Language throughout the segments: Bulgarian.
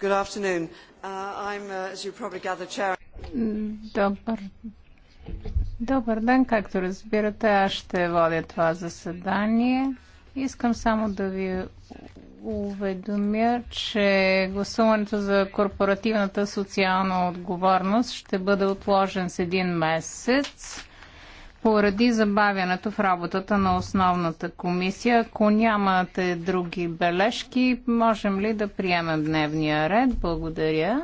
Good afternoon. Uh, I'm, uh, as you probably gather, chair. Добър. Добър ден, както разбирате, аз ще водя това заседание. Искам само да ви уведомя, че гласуването за корпоративната социална отговорност ще бъде отложен с един месец поради забавянето в работата на основната комисия. Ако нямате други бележки, можем ли да приемем дневния ред? Благодаря.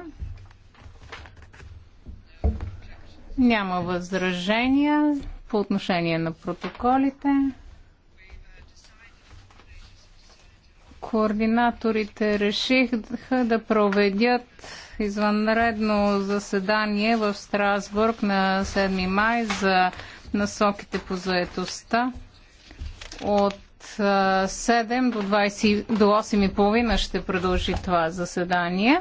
Няма възражения по отношение на протоколите. Координаторите решиха да проведят извънредно заседание в Страсбург на 7 май за насоките по заетостта. От 7 до, 20, до 8.30 ще продължи това заседание.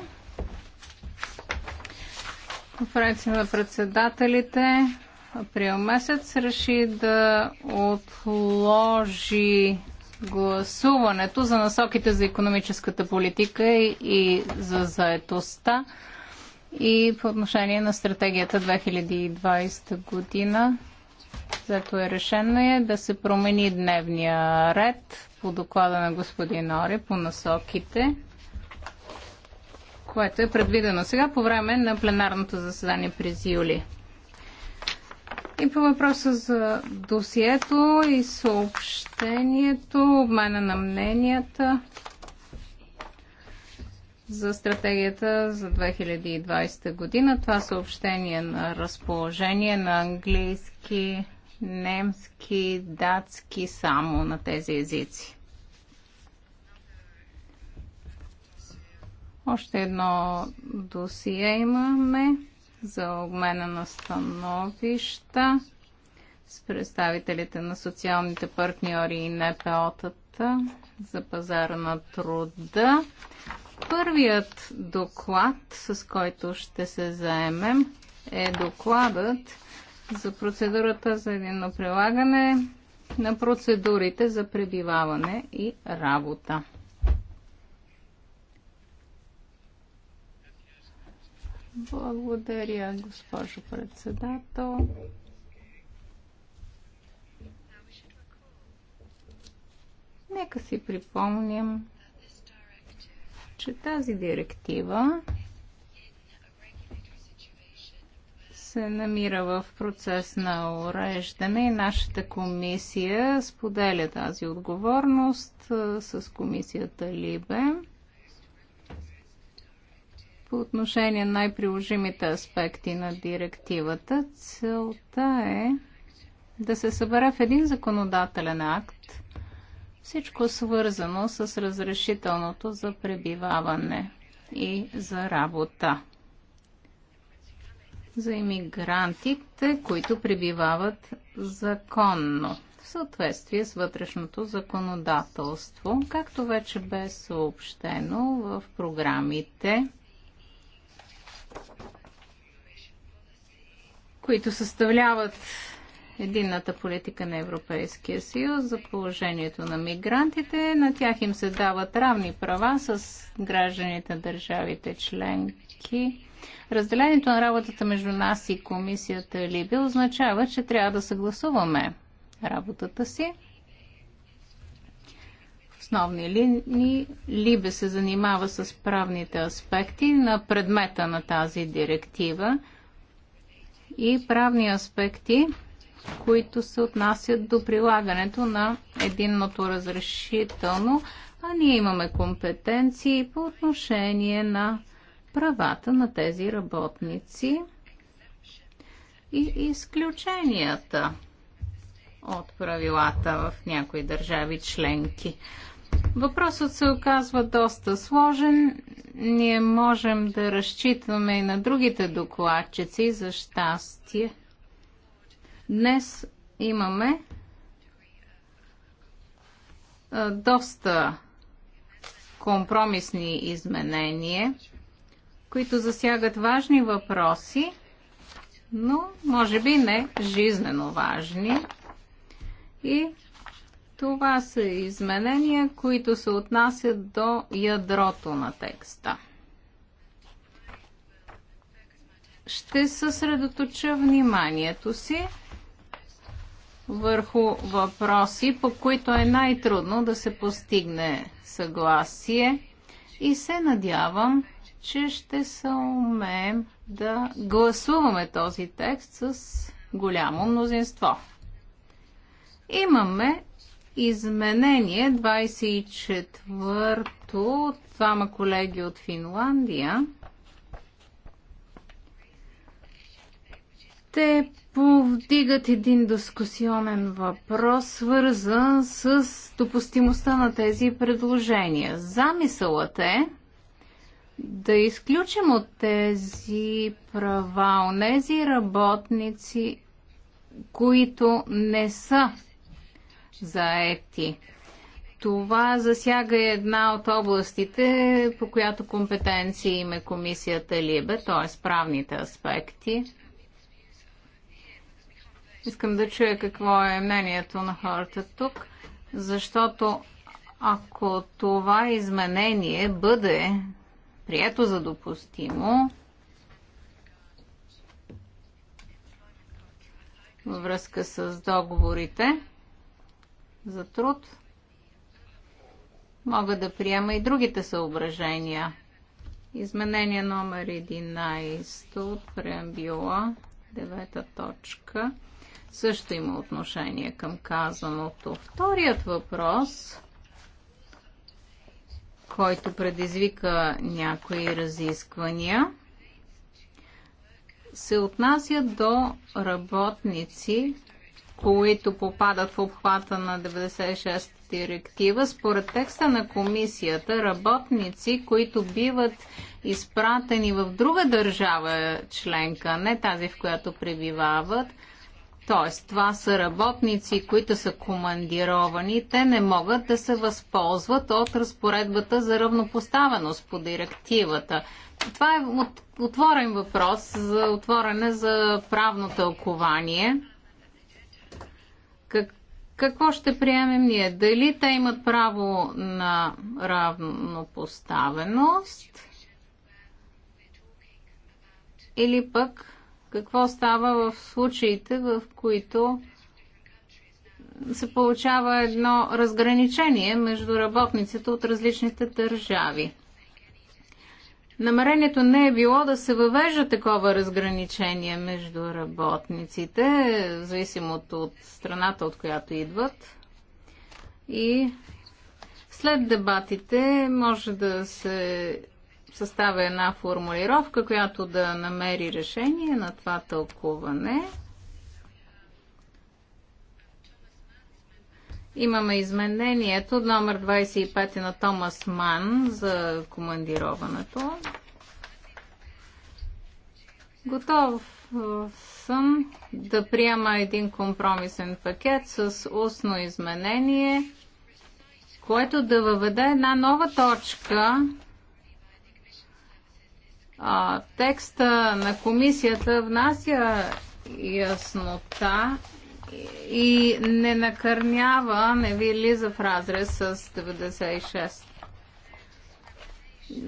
Конференция на председателите април месец реши да отложи гласуването за насоките за економическата политика и за заетостта и по отношение на стратегията 2020 година Зато е решено е да се промени дневния ред по доклада на господин Ори по насоките, което е предвидено сега по време на пленарното заседание през юли. И по въпроса за досието и съобщението, обмена на мненията за стратегията за 2020 година. Това съобщение е на разположение на английски немски, датски само на тези езици. Още едно досие имаме за обмена на становища с представителите на социалните партньори и НПО-тата за пазара на труда. Първият доклад, с който ще се заемем, е докладът за процедурата за единно прилагане на процедурите за пребиваване и работа. Благодаря, госпожо председател. Нека си припомним, че тази директива се намира в процес на уреждане и нашата комисия споделя тази отговорност с комисията Либе. По отношение на най-приложимите аспекти на директивата, целта е да се събере в един законодателен акт всичко свързано с разрешителното за пребиваване и за работа за иммигрантите, които пребивават законно в съответствие с вътрешното законодателство. Както вече бе съобщено в програмите, които съставляват единната политика на Европейския съюз за положението на мигрантите. На тях им се дават равни права с гражданите на държавите членки Разделението на работата между нас и комисията Либи означава, че трябва да съгласуваме работата си. В основни линии Либе се занимава с правните аспекти на предмета на тази директива и правни аспекти, които се отнасят до прилагането на единното разрешително, а ние имаме компетенции по отношение на правата на тези работници и изключенията от правилата в някои държави членки. Въпросът се оказва доста сложен. Ние можем да разчитаме и на другите докладчици за щастие. Днес имаме доста компромисни изменения които засягат важни въпроси, но може би не жизнено важни. И това са изменения, които се отнасят до ядрото на текста. Ще съсредоточа вниманието си върху въпроси, по които е най-трудно да се постигне съгласие и се надявам, че ще се умеем да гласуваме този текст с голямо мнозинство. Имаме изменение 24-то от двама колеги от Финландия. Те повдигат един дискусионен въпрос, свързан с допустимостта на тези предложения. Замисълът е, да изключим от тези права онези работници, които не са заети. Това засяга една от областите, по която компетенции има комисията Либе, т.е. правните аспекти. Искам да чуя какво е мнението на хората тук, защото ако това изменение бъде прието за допустимо във връзка с договорите за труд. Мога да приема и другите съображения. Изменение номер 11 от преамбюла, девета точка, също има отношение към казаното. Вторият въпрос който предизвика някои разисквания, се отнася до работници, които попадат в обхвата на 96 директива. Според текста на комисията, работници, които биват изпратени в друга държава членка, не тази в която пребивават, Тоест, това са работници, които са командировани. Те не могат да се възползват от разпоредбата за равнопоставеност по директивата. Това е отворен въпрос за отворене за правно тълкование. Как, какво ще приемем ние? Дали те имат право на равнопоставеност или пък какво става в случаите, в които се получава едно разграничение между работниците от различните държави? Намерението не е било да се въвежда такова разграничение между работниците, в зависимост от страната, от която идват. И след дебатите може да се съставя една формулировка, която да намери решение на това тълкуване. Имаме изменението номер 25 на Томас Ман за командироването. Готов съм да приема един компромисен пакет с устно изменение, което да въведе една нова точка а, текста на комисията внася яснота и не накърнява, не ви лиза в разрез с 96.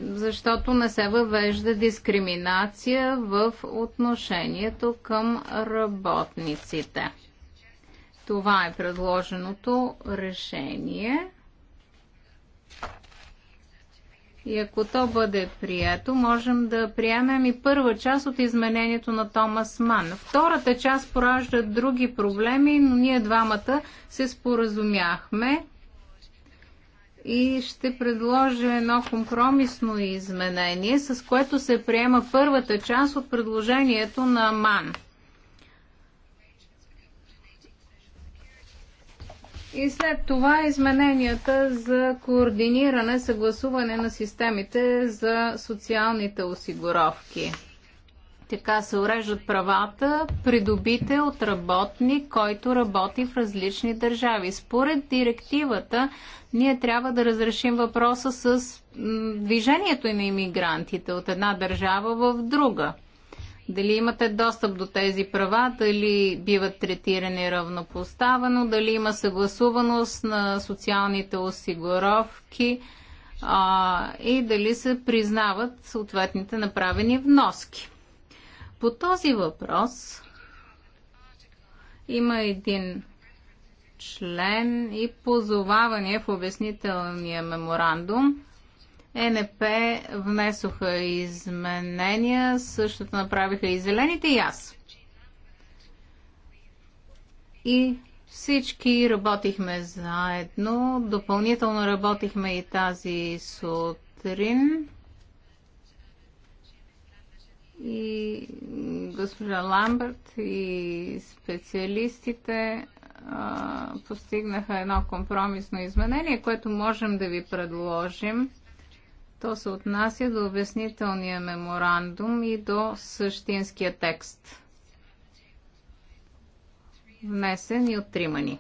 Защото не се въвежда дискриминация в отношението към работниците. Това е предложеното решение. И ако то бъде прието, можем да приемем и първа част от изменението на Томас Ман. Втората част поражда други проблеми, но ние двамата се споразумяхме и ще предложа едно компромисно изменение, с което се приема първата част от предложението на Ман. И след това измененията за координиране, съгласуване на системите за социалните осигуровки. Така се уреждат правата, придобите от работник, който работи в различни държави. Според директивата, ние трябва да разрешим въпроса с движението на иммигрантите от една държава в друга. Дали имате достъп до тези права, дали биват третирани равнопоставено, дали има съгласуваност на социалните осигуровки а, и дали се признават съответните направени вноски. По този въпрос има един член и позоваване в обяснителния меморандум ЕНП внесоха изменения, същото направиха и зелените и аз. И всички работихме заедно. Допълнително работихме и тази сутрин. И госпожа Ламберт и специалистите а, постигнаха едно компромисно изменение, което можем да ви предложим то се отнася до обяснителния меморандум и до същинския текст, внесен и от тримани.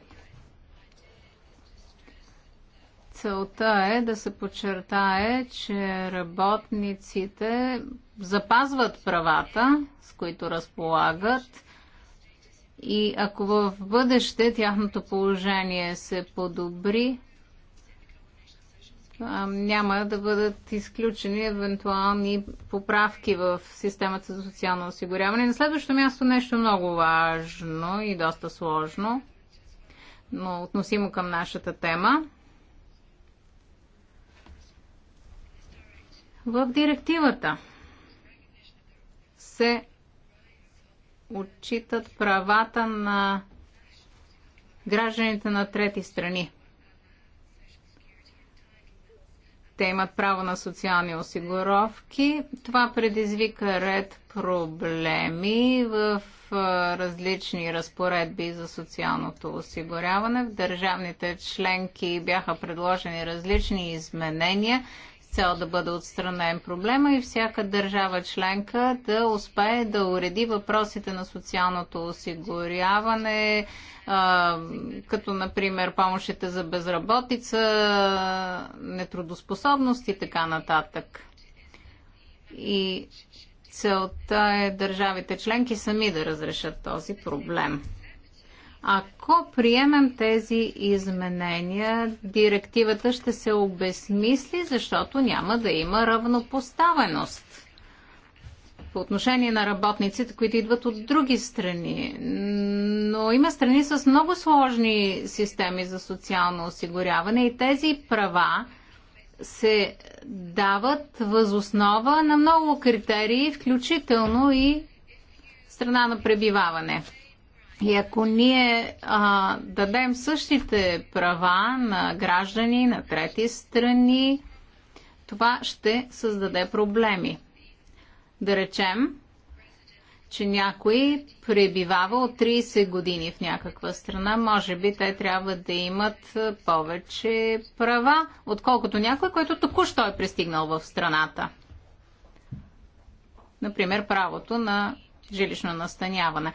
Целта е да се подчертае, че работниците запазват правата, с които разполагат, и ако в бъдеще тяхното положение се подобри, няма да бъдат изключени евентуални поправки в системата за социално осигуряване. На следващото място нещо много важно и доста сложно, но относимо към нашата тема. В директивата се отчитат правата на гражданите на трети страни – те имат право на социални осигуровки. Това предизвика ред проблеми в различни разпоредби за социалното осигуряване. В държавните членки бяха предложени различни изменения, цел да бъде отстранен проблема и всяка държава членка да успее да уреди въпросите на социалното осигуряване, като например помощите за безработица, нетрудоспособност и така нататък. И целта е държавите членки сами да разрешат този проблем. Ако приемем тези изменения, директивата ще се обесмисли, защото няма да има равнопоставеност по отношение на работниците, които идват от други страни. Но има страни с много сложни системи за социално осигуряване и тези права се дават възоснова на много критерии, включително и страна на пребиваване. И ако ние а, дадем същите права на граждани, на трети страни, това ще създаде проблеми. Да речем, че някой пребивава от 30 години в някаква страна, може би те трябва да имат повече права, отколкото някой, който току-що е пристигнал в страната. Например, правото на жилищно настаняване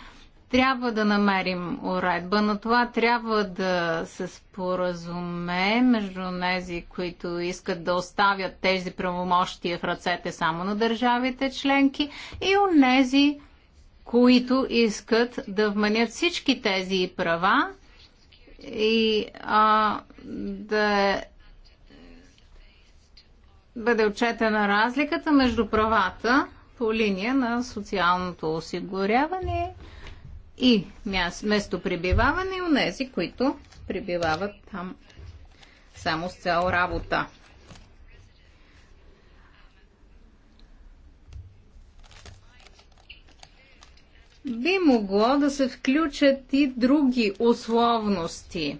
трябва да намерим уредба, на това трябва да се споразуме между тези, които искат да оставят тези правомощия в ръцете само на държавите членки и у нези, които искат да вменят всички тези права и а, да бъде отчетена разликата между правата по линия на социалното осигуряване и место пребиваване и онези, които прибивават там само с цяло работа. Би могло да се включат и други условности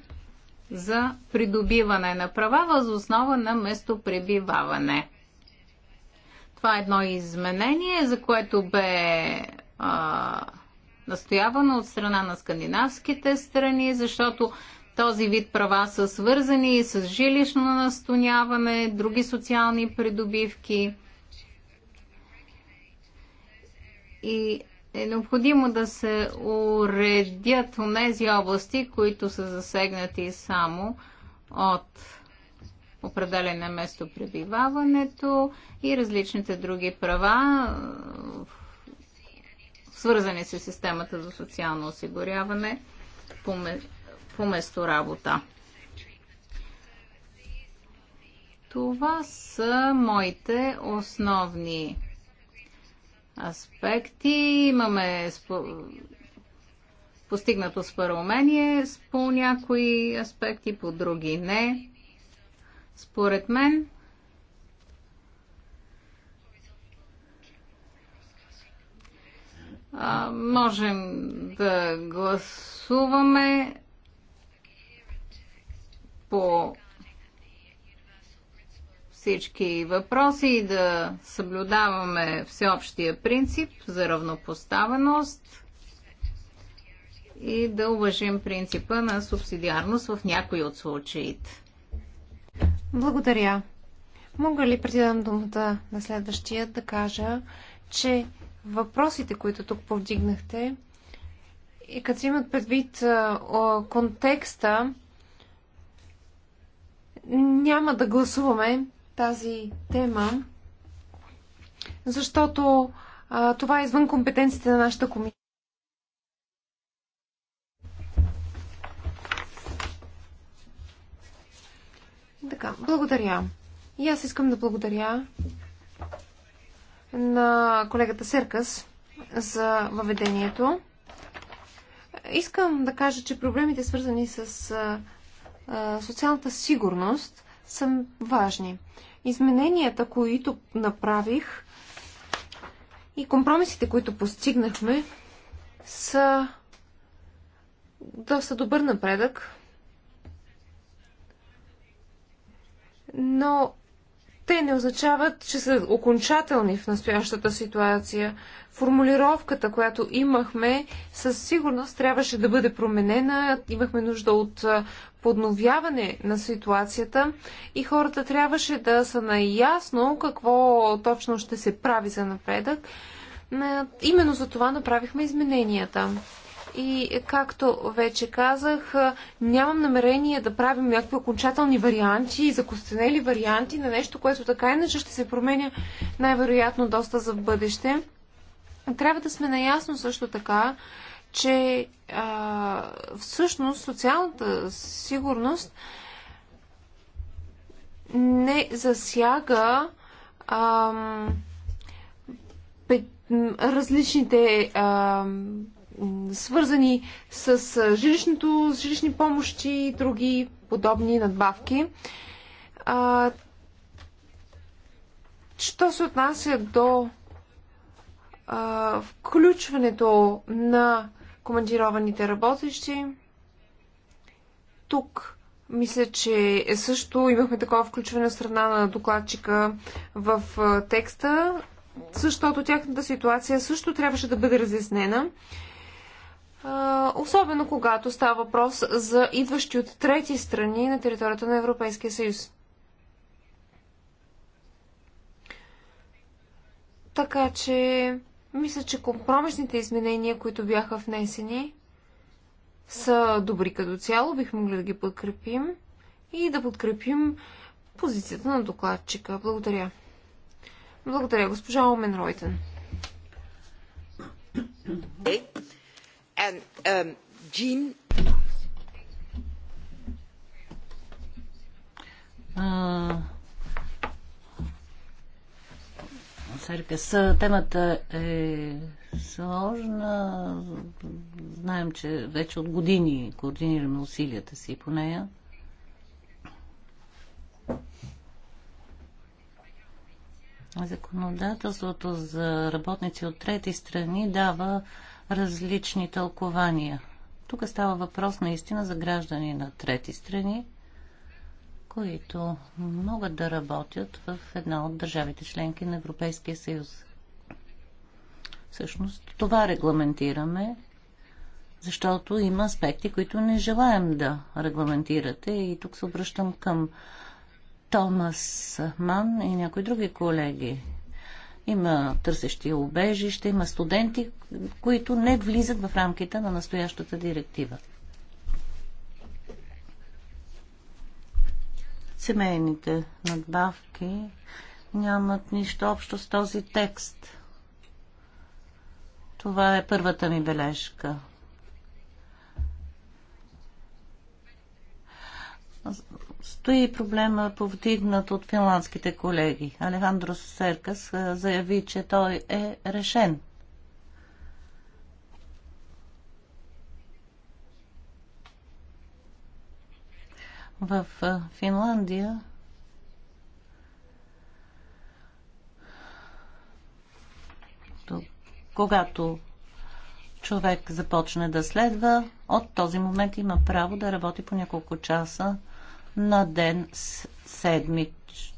за придобиване на права въз основа на пребиваване. Това е едно изменение, за което бе а, настоявано от страна на скандинавските страни, защото този вид права са свързани и с жилищно настояване, други социални придобивки. И е необходимо да се уредят у нези области, които са засегнати само от определене на местопребиваването и различните други права в свързани с системата за социално осигуряване по, по работа. Това са моите основни аспекти. Имаме спо... постигнато споразумение по някои аспекти, по други не. Според мен, А, можем да гласуваме по всички въпроси и да съблюдаваме всеобщия принцип за равнопоставеност и да уважим принципа на субсидиарност в някои от случаите. Благодаря. Мога ли преди да дам думата на следващия да кажа, че въпросите, които тук повдигнахте, и като имат предвид контекста, няма да гласуваме тази тема, защото а, това е извън компетенциите на нашата комисия. Така, благодаря. И аз искам да благодаря на колегата Серкас за въведението. Искам да кажа, че проблемите, свързани с социалната сигурност, са важни. Измененията, които направих и компромисите, които постигнахме, са доста добър напредък. Но те не означават, че са окончателни в настоящата ситуация. Формулировката, която имахме, със сигурност трябваше да бъде променена. Имахме нужда от подновяване на ситуацията и хората трябваше да са наясно какво точно ще се прави за напредък. Именно за това направихме измененията. И както вече казах, нямам намерение да правим някакви окончателни варианти и закостенели варианти на нещо, което така иначе ще се променя най-вероятно доста за бъдеще. Трябва да сме наясно също така, че а, всъщност социалната сигурност не засяга а, различните а, свързани с жилищното, с жилищни помощи и други подобни надбавки. А, що се отнася до а, включването на командированите работещи, тук мисля, че е също имахме такова включване от страна на докладчика в текста, защото тяхната ситуация също трябваше да бъде разяснена особено когато става въпрос за идващи от трети страни на територията на Европейския съюз. Така че, мисля, че компромисните изменения, които бяха внесени, са добри като цяло, бих могли да ги подкрепим и да подкрепим позицията на докладчика. Благодаря. Благодаря, госпожа Омен Ройтен. Е, and um, Jean. Серкес, темата е сложна. Знаем, че вече от години координираме усилията си по нея. Законодателството за работници от трети страни дава различни тълкования. Тук става въпрос наистина за граждани на трети страни, които могат да работят в една от държавите членки на Европейския съюз. Всъщност това регламентираме, защото има аспекти, които не желаем да регламентирате и тук се обръщам към Томас Ман и някои други колеги. Има търсещи обежище, има студенти, които не влизат в рамките на настоящата директива. Семейните надбавки нямат нищо общо с този текст. Това е първата ми бележка. стои проблема повдигнат от финландските колеги. Алехандро Серкас заяви, че той е решен. В Финландия когато човек започне да следва, от този момент има право да работи по няколко часа на ден седмич,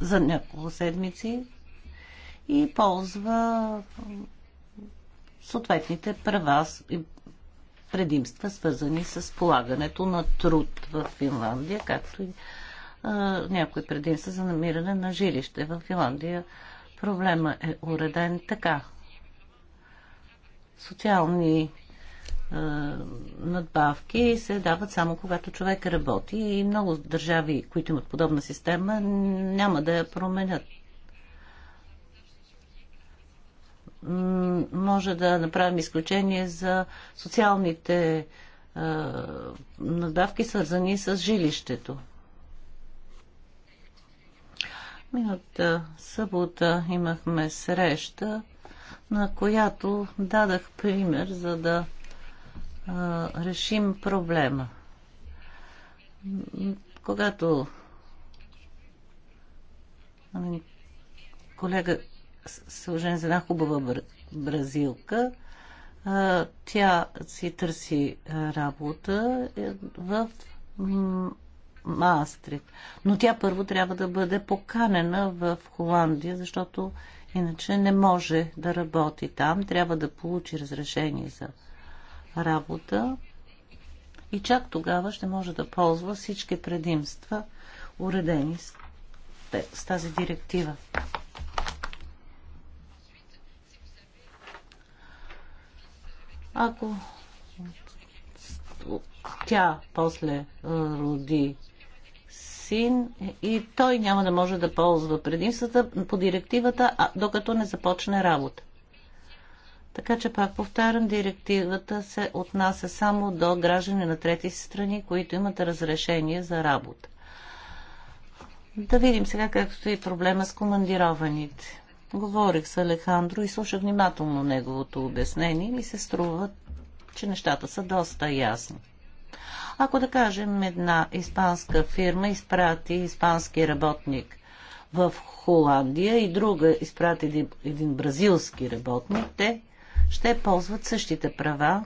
за няколко седмици и ползва съответните права и предимства, свързани с полагането на труд в Финландия, както и а, някои предимства за намиране на жилище. В Финландия проблема е уреден така. Социални надбавки се дават само когато човек работи и много държави, които имат подобна система, няма да я променят. Може да направим изключение за социалните надбавки, свързани с жилището. Миналата събота имахме среща, на която дадах пример, за да решим проблема. Когато ами, колега се за една хубава бразилка, тя си търси работа е, в Маастрит. Но тя първо трябва да бъде поканена в Холандия, защото иначе не може да работи там. Трябва да получи разрешение за работа и чак тогава ще може да ползва всички предимства, уредени с, тази директива. Ако тя после роди син е, и той няма да може да ползва предимствата по директивата, докато не започне работа. Така че пак повтарям, директивата се отнася само до граждани на трети страни, които имат разрешение за работа. Да видим сега как стои проблема с командированите. Говорих с Алехандро и слушах внимателно неговото обяснение и ми се струва, че нещата са доста ясни. Ако да кажем една испанска фирма изпрати испански работник в Холандия и друга изпрати един бразилски работник, те ще ползват същите права.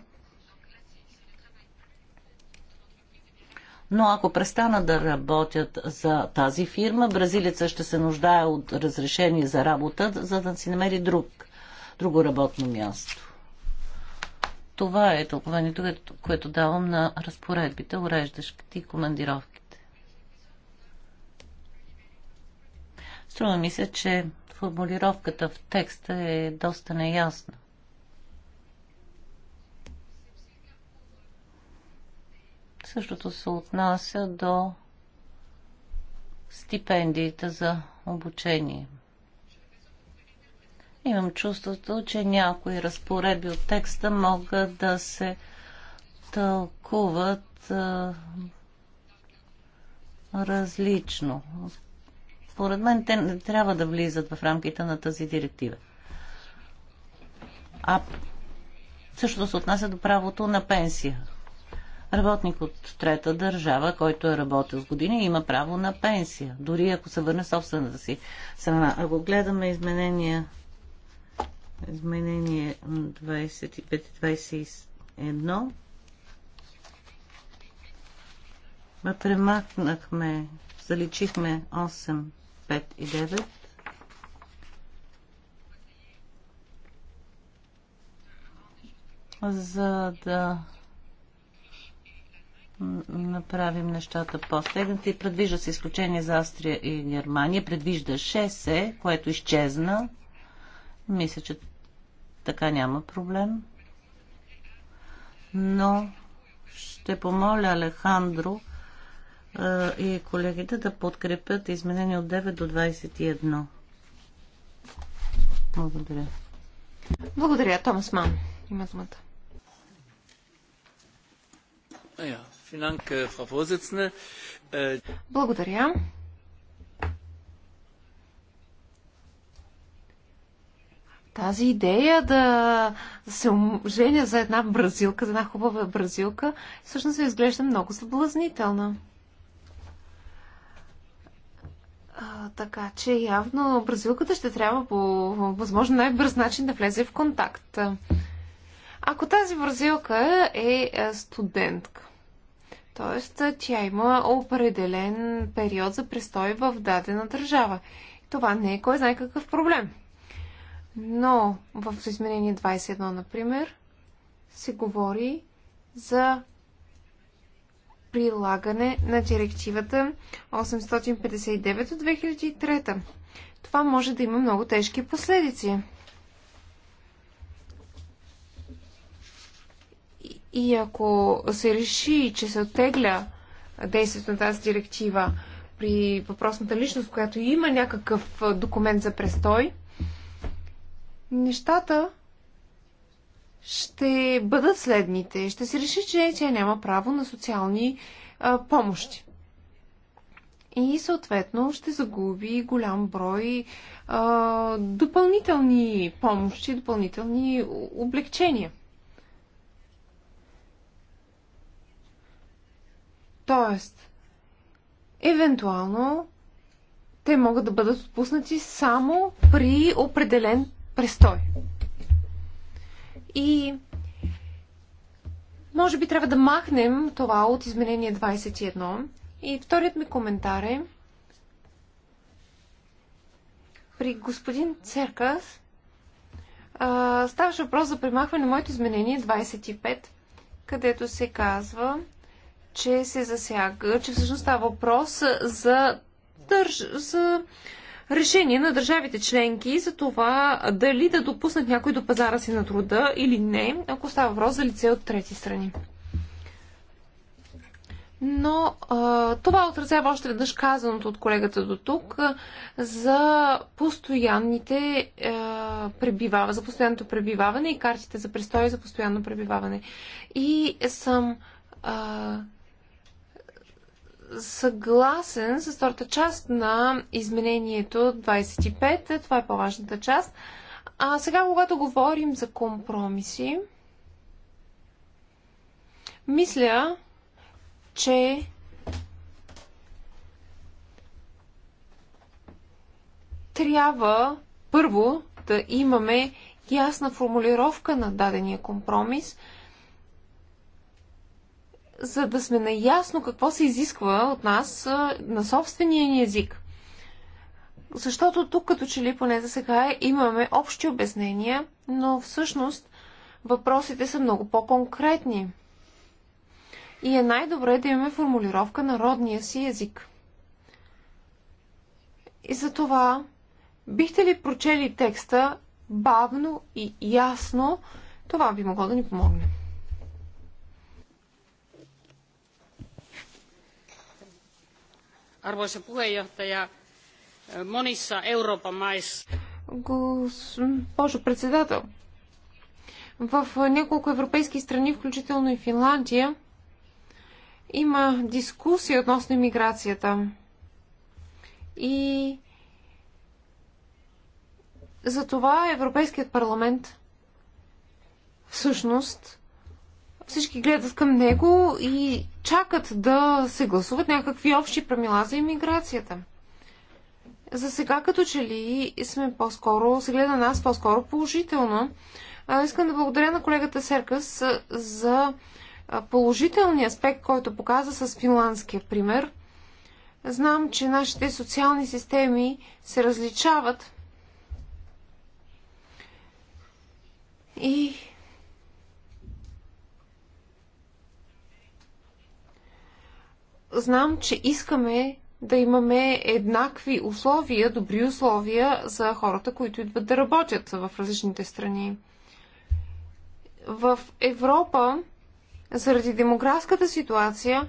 Но ако престана да работят за тази фирма, бразилеца ще се нуждае от разрешение за работа, за да си намери друг, друго работно място. Това е тълкованието, което, което давам на разпоредбите, уреждащите и командировките. Струва ми се, че формулировката в текста е доста неясна. Същото се отнася до стипендиите за обучение. Имам чувството, че някои разпореби от текста могат да се тълкуват а, различно. Поред мен те не трябва да влизат в рамките на тази директива. А също се отнася до правото на пенсия. Работник от трета държава, който е работил с години, има право на пенсия, дори ако се върне собствената си страна. Ако гледаме изменения изменение 25-21, премахнахме, заличихме 8, 5 и 9. за да направим нещата по-стегнати. Предвижда се изключение за Австрия и Германия. Предвижда 6, което изчезна. Мисля, че така няма проблем. Но ще помоля Алехандро и колегите да подкрепят изменения от 9 до 21. Благодаря. Благодаря, Томас Ман. Има думата. Yeah. Äh, äh, Благодаря. Тази идея да се женя за една бразилка, за една хубава бразилка, всъщност се изглежда много съблазнителна. А, така че явно бразилката ще трябва по възможно най-бърз начин да влезе в контакт. Ако тази бразилка е, е студентка, Тоест, тя има определен период за престой в дадена държава. Това не е кой знае какъв проблем. Но в изменение 21, например, се говори за прилагане на директивата 859 от 2003. Това може да има много тежки последици. И ако се реши, че се оттегля действието на тази директива при въпросната личност, която има някакъв документ за престой, нещата ще бъдат следните. Ще се реши, че тя няма право на социални а, помощи. И съответно ще загуби голям брой а, допълнителни помощи, допълнителни облегчения. Тоест, евентуално те могат да бъдат отпуснати само при определен престой. И може би трябва да махнем това от изменение 21. И вторият ми коментар е при господин Церкас а, ставаше въпрос за примахване на моето изменение 25, където се казва, че се засяга, че всъщност става въпрос за, държ... за решение на държавите членки за това дали да допуснат някой до пазара си на труда или не, ако става въпрос за лице от трети страни. Но а, това отразява още веднъж казаното от колегата до тук за постоянните а, пребивава, за постоянното пребиваване и картите за престой за постоянно пребиваване. И съм а, съгласен с втората част на изменението 25. Това е по-важната част. А сега, когато говорим за компромиси, мисля, че трябва първо да имаме ясна формулировка на дадения компромис – за да сме наясно какво се изисква от нас на собствения ни език. Защото тук като че ли поне за сега имаме общи обяснения, но всъщност въпросите са много по-конкретни. И е най-добре да имаме формулировка на родния си език. И за това бихте ли прочели текста бавно и ясно, това би могло да ни помогне. Arvoisa puheenjohtaja, monissa Euroopan Госпожо председател, в няколко европейски страни, включително и Финландия, има дискусия относно иммиграцията. И затова Европейският парламент всъщност всички гледат към него и чакат да се гласуват някакви общи правила за иммиграцията. За сега като че ли сме по-скоро, се гледа нас по-скоро положително. искам да благодаря на колегата Серкас за положителния аспект, който показа с финландския пример. Знам, че нашите социални системи се различават и знам, че искаме да имаме еднакви условия, добри условия за хората, които идват да работят в различните страни. В Европа, заради демографската ситуация,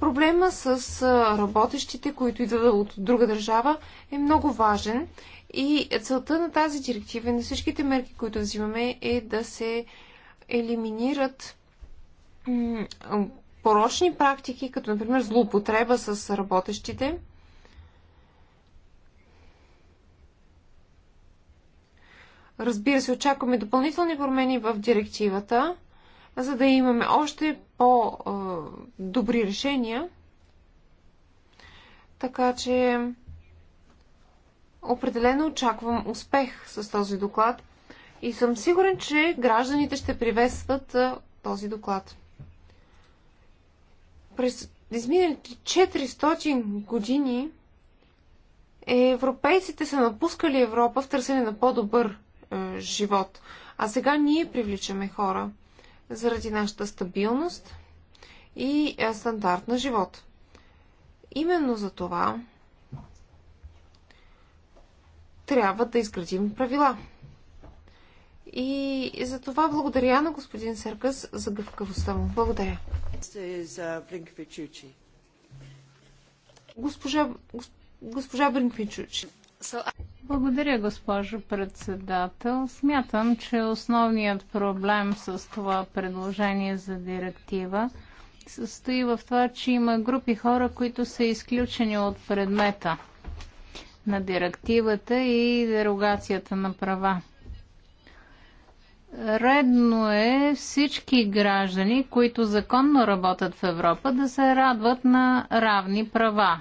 проблема с работещите, които идват от друга държава, е много важен. И целта на тази директива и на всичките мерки, които взимаме, е да се елиминират порочни практики, като например злоупотреба с работещите. Разбира се, очакваме допълнителни промени в директивата, за да имаме още по-добри решения. Така че определено очаквам успех с този доклад и съм сигурен, че гражданите ще приветстват този доклад. През изминалите 400 години европейците са напускали Европа в търсене на по-добър е, живот. А сега ние привличаме хора заради нашата стабилност и е, стандарт на живот. Именно за това трябва да изградим правила и за това благодаря на господин Серкъс за гъвкавостта му. Благодаря. Госпожа, госпожа Благодаря, госпожо председател. Смятам, че основният проблем с това предложение за директива състои в това, че има групи хора, които са изключени от предмета на директивата и дерогацията на права. Редно е всички граждани, които законно работят в Европа, да се радват на равни права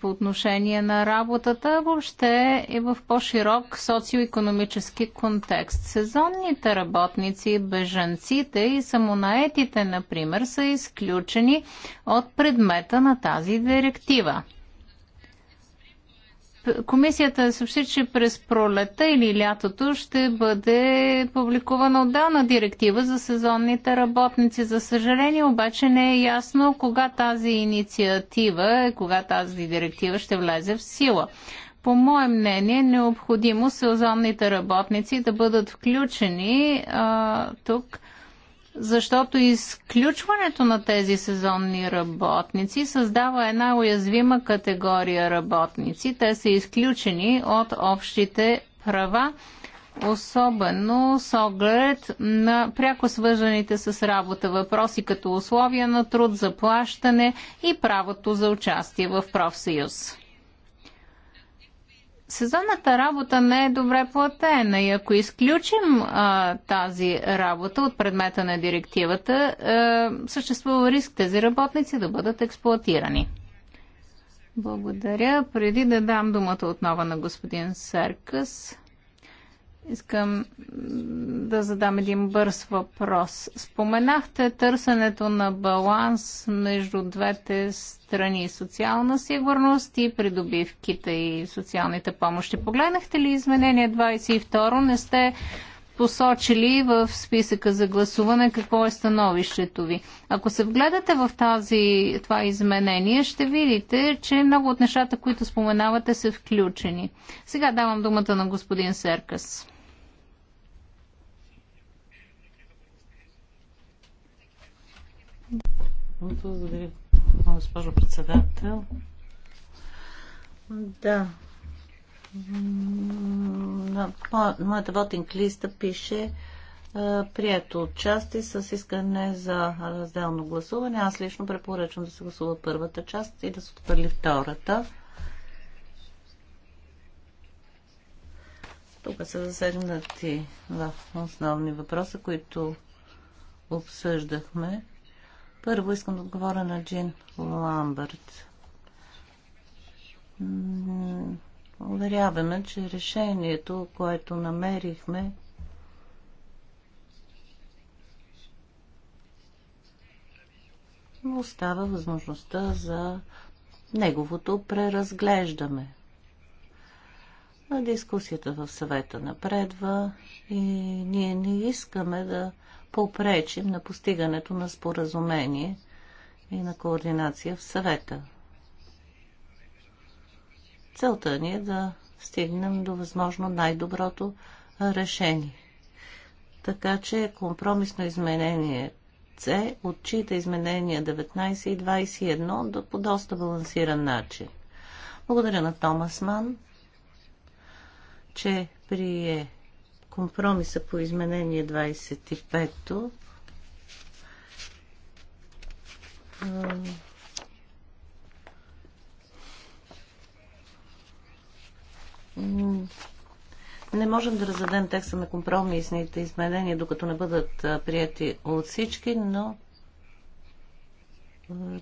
по отношение на работата, въобще и е в по-широк социо-економически контекст. Сезонните работници, бежанците и самонаетите, например, са изключени от предмета на тази директива. Комисията съобщи, че през пролета или лятото ще бъде публикувана отдална директива за сезонните работници. За съжаление обаче не е ясно кога тази инициатива, кога тази директива ще влезе в сила. По мое мнение, необходимо сезонните работници да бъдат включени а, тук защото изключването на тези сезонни работници създава една уязвима категория работници. Те са изключени от общите права, особено с оглед на пряко свързаните с работа въпроси като условия на труд, заплащане и правото за участие в профсъюз сезонната работа не е добре платена и ако изключим а, тази работа от предмета на директивата, а, съществува риск тези работници да бъдат експлуатирани. Благодаря. Преди да дам думата отново на господин Серкъс, Искам да задам един бърз въпрос. Споменахте търсенето на баланс между двете страни социална сигурност и придобивките и социалните помощи. Погледнахте ли изменение 22? Не сте посочили в списъка за гласуване какво е становището ви. Ако се вгледате в тази, това изменение, ще видите, че много от нещата, които споменавате, са включени. Сега давам думата на господин Серкас. Благодаря, госпожо председател. Да. На моята вотинг листа пише прието от части с искане за разделно гласуване. Аз лично препоръчвам да се гласува първата част и да се отхвърли втората. Тук са засегнати в основни въпроса, които обсъждахме. Първо искам да отговоря на Джин Ламбърт. Уверяваме, че решението, което намерихме, остава възможността за неговото преразглеждаме. Дискусията в съвета напредва и ние не искаме да попречим на постигането на споразумение и на координация в съвета. Целта ни е да стигнем до възможно най-доброто решение. Така че компромисно изменение С отчита изменения 19 и 21 да по доста балансиран начин. Благодаря на Томас Ман, че прие компромиса по изменение 25-то не можем да раздадем текста на компромисните изменения, докато не бъдат прияти от всички, но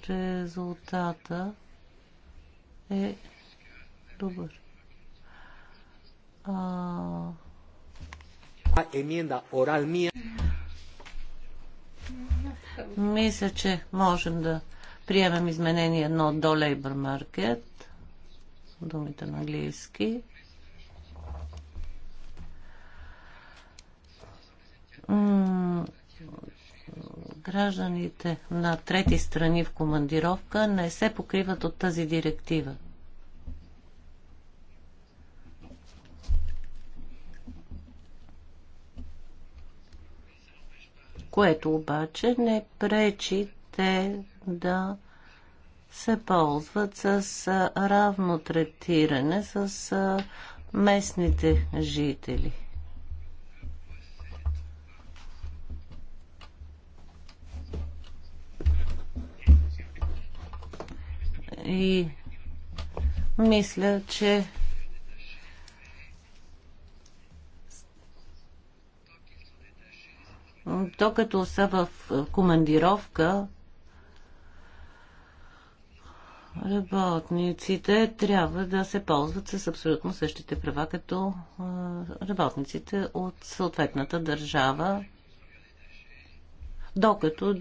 резултата е добър. А... Емиенда орал мия. Мисля, че можем да приемем изменение едно до Лейбър Маркет. Думите на английски. гражданите на трети страни в командировка не се покриват от тази директива. което обаче не пречи те да се ползват с равно третиране с местните жители. И мисля, че докато са в командировка, работниците трябва да се ползват с абсолютно същите права, като работниците от съответната държава, докато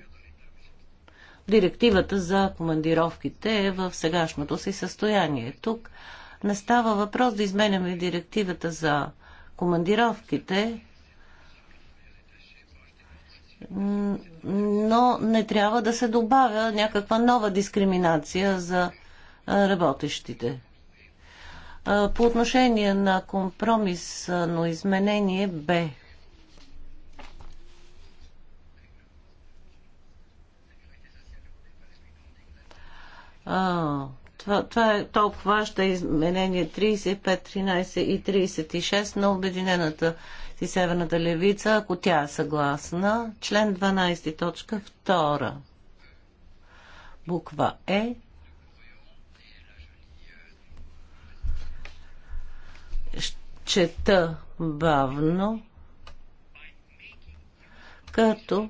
директивата за командировките е в сегашното си състояние. Тук не става въпрос да изменяме директивата за командировките, но не трябва да се добавя някаква нова дискриминация за работещите. По отношение на компромисно изменение Б. А, това, това е толкова ще изменение 35, 13 и 36 на Обединената и Северната левица, ако тя е съгласна. Член 12, точка 2. Буква Е. Чета бавно, като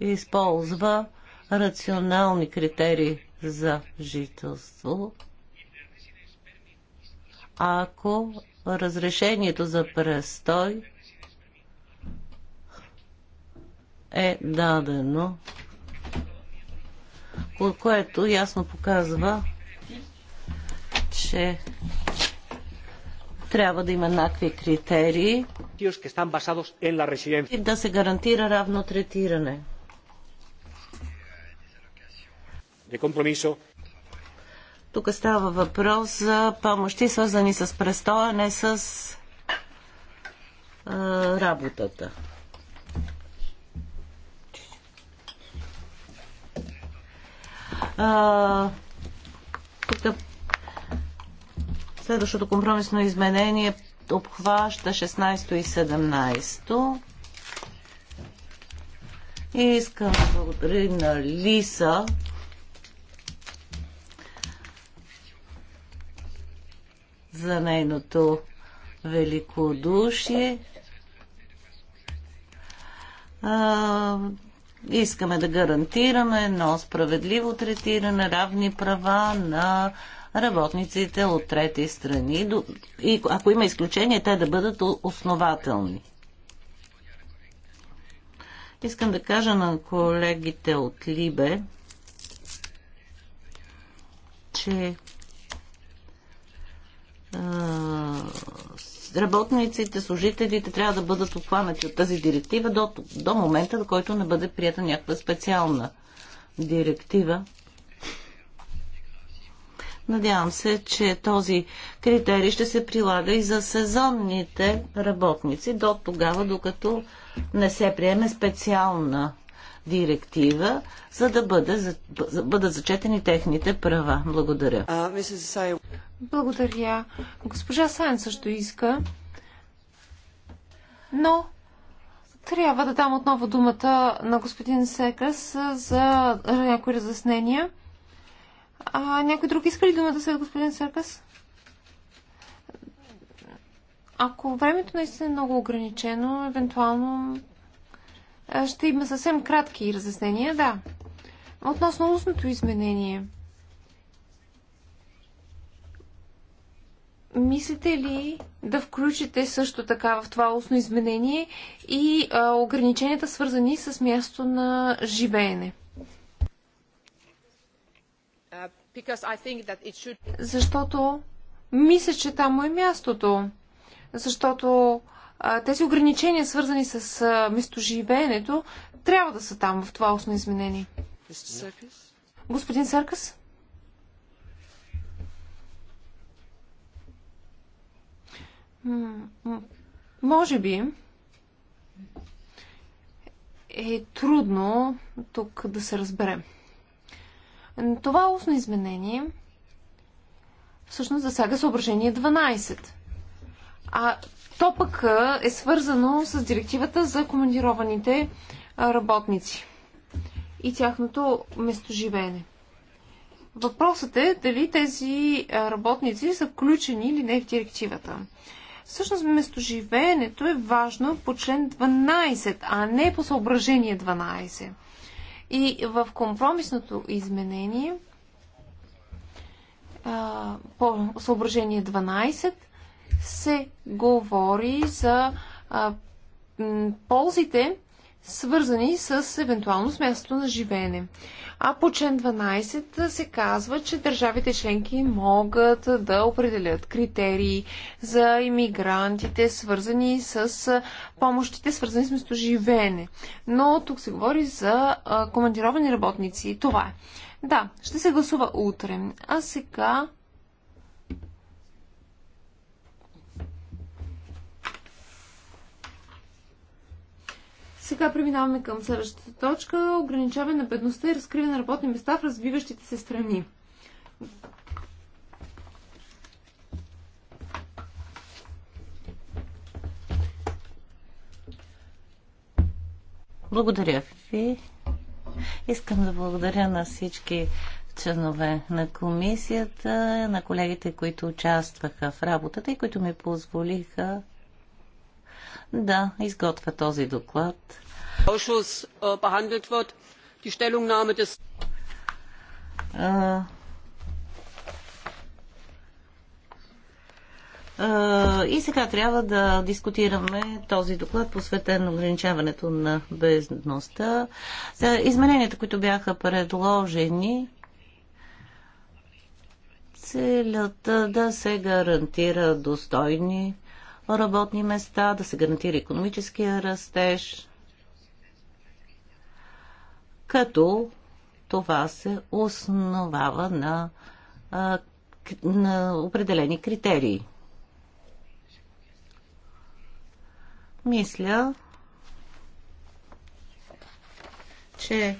използва рационални критерии за жителство, ако разрешението за престой е дадено, което ясно показва, че трябва да има еднакви критерии и да се гарантира равно третиране. De compromiso тук става въпрос за помощи, свързани с престоя, не с а, работата. А, тук следващото компромисно изменение обхваща 16 и 17. И искам да благодаря на Лиса за нейното великодушие. А, искаме да гарантираме едно справедливо третиране, равни права на работниците от трети страни. И ако има изключение, те да бъдат основателни. Искам да кажа на колегите от Либе, че работниците, служителите трябва да бъдат обхванати от тази директива до, до момента, до който не бъде прията някаква специална директива. Надявам се, че този критерий ще се прилага и за сезонните работници до тогава, докато не се приеме специална директива, за да бъде, за, бъдат зачетени техните права. Благодаря. Благодаря. Госпожа Сайн също иска, но трябва да дам отново думата на господин Секас за някои разяснения. А, някой друг иска ли думата след господин Серкас? Ако времето наистина е много ограничено, евентуално ще има съвсем кратки разяснения, да. Относно устното изменение. Мислите ли да включите също така в това устно изменение и а, ограниченията свързани с място на живеене? Uh, Защото мисля, че там е мястото. Защото тези ограничения, свързани с местоживеенето, трябва да са там в това устно изменение. Господин Саркас? Може би е трудно тук да се разберем. Това устно изменение всъщност засяга съображение 12. А то пък е свързано с директивата за командированите работници и тяхното местоживеене. Въпросът е дали тези работници са включени или не в директивата. Всъщност местоживеенето е важно по член 12, а не по съображение 12. И в компромисното изменение по съображение 12 се говори за а, ползите, свързани с евентуално с мястото на живеене. А по член 12 се казва, че държавите членки могат да определят критерии за иммигрантите, свързани с помощите, свързани с живеене. Но тук се говори за командировани работници. Това е. Да, ще се гласува утре. А сега Сега преминаваме към следващата точка. Ограничаване на бедността и разкриване на работни места в развиващите се страни. Благодаря ви. Искам да благодаря на всички членове на комисията, на колегите, които участваха в работата и които ми позволиха да изготвя този доклад. Äh, е, е, и сега трябва да дискутираме този доклад, посветен на ограничаването на бездността. За измененията, които бяха предложени, целят е, да се гарантира достойни работни места, да се гарантира економическия растеж, като това се основава на, на определени критерии. Мисля, че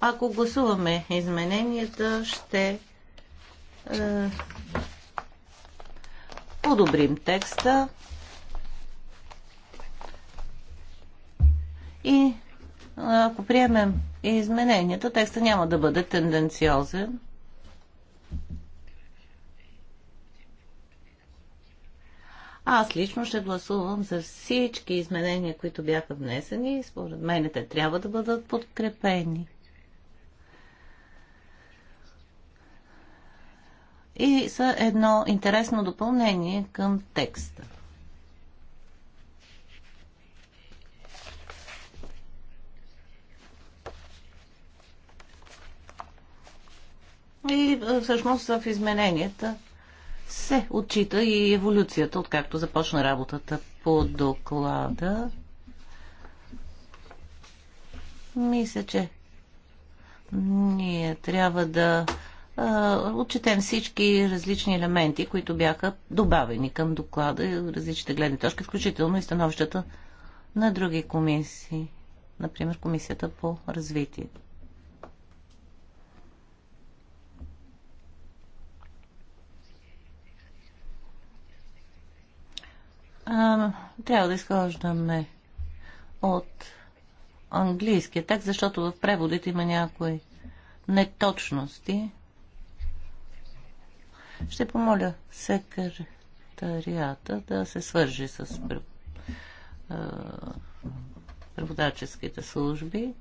ако гласуваме измененията, ще е, подобрим текста и ако приемем измененията, текста няма да бъде тенденциозен. Аз лично ще гласувам за всички изменения, които бяха внесени. Според мен те трябва да бъдат подкрепени. и са едно интересно допълнение към текста. И е, всъщност в измененията се отчита и еволюцията, откакто започна работата по доклада. Мисля, че ние трябва да отчетем всички различни елементи, които бяха добавени към доклада и различните гледни точки, включително и становищата на други комисии, например Комисията по развитие. трябва да изхождаме от английския текст, защото в преводите има някои неточности. Ще помоля секретарията да се свържи с преводаческите служби.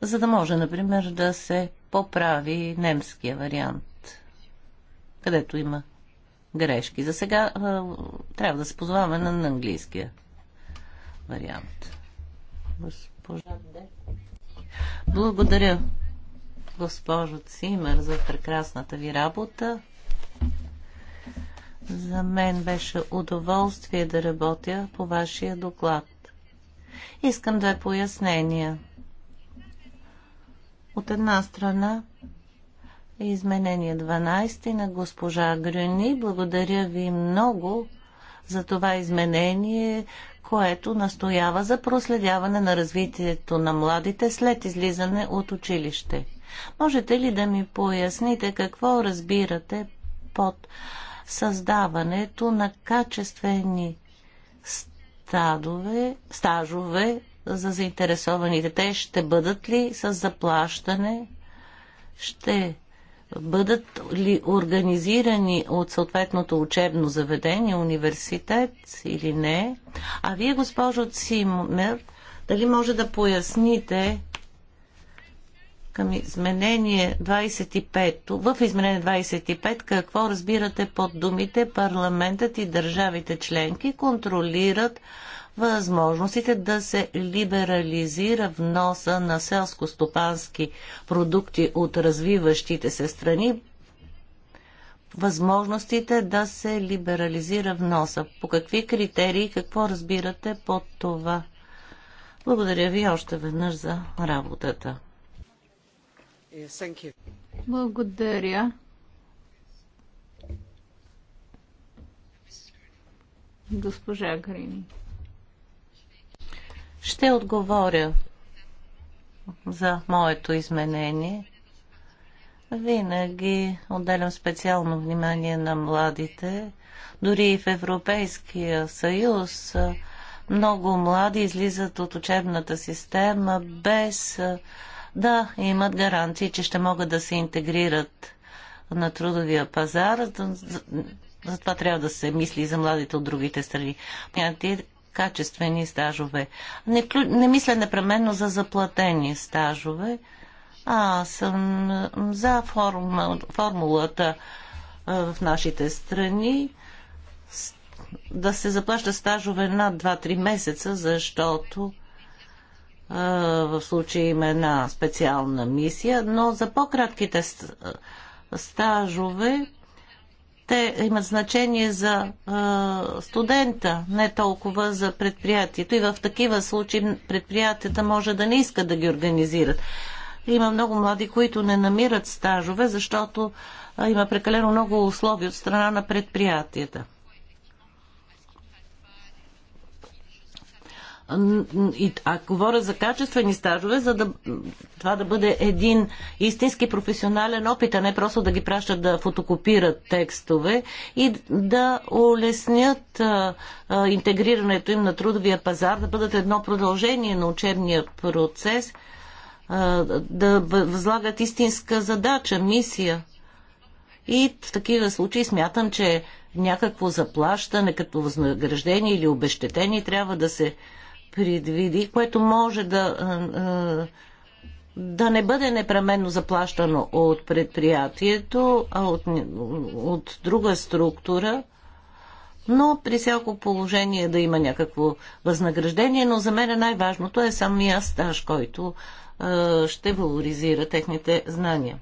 За да може, например, да се поправи немския вариант, където има грешки. За сега трябва да се позоваваме на, на английския вариант. Госпожа Дек. Благодаря, госпожо Цимер, за прекрасната ви работа. За мен беше удоволствие да работя по вашия доклад. Искам две пояснения. От една страна е изменение 12 на госпожа Грюни. Благодаря ви много за това изменение, което настоява за проследяване на развитието на младите след излизане от училище. Можете ли да ми поясните какво разбирате под създаването на качествени стадове, стажове за заинтересованите? Те ще бъдат ли с заплащане? Ще бъдат ли организирани от съответното учебно заведение, университет или не? А вие, госпожо Цимер, дали може да поясните към изменение 25, в изменение 25, какво разбирате под думите парламентът и държавите членки контролират възможностите да се либерализира вноса на селско-стопански продукти от развиващите се страни, възможностите да се либерализира вноса. По какви критерии, какво разбирате под това? Благодаря ви още веднъж за работата. Благодаря. Госпожа Грини. Ще отговоря за моето изменение. Винаги отделям специално внимание на младите. Дори и в Европейския съюз много млади излизат от учебната система без да имат гаранции, че ще могат да се интегрират на трудовия пазар. Затова трябва да се мисли и за младите от другите страни качествени стажове. Не, вклю... не мисля непременно за заплатени стажове. А, съм за форму... формулата е, в нашите страни да се заплаща стажове над 2-3 месеца, защото е, в случая има една специална мисия, но за по-кратките е, стажове те имат значение за а, студента, не толкова за предприятието. И в такива случаи предприятията може да не искат да ги организират. Има много млади, които не намират стажове, защото а, има прекалено много условия от страна на предприятията. и, а говоря за качествени стажове, за да това да бъде един истински професионален опит, а не просто да ги пращат да фотокопират текстове и да улеснят а, а, интегрирането им на трудовия пазар, да бъдат едно продължение на учебния процес, а, да възлагат истинска задача, мисия. И в такива случаи смятам, че някакво заплащане като възнаграждение или обещетение трябва да се предвиди, което може да, да не бъде непременно заплащано от предприятието, а от, от друга структура, но при всяко положение да има някакво възнаграждение, но за мен е най-важното е самия стаж, който ще валоризира техните знания.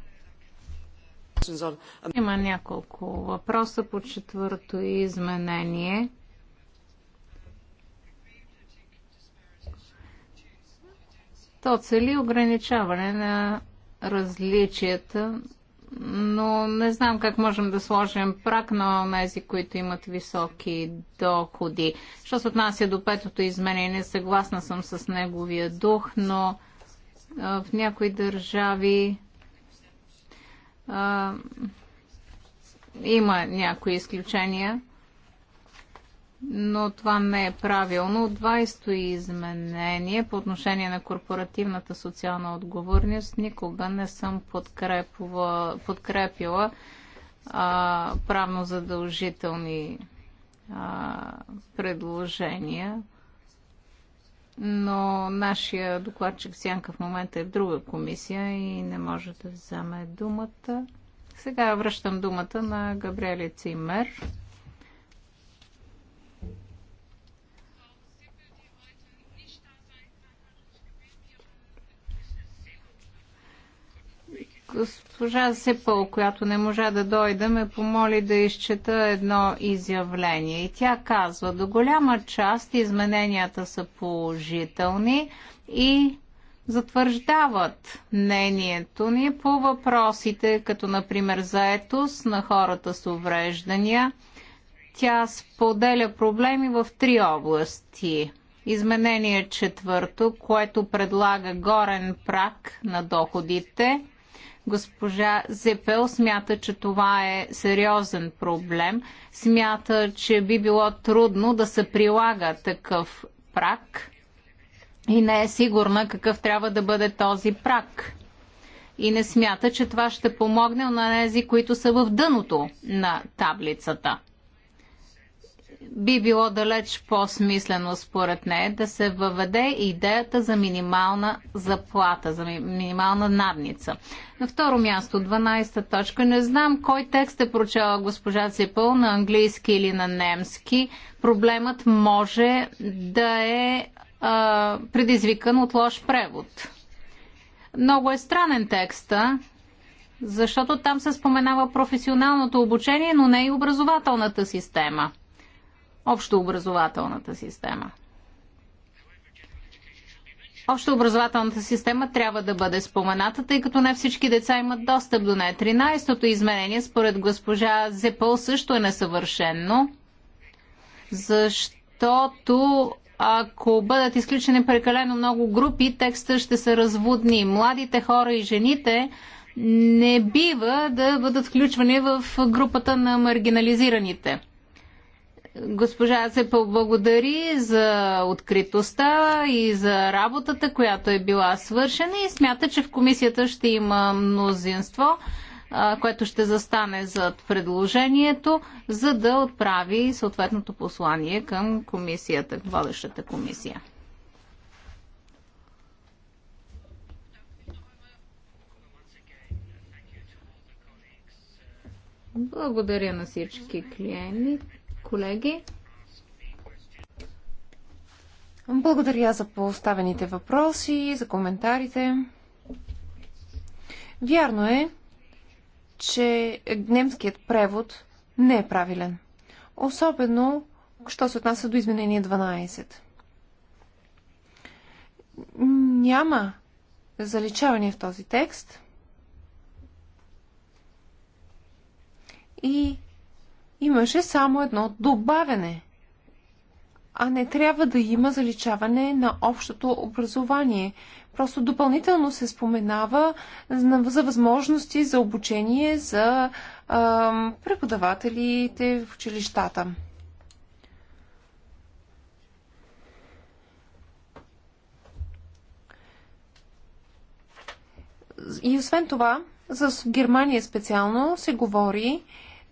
Има няколко въпроса по четвърто изменение. То цели ограничаване на различията, но не знам как можем да сложим прак на тези, които имат високи доходи. Що се отнася до петото изменение, съгласна съм с неговия дух, но в някои държави а, има някои изключения но това не е правилно. 20-то изменение по отношение на корпоративната социална отговорност никога не съм подкрепила а, правно задължителни а, предложения. Но нашия докладчик Сянка в момента е в друга комисия и не може да вземе думата. Сега връщам думата на Габриели Цимер. госпожа Сепъл, която не можа да дойде, ме помоли да изчета едно изявление. И тя казва, до голяма част измененията са положителни и затвърждават мнението ни по въпросите, като например заетост на хората с увреждания. Тя споделя проблеми в три области. Изменение четвърто, което предлага горен прак на доходите – Госпожа Зепел смята, че това е сериозен проблем. Смята, че би било трудно да се прилага такъв прак и не е сигурна какъв трябва да бъде този прак. И не смята, че това ще помогне на тези, които са в дъното на таблицата би било далеч по-смислено според нея да се въведе идеята за минимална заплата, за минимална надница. На второ място, 12-та точка. Не знам кой текст е прочела госпожа Ципъл на английски или на немски. Проблемът може да е а, предизвикан от лош превод. Много е странен текста, защото там се споменава професионалното обучение, но не и образователната система – общообразователната система. Общообразователната система трябва да бъде спомената, тъй като не всички деца имат достъп до нея. 13-то изменение според госпожа Зепъл също е несъвършено, защото ако бъдат изключени прекалено много групи, текста ще се разводни. Младите хора и жените не бива да бъдат включвани в групата на маргинализираните. Госпожа се благодари за откритостта и за работата, която е била свършена и смята, че в комисията ще има мнозинство, което ще застане зад предложението, за да отправи съответното послание към комисията, водещата комисия. Благодаря на всички клиенти колеги. Благодаря за поставените въпроси, за коментарите. Вярно е, че немският превод не е правилен. Особено, що се отнася до изменение 12. Няма заличаване в този текст. И имаше само едно добавяне, а не трябва да има заличаване на общото образование. Просто допълнително се споменава за възможности за обучение за преподавателите в училищата. И освен това, за Германия специално се говори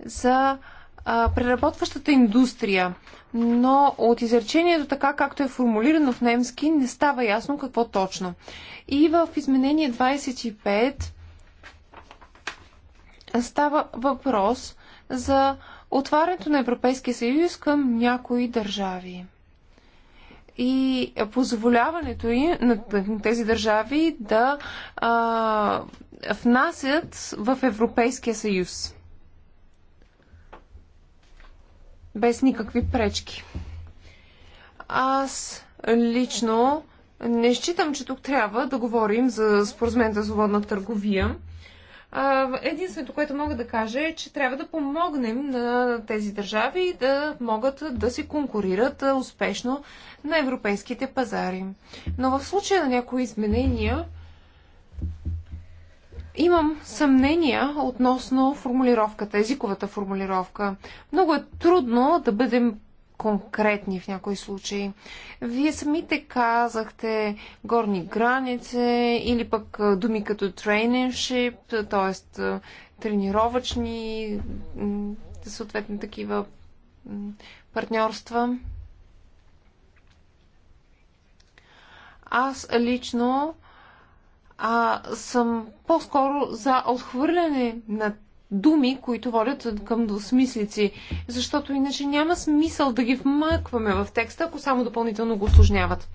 за а, преработващата индустрия. Но от изречението така, както е формулирано в немски, не става ясно какво точно. И в изменение 25 става въпрос за отварянето на Европейския съюз към някои държави и позволяването им на тези държави да а, внасят в Европейския съюз. без никакви пречки. Аз лично не считам, че тук трябва да говорим за споразумението за свободна търговия. Единственото, което мога да кажа е, че трябва да помогнем на тези държави да могат да се конкурират успешно на европейските пазари. Но в случая на някои изменения, имам съмнения относно формулировката, езиковата формулировка. Много е трудно да бъдем конкретни в някои случаи. Вие самите казахте горни граници или пък думи като traineeship, т.е. тренировъчни, съответно такива партньорства. Аз лично а съм по-скоро за отхвърляне на думи, които водят към двусмислици, защото иначе няма смисъл да ги вмъкваме в текста, ако само допълнително го осложняват.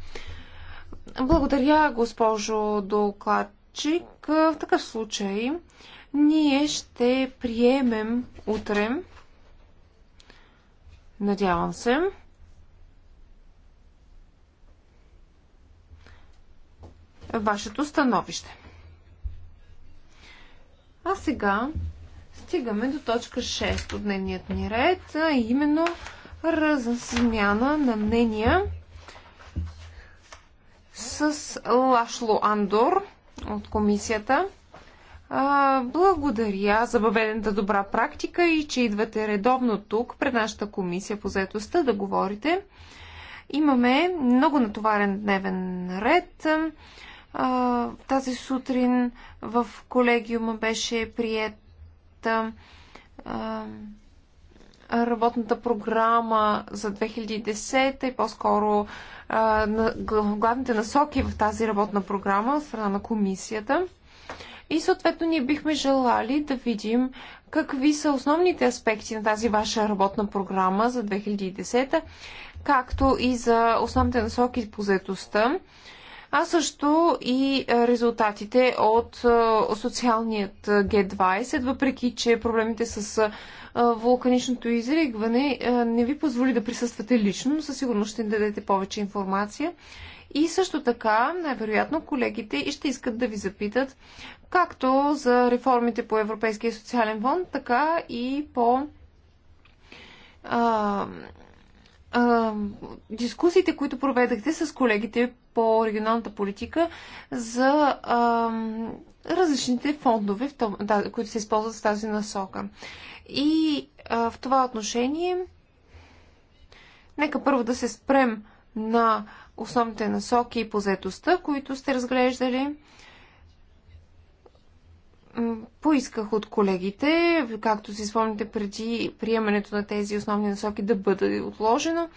Благодаря, госпожо докладчик. В такъв случай ние ще приемем утре, надявам се, вашето становище. А сега стигаме до точка 6 от дневният ни ред, а именно размяна на мнения с Лашло Андор от комисията. Благодаря за въведената добра практика и че идвате редовно тук пред нашата комисия по заедостта да говорите. Имаме много натоварен дневен ред. А, тази сутрин в колегиума беше приета работната програма за 2010 и по-скоро на главните насоки в тази работна програма от страна на комисията. И съответно ние бихме желали да видим какви са основните аспекти на тази ваша работна програма за 2010, както и за основните насоки по заедостта а също и е, резултатите от е, социалният е, Г20, въпреки че проблемите с вулканичното изригване не ви позволи да присъствате лично, но със сигурност ще дадете повече информация. И също така, най-вероятно, колегите и ще искат да ви запитат както за реформите по Европейския социален фонд, така и по дискусиите, които проведахте с колегите по регионалната политика за а, различните фондове, в том, да, които се използват в тази насока. И а, в това отношение, нека първо да се спрем на основните насоки и позетостта, които сте разглеждали поисках от колегите, както си спомните преди приемането на тези основни насоки да бъде отложено,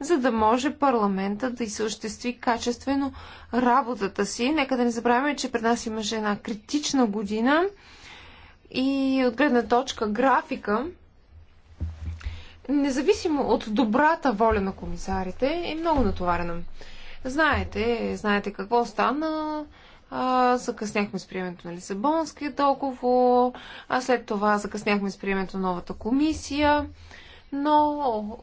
за да може парламента да изсъществи качествено работата си. Нека да не забравяме, че пред нас имаше една критична година и от гледна точка графика, независимо от добрата воля на комисарите, е много натоварена. Знаете, знаете какво стана а, закъсняхме с приемането на Лисабонския договор, а след това закъсняхме с приемането на новата комисия, но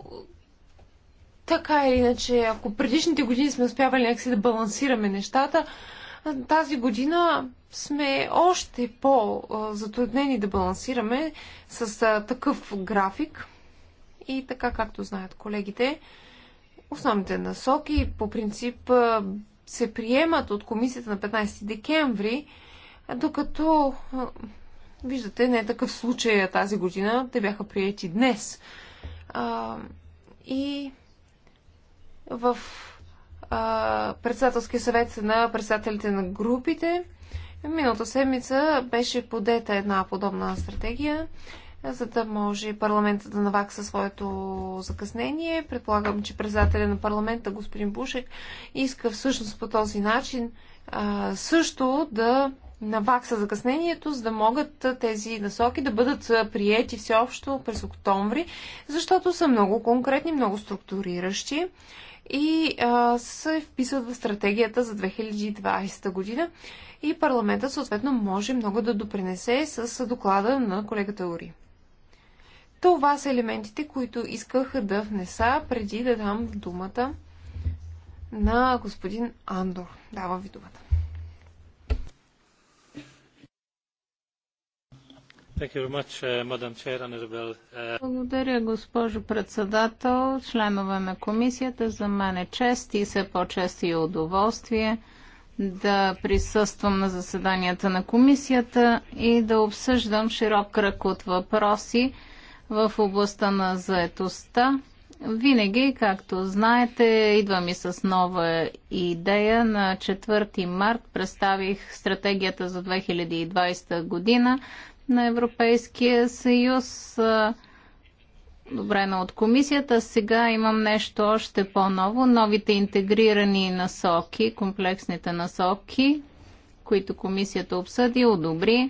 така или иначе, ако предишните години сме успявали някакси да балансираме нещата, тази година сме още по-затруднени да балансираме с такъв график. И така, както знаят колегите, основните насоки по принцип се приемат от комисията на 15 декември, докато, виждате, не е такъв случай тази година, те бяха приети днес. А, и в а, председателския съвет на председателите на групите миналата седмица беше подета една подобна стратегия за да може парламентът да навакса своето закъснение. Предполагам, че председателя на парламента, господин Бушек, иска всъщност по този начин а, също да навакса закъснението, за да могат тези насоки да бъдат приети всеобщо през октомври, защото са много конкретни, много структуриращи и а, се вписват в стратегията за 2020 година и парламентът съответно може много да допринесе с доклада на колегата Ури. Това са елементите, които исках да внеса преди да дам думата на господин Андор. Давам ви думата. Uh, uh, Благодаря, госпожо председател, членове на комисията. За мен е чест и все по-чест и удоволствие да присъствам на заседанията на комисията и да обсъждам широк кръг от въпроси, в областта на заетостта. Винаги, както знаете, идвам и с нова идея. На 4 март представих стратегията за 2020 година на Европейския съюз. Добре, но от комисията сега имам нещо още по-ново. Новите интегрирани насоки, комплексните насоки, които комисията обсъди, одобри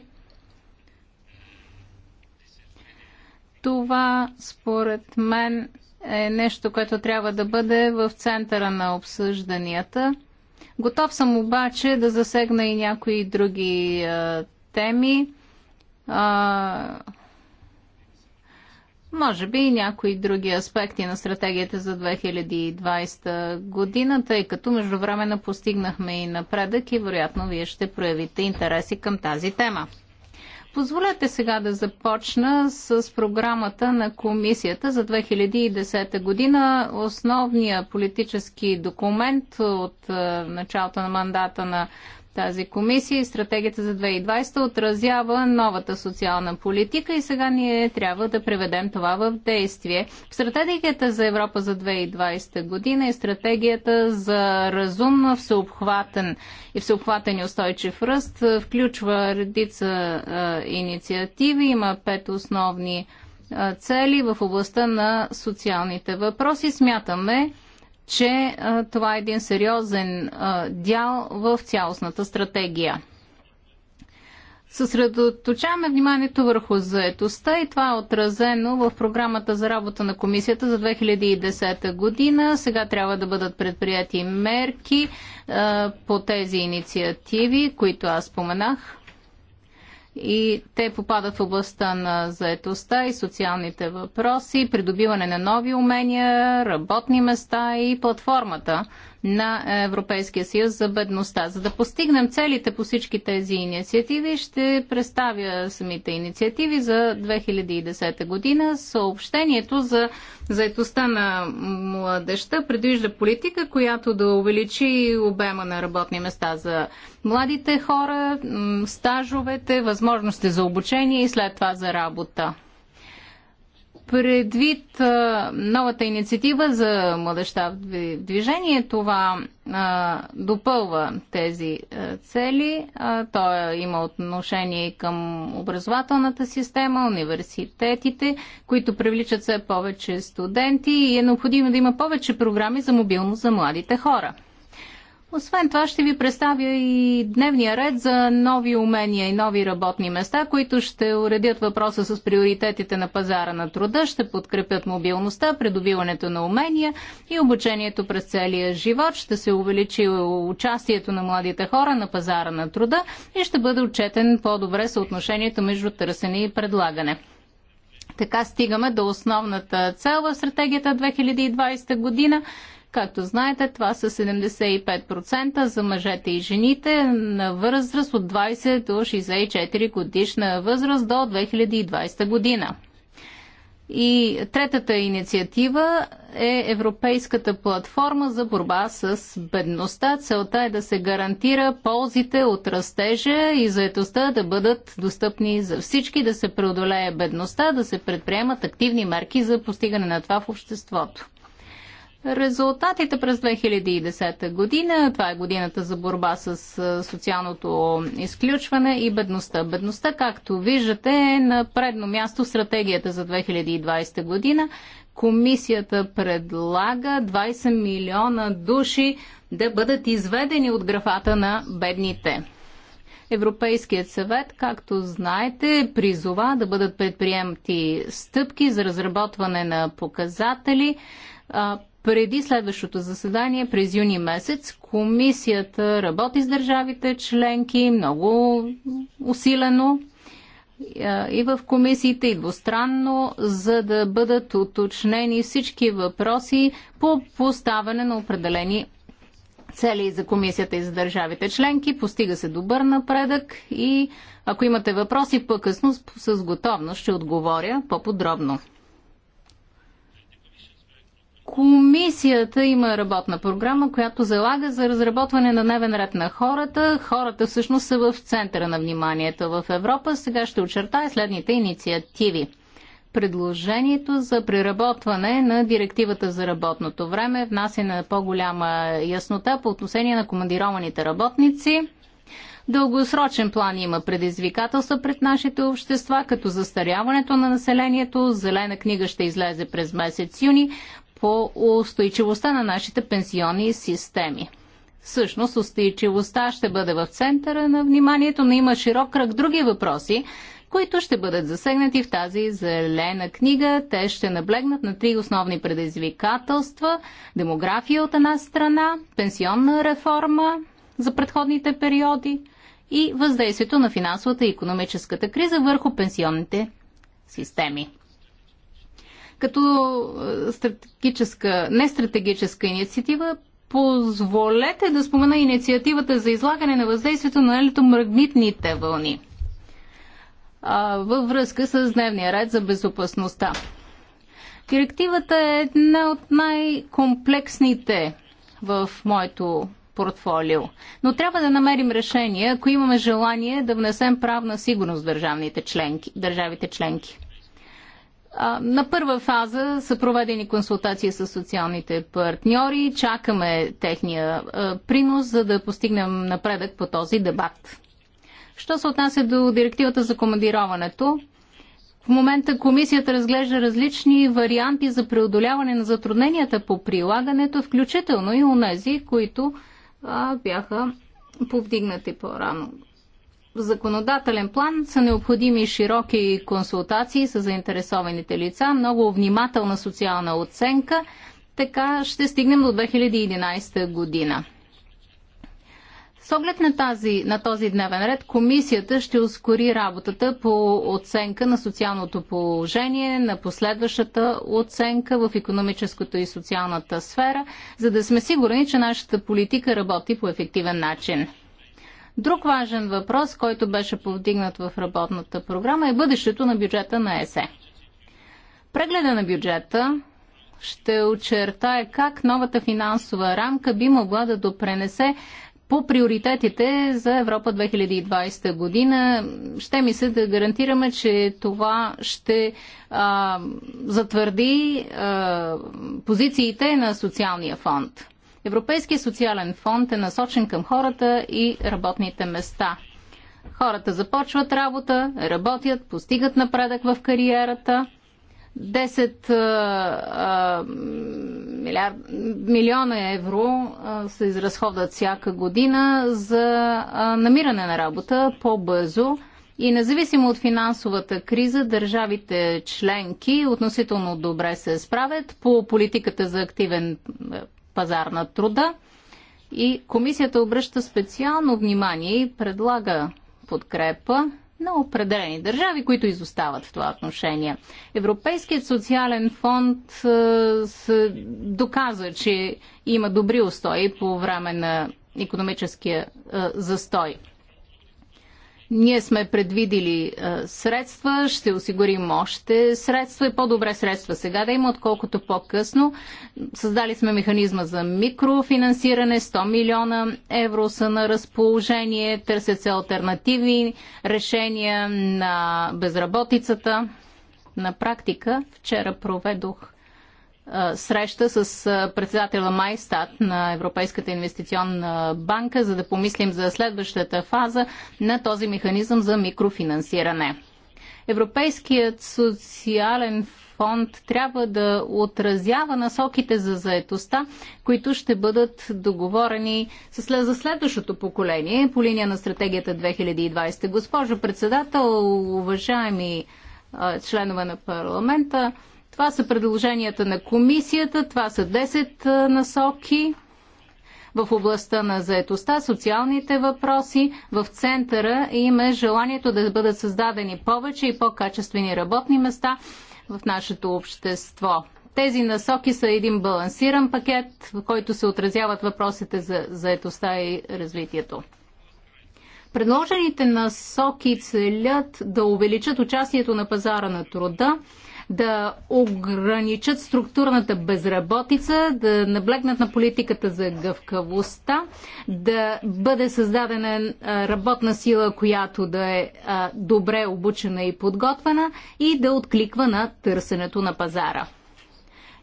Това, според мен, е нещо, което трябва да бъде в центъра на обсъжданията. Готов съм обаче да засегна и някои други а, е, теми. А, може би и някои други аспекти на стратегията за 2020 година, тъй като междувременно постигнахме и напредък и вероятно вие ще проявите интереси към тази тема. Позволете сега да започна с програмата на комисията за 2010 година. Основният политически документ от е, началото на мандата на тази комисия и стратегията за 2020 отразява новата социална политика и сега ние трябва да преведем това в действие. Стратегията за Европа за 2020 година и е стратегията за разумно всеобхватен и всеобхватен и устойчив ръст включва редица а, инициативи, има пет основни а, цели в областта на социалните въпроси. Смятаме, че а, това е един сериозен а, дял в цялостната стратегия. Съсредоточаваме вниманието върху заетостта и това е отразено в програмата за работа на комисията за 2010 година. Сега трябва да бъдат предприяти мерки а, по тези инициативи, които аз споменах и те попадат в областта на заетостта и социалните въпроси, придобиване на нови умения, работни места и платформата на Европейския съюз за бедността. За да постигнем целите по всички тези инициативи, ще представя самите инициативи за 2010 година. Съобщението за заетостта на младеща предвижда политика, която да увеличи обема на работни места за младите хора, стажовете, възможности за обучение и след това за работа предвид новата инициатива за младеща в движение, това допълва тези цели. той има отношение към образователната система, университетите, които привличат все повече студенти и е необходимо да има повече програми за мобилност за младите хора. Освен това ще ви представя и дневния ред за нови умения и нови работни места, които ще уредят въпроса с приоритетите на пазара на труда, ще подкрепят мобилността, придобиването на умения и обучението през целия живот, ще се увеличи участието на младите хора на пазара на труда и ще бъде отчетен по-добре съотношението между търсене и предлагане. Така стигаме до основната цел в стратегията 2020 година – Както знаете, това са 75% за мъжете и жените на възраст от 20 до 64 годишна възраст до 2020 година. И третата инициатива е Европейската платформа за борба с бедността. Целта е да се гарантира ползите от растежа и заетостта да бъдат достъпни за всички, да се преодолее бедността, да се предприемат активни мерки за постигане на това в обществото резултатите през 2010 година. Това е годината за борба с социалното изключване и бедността. Бедността, както виждате, е на предно място в стратегията за 2020 година. Комисията предлага 20 милиона души да бъдат изведени от графата на бедните. Европейският съвет, както знаете, призова да бъдат предприемти стъпки за разработване на показатели, преди следващото заседание през юни месец комисията работи с държавите членки много усилено е, и в комисиите, и двустранно, за да бъдат уточнени всички въпроси по поставяне на определени цели за комисията и за държавите членки. Постига се добър напредък и ако имате въпроси, по-късно с готовност ще отговоря по-подробно. Комисията има работна програма, която залага за разработване на дневен ред на хората. Хората всъщност са в центъра на вниманието в Европа. Сега ще очертая следните инициативи. Предложението за преработване на директивата за работното време внася на по-голяма яснота по отношение на командированите работници. Дългосрочен план има предизвикателства пред нашите общества, като застаряването на населението. Зелена книга ще излезе през месец юни по устойчивостта на нашите пенсионни системи. Всъщност устойчивостта ще бъде в центъра на вниманието, но има широк кръг други въпроси, които ще бъдат засегнати в тази зелена книга. Те ще наблегнат на три основни предизвикателства – демография от една страна, пенсионна реформа за предходните периоди и въздействието на финансовата и економическата криза върху пенсионните системи като стратегическа, не стратегическа инициатива, позволете да спомена инициативата за излагане на въздействието на електромагнитните вълни а, във връзка с дневния ред за безопасността. Директивата е една от най-комплексните в моето портфолио. Но трябва да намерим решение, ако имаме желание да внесем правна сигурност в държавните членки, държавите членки. На първа фаза са проведени консултации с социалните партньори. Чакаме техния принос, за да постигнем напредък по този дебат. Що се отнася до директивата за командироването, в момента комисията разглежда различни варианти за преодоляване на затрудненията по прилагането, включително и онези, които а, бяха повдигнати по-рано в законодателен план са необходими широки консултации с заинтересованите лица, много внимателна социална оценка. Така ще стигнем до 2011 година. С оглед на, тази, на този дневен ред, комисията ще ускори работата по оценка на социалното положение, на последващата оценка в економическото и социалната сфера, за да сме сигурни, че нашата политика работи по ефективен начин. Друг важен въпрос, който беше повдигнат в работната програма е бъдещето на бюджета на ЕСЕ. Прегледа на бюджета ще очертае как новата финансова рамка би могла да допренесе по приоритетите за Европа 2020 година. Ще ми се да гарантираме, че това ще а, затвърди а, позициите на социалния фонд. Европейския социален фонд е насочен към хората и работните места. Хората започват работа, работят, постигат напредък в кариерата. 10 а, милиона евро а, се изразходват всяка година за а, намиране на работа по-бързо. И независимо от финансовата криза, държавите членки относително добре се справят по политиката за активен пазар на труда. И комисията обръща специално внимание и предлага подкрепа на определени държави, които изостават в това отношение. Европейският социален фонд е, се доказа, че има добри устои по време на економическия е, застой. Ние сме предвидили а, средства, ще осигурим още средства и по-добре средства сега да има, отколкото по-късно. Създали сме механизма за микрофинансиране, 100 милиона евро са на разположение, търсят се альтернативи, решения на безработицата. На практика вчера проведох среща с председателя Майстат на Европейската инвестиционна банка, за да помислим за следващата фаза на този механизъм за микрофинансиране. Европейският социален фонд трябва да отразява насоките за заетостта, които ще бъдат договорени за следващото поколение по линия на стратегията 2020. Госпожо председател, уважаеми членове на парламента, това са предложенията на комисията, това са 10 насоки в областта на заетостта, социалните въпроси. В центъра има желанието да бъдат създадени повече и по-качествени работни места в нашето общество. Тези насоки са един балансиран пакет, в който се отразяват въпросите за заетостта и развитието. Предложените насоки целят да увеличат участието на пазара на труда, да ограничат структурната безработица, да наблегнат на политиката за гъвкавостта, да бъде създадена работна сила, която да е добре обучена и подготвена и да откликва на търсенето на пазара.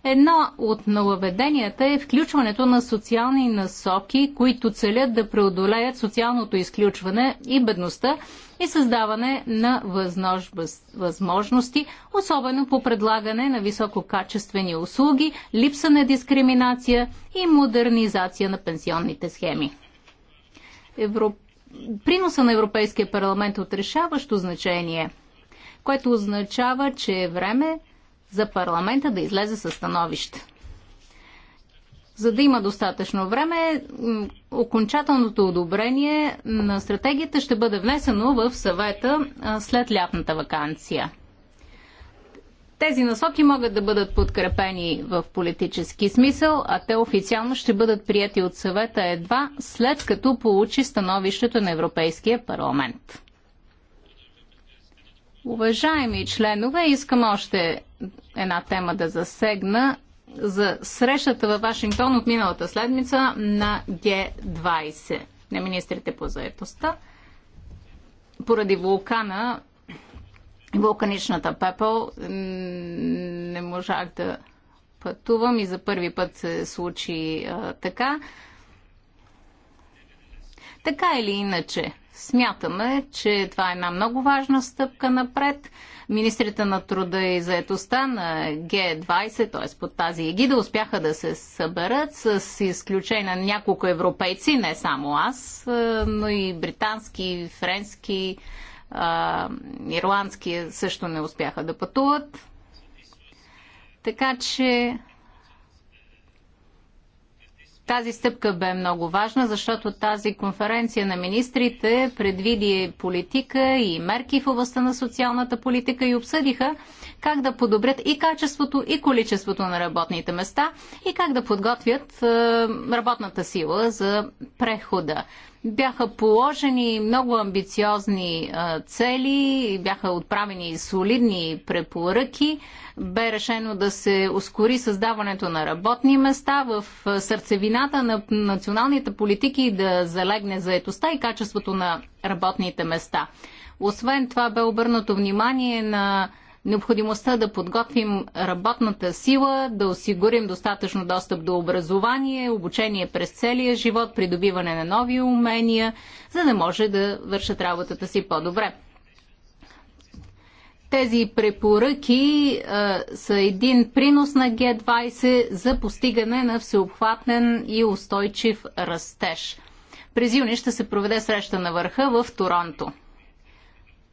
Едно от нововеденията е включването на социални насоки, които целят да преодолеят социалното изключване и бедността и създаване на възможности, особено по предлагане на висококачествени услуги, липса на дискриминация и модернизация на пенсионните схеми. Европ... Приноса на Европейския парламент е от решаващо значение, което означава, че е време за парламента да излезе със становище. За да има достатъчно време, окончателното одобрение на стратегията ще бъде внесено в съвета след лятната вакансия. Тези насоки могат да бъдат подкрепени в политически смисъл, а те официално ще бъдат прияти от съвета едва след като получи становището на Европейския парламент. Уважаеми членове, искам още една тема да засегна за срещата във Вашингтон от миналата седмица на Г-20 на министрите по заедостта. Поради вулкана, вулканичната пепел, не можах да пътувам и за първи път се случи а, така. Така или иначе, Смятаме, че това е една много важна стъпка напред. Министрите на труда и заетостта на Г20, т.е. под тази егида, успяха да се съберат с изключение на няколко европейци, не само аз, е, но и британски, френски, е, ирландски също не успяха да пътуват. Така че тази стъпка бе много важна, защото тази конференция на министрите предвиди политика и мерки в областта на социалната политика и обсъдиха как да подобрят и качеството, и количеството на работните места и как да подготвят е, работната сила за прехода. Бяха положени много амбициозни цели, бяха отправени солидни препоръки, бе решено да се ускори създаването на работни места в сърцевината на националните политики да залегне заетостта и качеството на работните места. Освен това бе обърнато внимание на необходимостта да подготвим работната сила, да осигурим достатъчно достъп до образование, обучение през целия живот, придобиване на нови умения, за да може да вършат работата си по-добре. Тези препоръки а, са един принос на Г20 за постигане на всеобхватен и устойчив растеж. През юни ще се проведе среща на върха в Торонто.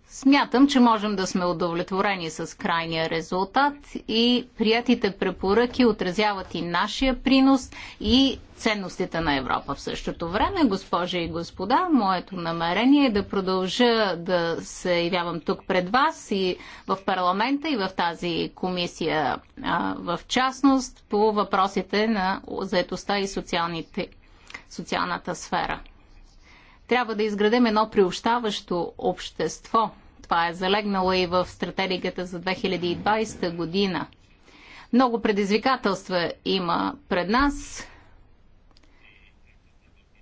Смятам, че можем да сме удовлетворени с крайния резултат и приятите препоръки отразяват и нашия принос и ценностите на Европа. В същото време, госпожи и господа, моето намерение е да продължа да се явявам тук пред вас и в парламента и в тази комисия в частност по въпросите на заетостта и социалната сфера. Трябва да изградим едно приобщаващо общество. Това е залегнало и в стратегията за 2020 година. Много предизвикателства има пред нас.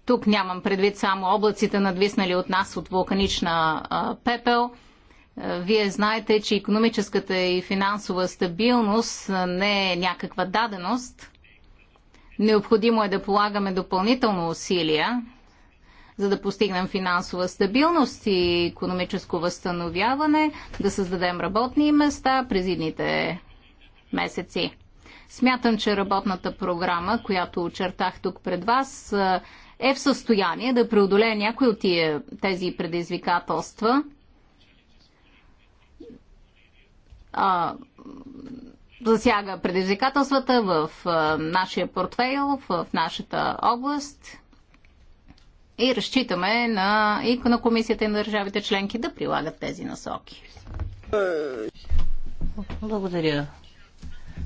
Тук нямам предвид само облаците, надвиснали от нас от вулканична а, пепел. Вие знаете, че економическата и финансова стабилност не е някаква даденост. Необходимо е да полагаме допълнително усилия за да постигнем финансова стабилност и економическо възстановяване, да създадем работни места през едните месеци. Смятам, че работната програма, която очертах тук пред вас, е в състояние да преодолее някои от тия, тези предизвикателства. А, засяга предизвикателствата в а, нашия портфейл, в, в нашата област и разчитаме на, и на комисията и на държавите членки да прилагат тези насоки. Благодаря,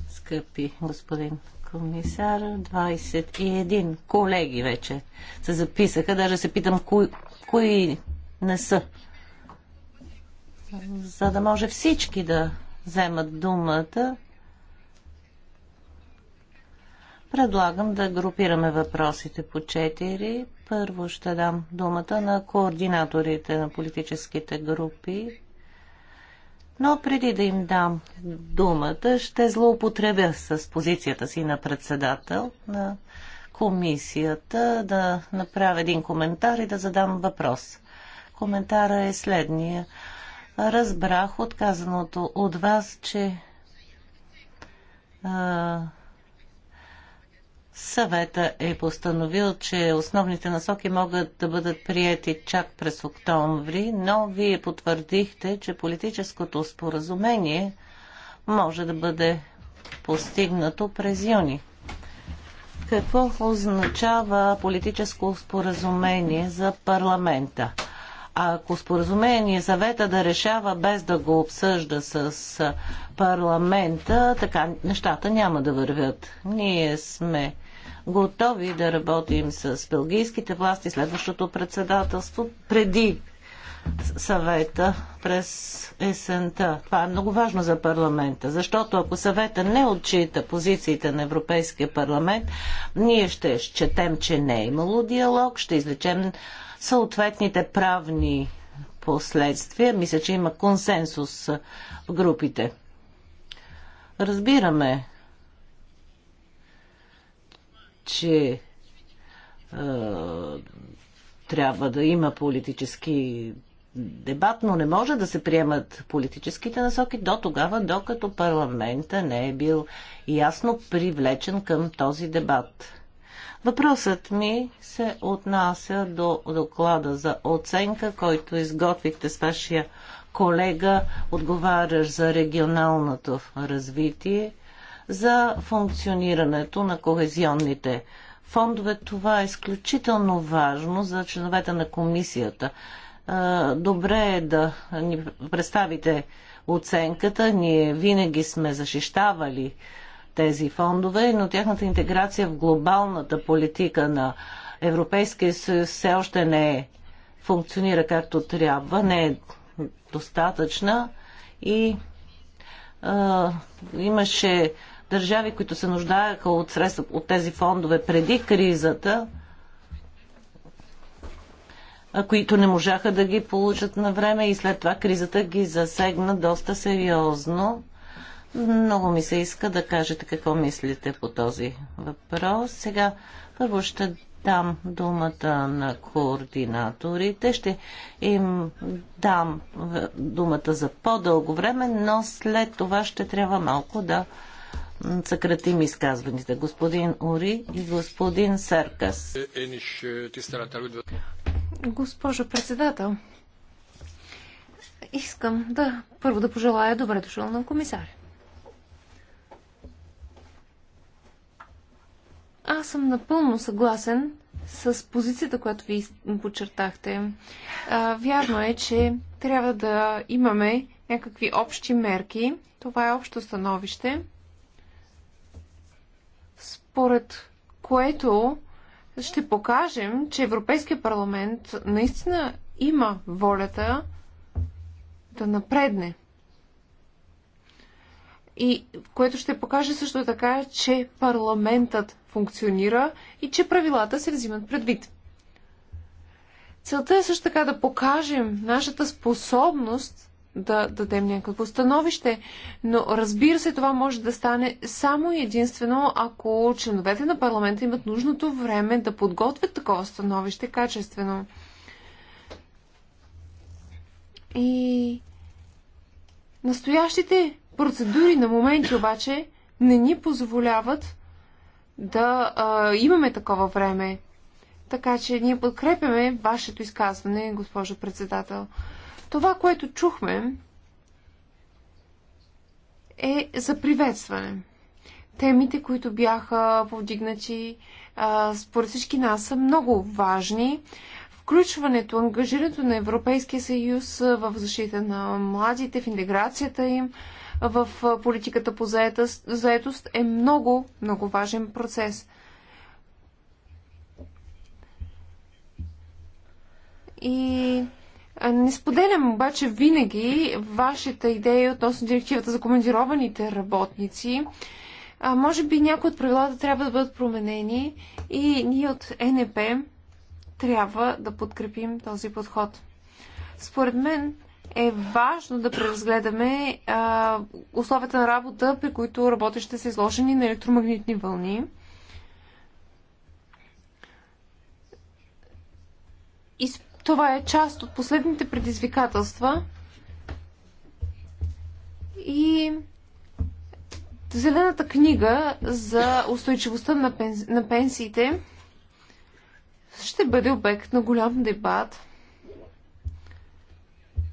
скъпи господин комисар. 21 колеги вече се записаха. Даже се питам кои, кои не са. За да може всички да вземат думата. Предлагам да групираме въпросите по четири. Първо ще дам думата на координаторите на политическите групи. Но преди да им дам думата, ще злоупотребя с позицията си на председател на комисията да направя един коментар и да задам въпрос. Коментара е следния. Разбрах отказаното от вас, че а, Съвета е постановил, че основните насоки могат да бъдат приети чак през октомври, но вие потвърдихте, че политическото споразумение може да бъде постигнато през юни. Какво означава политическо споразумение за парламента? ако споразумение завета да решава без да го обсъжда с парламента, така нещата няма да вървят. Ние сме готови да работим с белгийските власти следващото председателство преди съвета през есента. Това е много важно за парламента, защото ако съвета не отчита позициите на Европейския парламент, ние ще четем, че не е имало диалог, ще излечем съответните правни последствия. Мисля, че има консенсус в групите. Разбираме че трябва да има политически дебат, но не може да се приемат политическите насоки до тогава, докато парламента не е бил ясно привлечен към този дебат. Въпросът ми се отнася до доклада за оценка, който изготвихте с вашия колега, отговарящ за регионалното развитие за функционирането на кохезионните фондове. Това е изключително важно за членовете на комисията. Добре е да ни представите оценката. Ние винаги сме защищавали тези фондове, но тяхната интеграция в глобалната политика на Европейския съюз все още не е, функционира както трябва, не е достатъчна и а, имаше държави, които се нуждаеха от средства от тези фондове преди кризата, които не можаха да ги получат на време и след това кризата ги засегна доста сериозно. Много ми се иска да кажете какво мислите по този въпрос. Сега първо ще дам думата на координаторите. Ще им дам думата за по-дълго време, но след това ще трябва малко да съкратим изказваните. Господин Ури и господин Серкас. Госпожо председател, искам да първо да пожелая добре дошъл на комисаря. Аз съм напълно съгласен с позицията, която ви подчертахте. вярно е, че трябва да имаме някакви общи мерки. Това е общо становище според което ще покажем, че Европейския парламент наистина има волята да напредне. И което ще покаже също така, че парламентът функционира и че правилата се взимат предвид. Целта е също така да покажем нашата способност да дадем някакво становище. Но разбира се, това може да стане само и единствено, ако членовете на парламента имат нужното време да подготвят такова становище качествено. И настоящите процедури на моменти обаче не ни позволяват да а, имаме такова време. Така че ние подкрепяме вашето изказване, госпожо председател. Това, което чухме, е за приветстване. Темите, които бяха повдигнати, според всички нас са много важни. Включването, ангажирането на Европейския съюз в защита на младите, в интеграцията им, в политиката по заетост е много, много важен процес. И не споделям обаче винаги вашата идея относно директивата за командированите работници. А, може би някои от правилата трябва да бъдат променени и ние от НП трябва да подкрепим този подход. Според мен е важно да преразгледаме а, условията на работа, при които работещите са изложени на електромагнитни вълни. И това е част от последните предизвикателства и Зелената книга за устойчивостта на, пенс... на пенсиите ще бъде обект на голям дебат,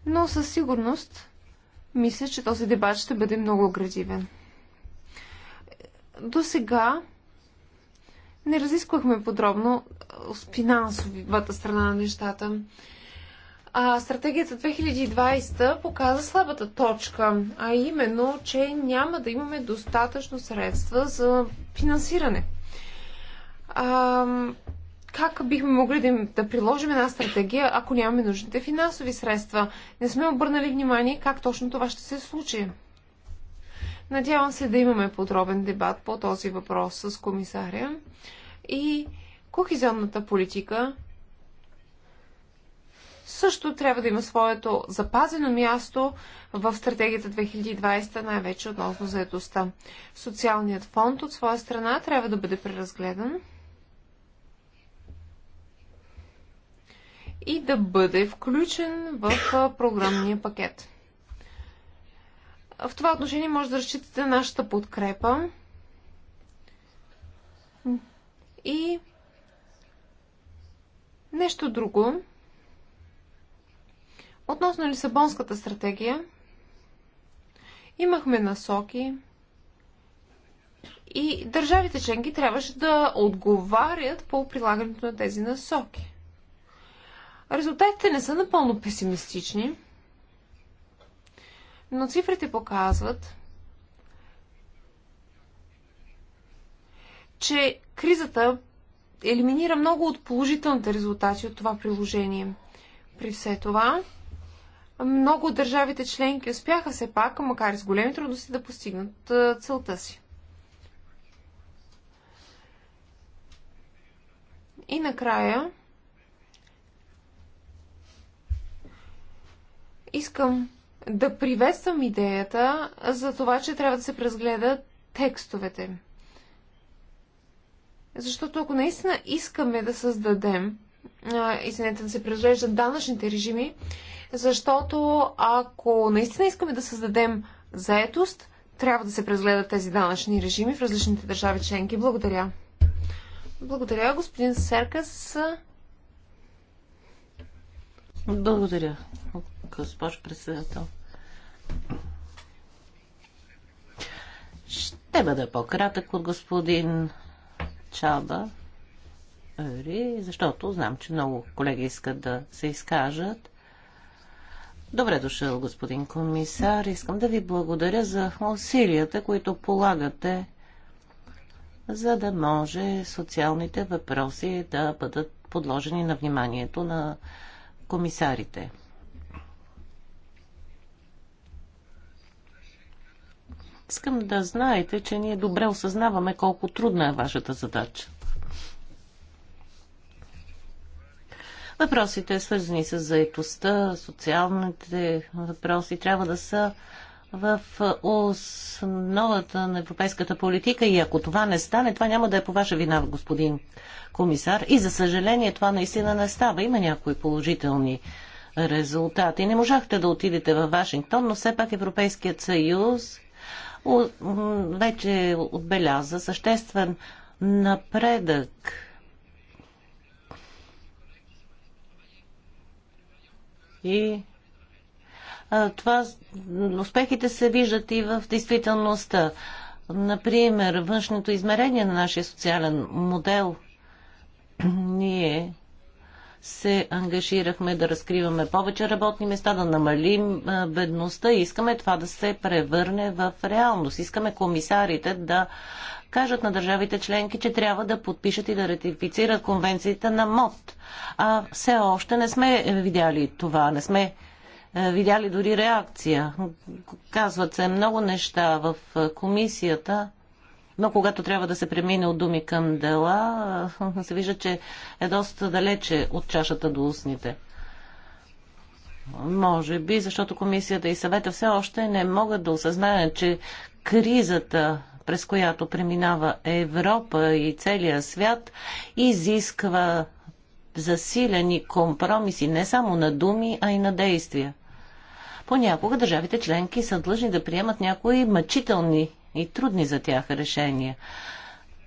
но със сигурност мисля, че този дебат ще бъде много градивен. До сега не разисквахме подробно с финансовата страна на нещата. А, стратегията 2020 показа слабата точка, а именно, че няма да имаме достатъчно средства за финансиране. А, как бихме могли да, да приложим една стратегия, ако нямаме нужните финансови средства? Не сме обърнали внимание как точно това ще се случи. Надявам се да имаме подробен дебат по този въпрос с комисаря. И кохизионната политика също трябва да има своето запазено място в стратегията 2020, най-вече относно заедостта. Социалният фонд от своя страна трябва да бъде преразгледан и да бъде включен в програмния пакет. В това отношение може да разчитате нашата подкрепа. И нещо друго. Относно Лисабонската стратегия, имахме насоки и държавите членки трябваше да отговарят по прилагането на тези насоки. Резултатите не са напълно песимистични, но цифрите показват, че кризата елиминира много от положителните резултати от това приложение. При все това, много от държавите членки успяха все пак, макар и с големи трудности, да постигнат целта си. И накрая искам да приветствам идеята за това, че трябва да се преразгледат текстовете. Защото ако наистина искаме да създадем, извинете, да се преразглеждат данъчните режими, защото ако наистина искаме да създадем заетост, трябва да се преразгледат тези данъчни режими в различните държави членки. Благодаря. Благодаря, господин Серкас. Благодаря, госпожо председател. Ще бъда по-кратък от господин печалба еври, защото знам, че много колеги искат да се изкажат. Добре дошъл, господин комисар. Искам да ви благодаря за усилията, които полагате, за да може социалните въпроси да бъдат подложени на вниманието на комисарите. Искам да знаете, че ние добре осъзнаваме колко трудна е вашата задача. Въпросите, свързани с заетостта, социалните въпроси, трябва да са в основата на европейската политика и ако това не стане, това няма да е по ваша вина, господин комисар. И за съжаление това наистина не става. Има някои положителни резултати. Не можахте да отидете във Вашингтон, но все пак Европейският съюз вече отбеляза съществен напредък и а, това успехите се виждат и в действителността. Например, външното измерение на нашия социален модел. Ние се ангажирахме да разкриваме повече работни места, да намалим бедността и искаме това да се превърне в реалност. Искаме комисарите да кажат на държавите членки, че трябва да подпишат и да ратифицират конвенцията на МОД. А все още не сме видяли това, не сме видяли дори реакция. Казват се много неща в комисията, но когато трябва да се премине от думи към дела, се вижда, че е доста далече от чашата до устните. Може би, защото комисията и съвета все още не могат да осъзнаят, че кризата, през която преминава Европа и целия свят, изисква засилени компромиси не само на думи, а и на действия. Понякога държавите членки са длъжни да приемат някои мъчителни и трудни за тях решения.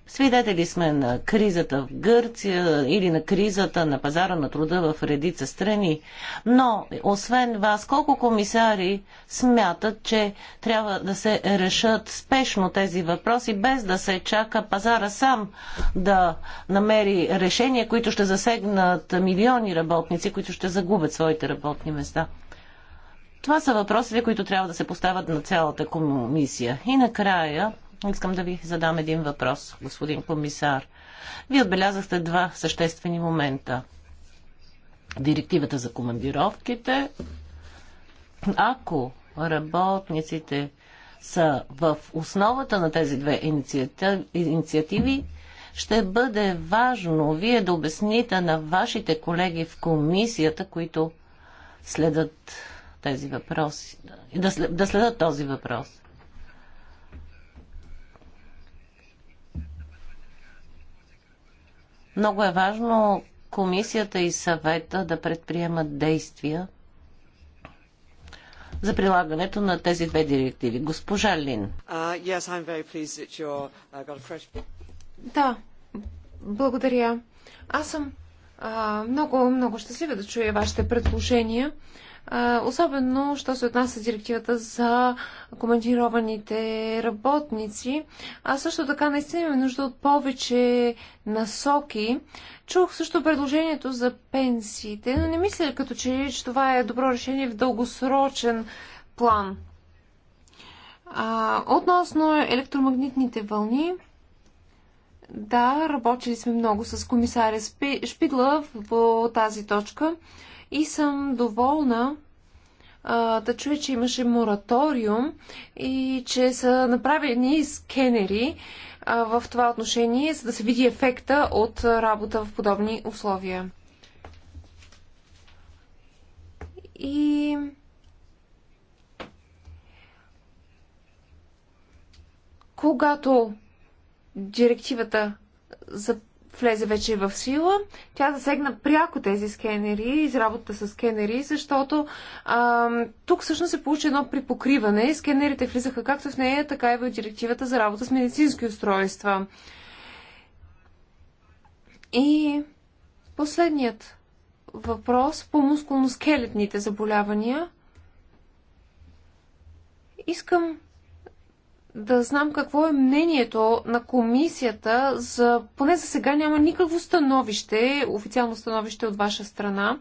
Свидетели сме на кризата в Гърция или на кризата на пазара на труда в редица страни. Но, освен вас, колко комисари смятат, че трябва да се решат спешно тези въпроси, без да се чака пазара сам да намери решения, които ще засегнат милиони работници, които ще загубят своите работни места? Това са въпросите, които трябва да се поставят на цялата комисия. И накрая искам да ви задам един въпрос, господин комисар. Вие отбелязахте два съществени момента. Директивата за командировките. Ако работниците са в основата на тези две инициативи, ще бъде важно вие да обясните на вашите колеги в комисията, които следят тези въпроси, да, да следят този въпрос. Много е важно комисията и съвета да предприемат действия за прилагането на тези две директиви. Госпожа Лин. Uh, uh, да, благодаря. Аз съм а, много, много щастлива да чуя вашите предложения особено, що се отнася директивата за командированите работници. А също така наистина имаме нужда от повече насоки. Чух също предложението за пенсиите, но не мисля като че, че това е добро решение в дългосрочен план. А, относно електромагнитните вълни, да, работили сме много с комисаря Шпидла по тази точка и съм доволна а, да чуя, че имаше мораториум и че са направени скенери а, в това отношение, за да се види ефекта от работа в подобни условия. И когато директивата за влезе вече в сила. Тя засегна пряко тези скенери, изработа с скенери, защото а, тук всъщност се получи едно припокриване. Скенерите влизаха както в нея, така и в директивата за работа с медицински устройства. И последният въпрос по мускулно-скелетните заболявания. Искам да знам какво е мнението на комисията за... Поне за сега няма никакво становище, официално становище от ваша страна.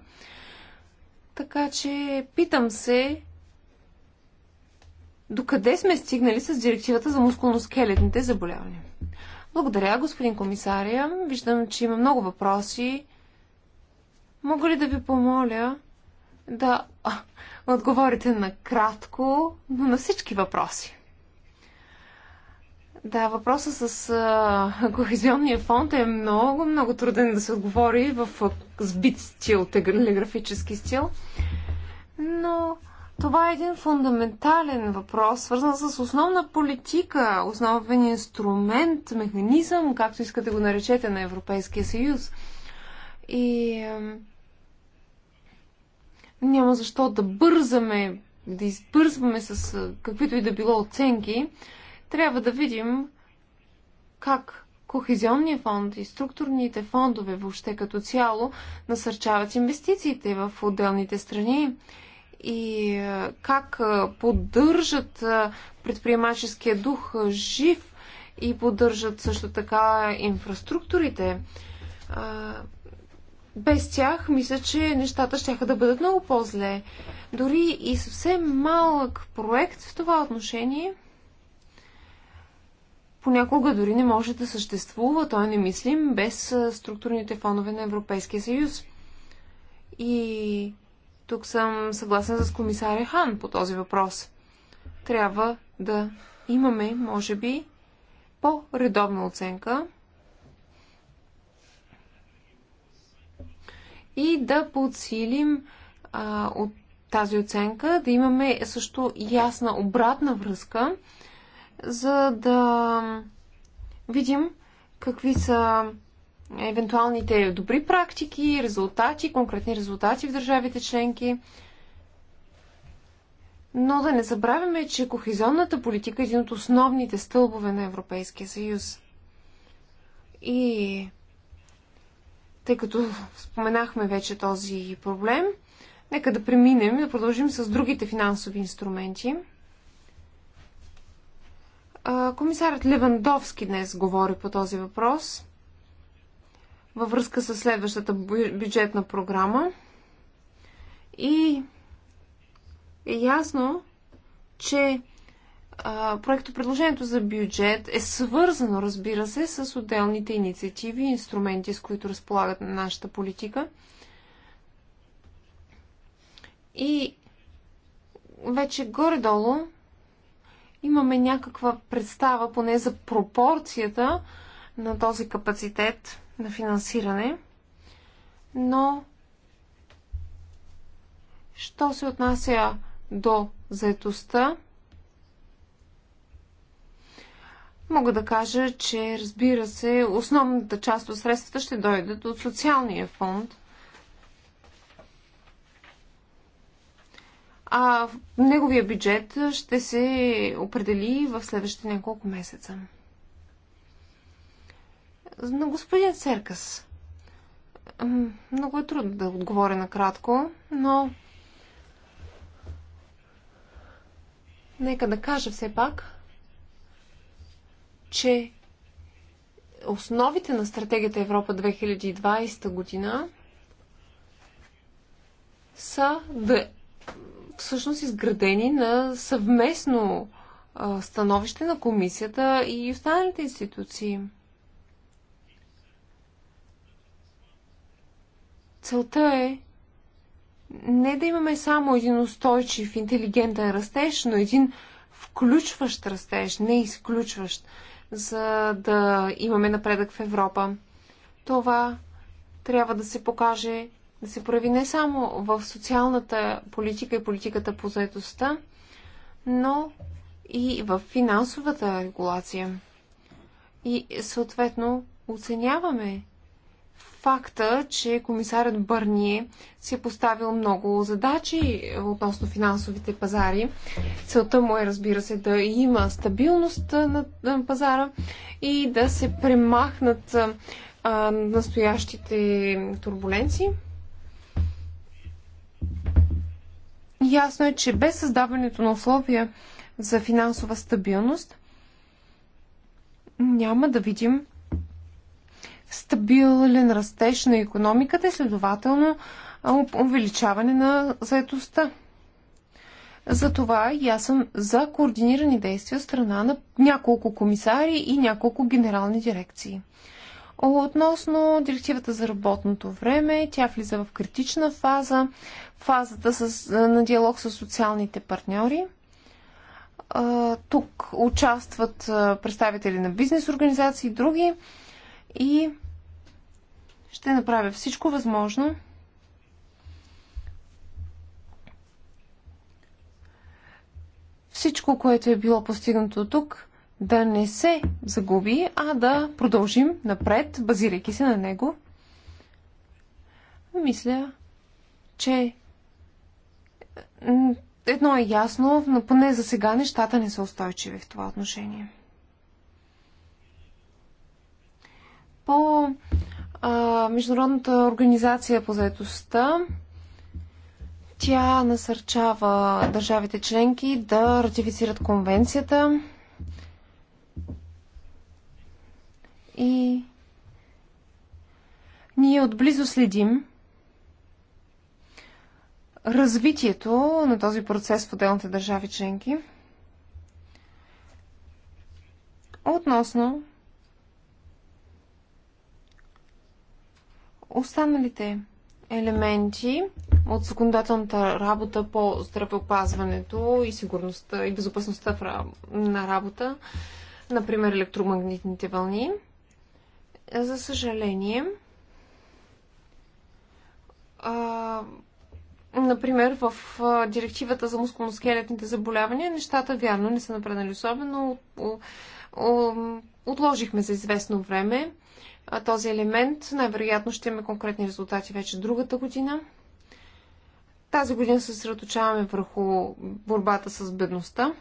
Така че питам се докъде сме стигнали с директивата за мускулно-скелетните заболявания. Благодаря, господин комисария. Виждам, че има много въпроси. Мога ли да ви помоля да отговорите накратко на всички въпроси? Да, въпросът с а, кохезионния фонд е много, много труден да се отговори в сбит стил, телеграфически стил. Но това е един фундаментален въпрос, свързан с основна политика, основен инструмент, механизъм, както искате го наречете, на Европейския съюз. И а, няма защо да бързаме, да избързваме с каквито и да било оценки, трябва да видим как Кохезионния фонд и структурните фондове въобще като цяло насърчават инвестициите в отделните страни и е, как е, поддържат е, предприемаческия дух жив и поддържат също така инфраструктурите. Без тях, мисля, че нещата ще да бъдат много по-зле. Дори и съвсем малък проект в това отношение – понякога дори не може да съществува, той не мислим, без структурните фонове на Европейския съюз. И тук съм съгласна с комисаря Хан по този въпрос. Трябва да имаме, може би, по-редовна оценка и да подсилим а, от тази оценка, да имаме също ясна обратна връзка за да видим какви са евентуалните добри практики, резултати, конкретни резултати в държавите членки. Но да не забравяме, че кохезионната политика е един от основните стълбове на Европейския съюз. И тъй като споменахме вече този проблем, нека да преминем и да продължим с другите финансови инструменти – Комисарът Левандовски днес говори по този въпрос във връзка с следващата бюджетна програма. И е ясно, че проекто предложението за бюджет е свързано, разбира се, с отделните инициативи и инструменти, с които разполагат на нашата политика. И вече горе-долу имаме някаква представа поне за пропорцията на този капацитет на финансиране, но що се отнася до заетостта, мога да кажа, че разбира се, основната част от средствата ще дойдат от социалния фонд. а неговия бюджет ще се определи в следващите няколко месеца. На господин Серкас. Много е трудно да отговоря накратко, но нека да кажа все пак, че основите на стратегията Европа 2020 година са да всъщност изградени на съвместно становище на комисията и останалите институции. Целта е не да имаме само един устойчив, интелигентен растеж, но един включващ растеж, не изключващ, за да имаме напредък в Европа. Това трябва да се покаже да се прояви не само в социалната политика и политиката по заедостта, но и в финансовата регулация. И съответно оценяваме факта, че комисарят Бърние си е поставил много задачи относно финансовите пазари. Целта му е, разбира се, да има стабилност на пазара и да се премахнат а, настоящите турбуленции. Ясно е, че без създаването на условия за финансова стабилност няма да видим стабилен растеж на економиката и следователно увеличаване на заедостта. Затова и аз съм за координирани действия от страна на няколко комисари и няколко генерални дирекции. Относно директивата за работното време, тя влиза в критична фаза фазата с, на диалог с социалните партньори. Тук участват представители на бизнес организации и други и ще направя всичко възможно всичко, което е било постигнато тук, да не се загуби, а да продължим напред, базирайки се на него. Мисля, че едно е ясно, но поне за сега нещата не са устойчиви в това отношение. По а, Международната организация по заедостта, тя насърчава държавите членки да ратифицират конвенцията и ние отблизо следим развитието на този процес в отделните държави членки. Относно останалите елементи от законодателната работа по здравеопазването и сигурността и безопасността на работа, например електромагнитните вълни. За съжаление, Например, в директивата за мускулно-скелетните заболявания нещата, вярно, не са напреднали особено. Отложихме за известно време този елемент. Най-вероятно ще имаме конкретни резултати вече другата година. Тази година се съсредоточаваме върху борбата с бедността.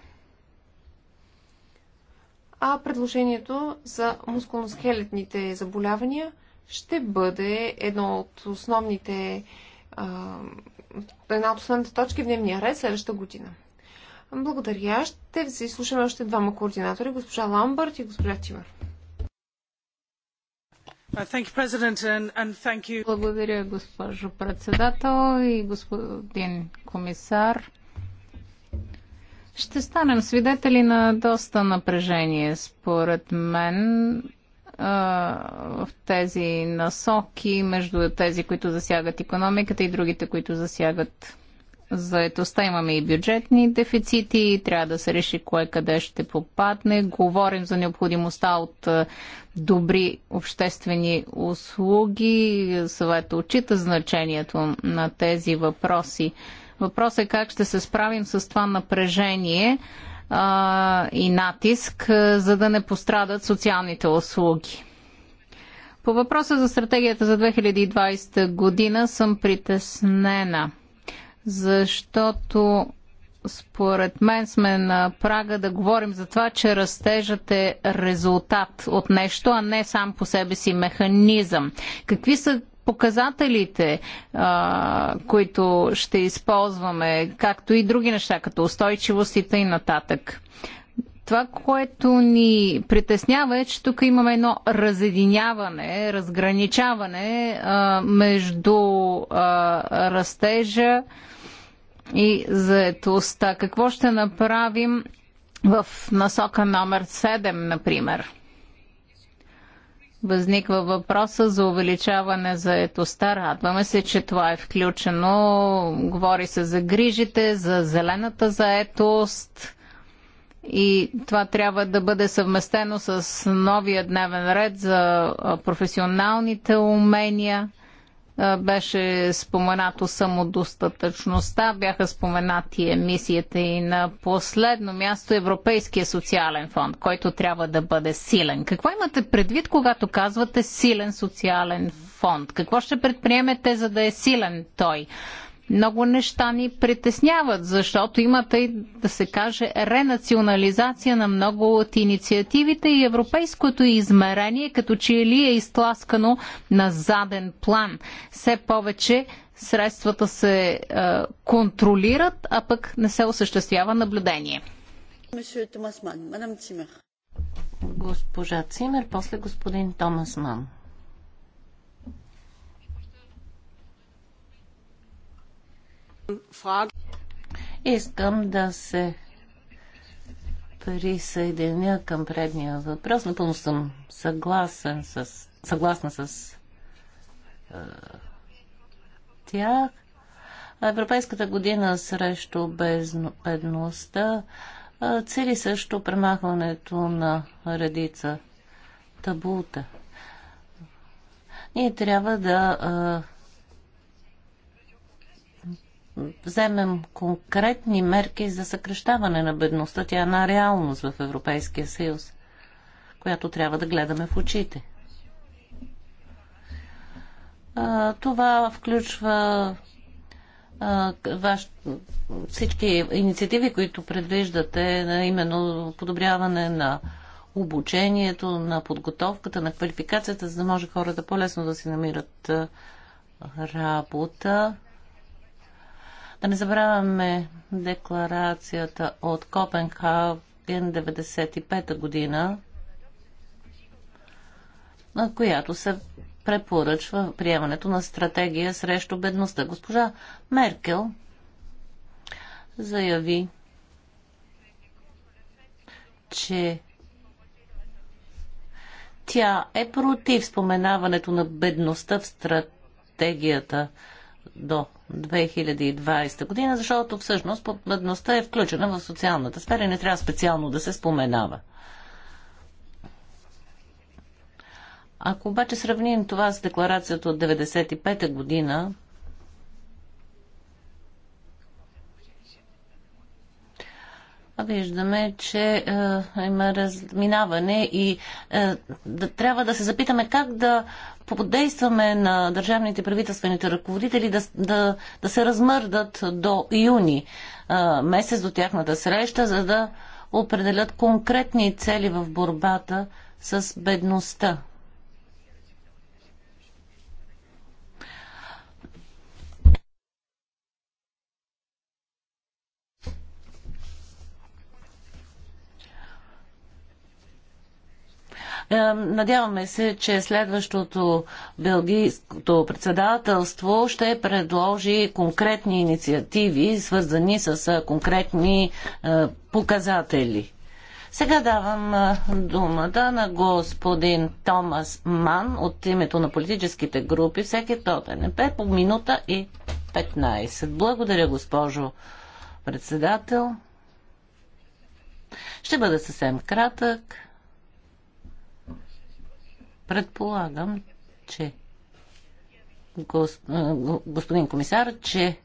А предложението за мускулно-скелетните заболявания ще бъде едно от основните а, една от основните точки в дневния ред следващата година. Благодаря. Ще се изслушаме още двама координатори, госпожа Ламбърт и госпожа Тимър. Uh, Благодаря, госпожо председател и господин комисар. Ще станем свидетели на доста напрежение, според мен, в тези насоки между тези, които засягат економиката и другите, които засягат заедостта. Имаме и бюджетни дефицити, трябва да се реши кое къде ще попадне. Говорим за необходимостта от добри обществени услуги. Съвета отчита значението на тези въпроси. Въпросът е как ще се справим с това напрежение а, и натиск, а, за да не пострадат социалните услуги. По въпроса за стратегията за 2020 година съм притеснена, защото според мен сме на прага да говорим за това, че растежът е резултат от нещо, а не сам по себе си механизъм. Какви са показателите, а, които ще използваме, както и други неща, като устойчивостите и нататък. Това, което ни притеснява е, че тук имаме едно разединяване, разграничаване а, между а, растежа и заетостта. Какво ще направим в насока номер 7, например? възниква въпроса за увеличаване за етоста. Радваме се, че това е включено. Говори се за грижите, за зелената заетост и това трябва да бъде съвместено с новия дневен ред за професионалните умения беше споменато самодостатъчността, бяха споменати емисията и на последно място Европейския социален фонд, който трябва да бъде силен. Какво имате предвид, когато казвате силен социален фонд? Какво ще предприемете, за да е силен той? много неща ни притесняват, защото има тъй да се каже ренационализация на много от инициативите и европейското измерение като че ли е изтласкано на заден план. Все повече средствата се е, контролират, а пък не се осъществява наблюдение. Госпожа Цимер, после господин Томас Ман. Искам да се присъединя към предния въпрос. Напълно съм съгласен с, съгласна с е, тях. Европейската година срещу бедността е, цели също премахването на редица табута. Ние трябва да е, вземем конкретни мерки за съкрещаване на бедността. Тя е една реалност в Европейския съюз, която трябва да гледаме в очите. Това включва ваш, всички инициативи, които предвиждате, именно подобряване на обучението, на подготовката, на квалификацията, за да може хората по-лесно да си намират работа. Да не забравяме декларацията от Копенхаген 95-та година, на която се препоръчва приемането на стратегия срещу бедността. Госпожа Меркел заяви, че тя е против споменаването на бедността в стратегията до 2020 година, защото всъщност бедността е включена в социалната сфера и не трябва специално да се споменава. Ако обаче сравним това с декларацията от 1995 година, виждаме, че е, има разминаване и е, да, трябва да се запитаме как да подействаме на държавните правителствените ръководители да, да, да се размърдат до юни е, месец до тяхната среща, за да определят конкретни цели в борбата с бедността Надяваме се, че следващото белгийското председателство ще предложи конкретни инициативи, свързани с е, конкретни е, показатели. Сега давам е, думата на господин Томас Ман от името на политическите групи, всеки от НП по минута и 15. Благодаря, госпожо председател. Ще бъда съвсем кратък. Предполагам, че гос, господин комисар, че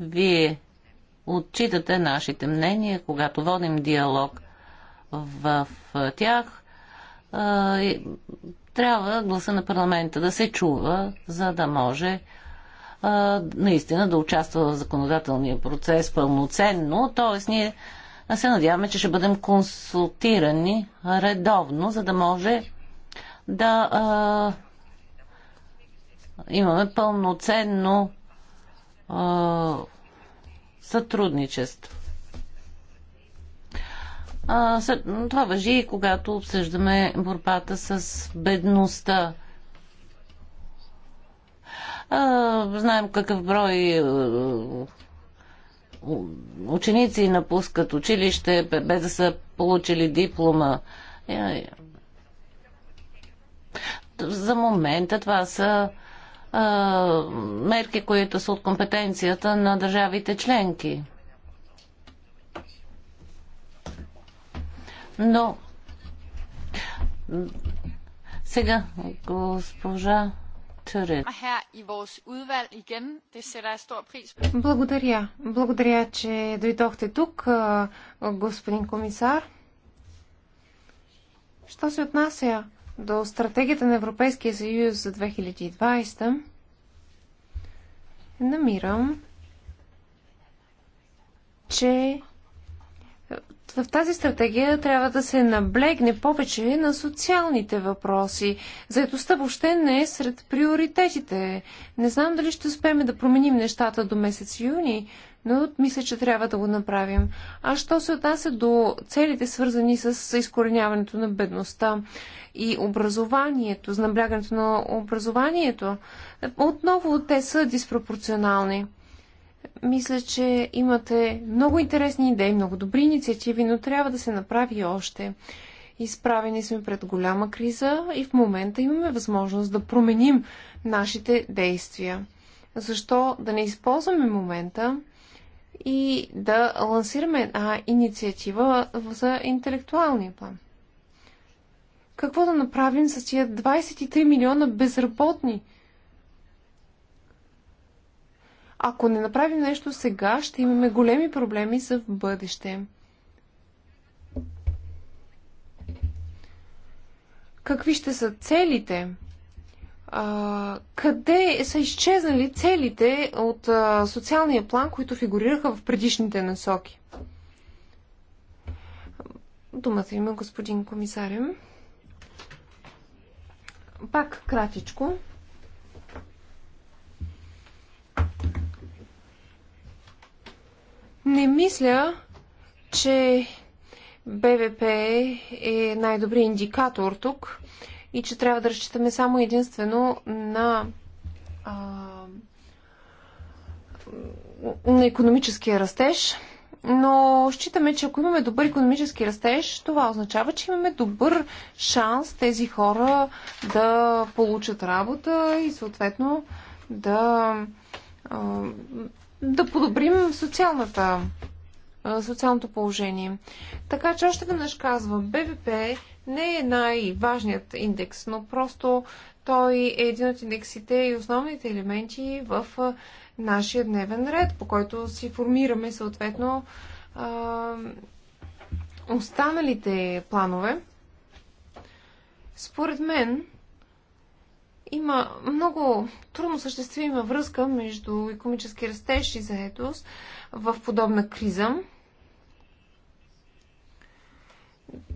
вие отчитате нашите мнения, когато водим диалог в тях. Трябва гласа на парламента да се чува, за да може наистина да участва в законодателния процес пълноценно. Тоест, ние а се надяваме, че ще бъдем консултирани редовно, за да може да а, имаме пълноценно а, сътрудничество. А, това въжи и когато обсъждаме борбата с бедността. А, знаем какъв брой ученици напускат училище без да са получили диплома. За момента това са а, мерки, които са от компетенцията на държавите членки. Но сега госпожа благодаря. Благодаря, че дойдохте тук, господин комисар. Що се отнася до стратегията на Европейския съюз за 2020, намирам, че в тази стратегия трябва да се наблегне повече на социалните въпроси. Заедостта въобще не е сред приоритетите. Не знам дали ще успеем да променим нещата до месец юни, но мисля, че трябва да го направим. А що се отнася до целите, свързани с изкореняването на бедността и образованието, с наблягането на образованието, отново те са диспропорционални. Мисля, че имате много интересни идеи, много добри инициативи, но трябва да се направи още. Изправени сме пред голяма криза и в момента имаме възможност да променим нашите действия. Защо да не използваме момента и да лансираме една инициатива за интелектуалния план? Какво да направим с тия 23 милиона безработни? Ако не направим нещо сега, ще имаме големи проблеми за в бъдеще. Какви ще са целите? А, къде са изчезнали целите от а, социалния план, които фигурираха в предишните насоки? Думата има господин комисарем. Пак кратичко. Не мисля, че БВП е най-добрият индикатор тук и че трябва да разчитаме само единствено на, а, на економическия растеж. Но считаме, че ако имаме добър економически растеж, това означава, че имаме добър шанс тези хора да получат работа и съответно да да подобрим социалната, социалното положение. Така че още веднъж казвам, БВП не е най-важният индекс, но просто той е един от индексите и основните елементи в нашия дневен ред, по който си формираме съответно останалите планове. Според мен, има много трудно съществима връзка между економически растеж и заедост в подобна криза.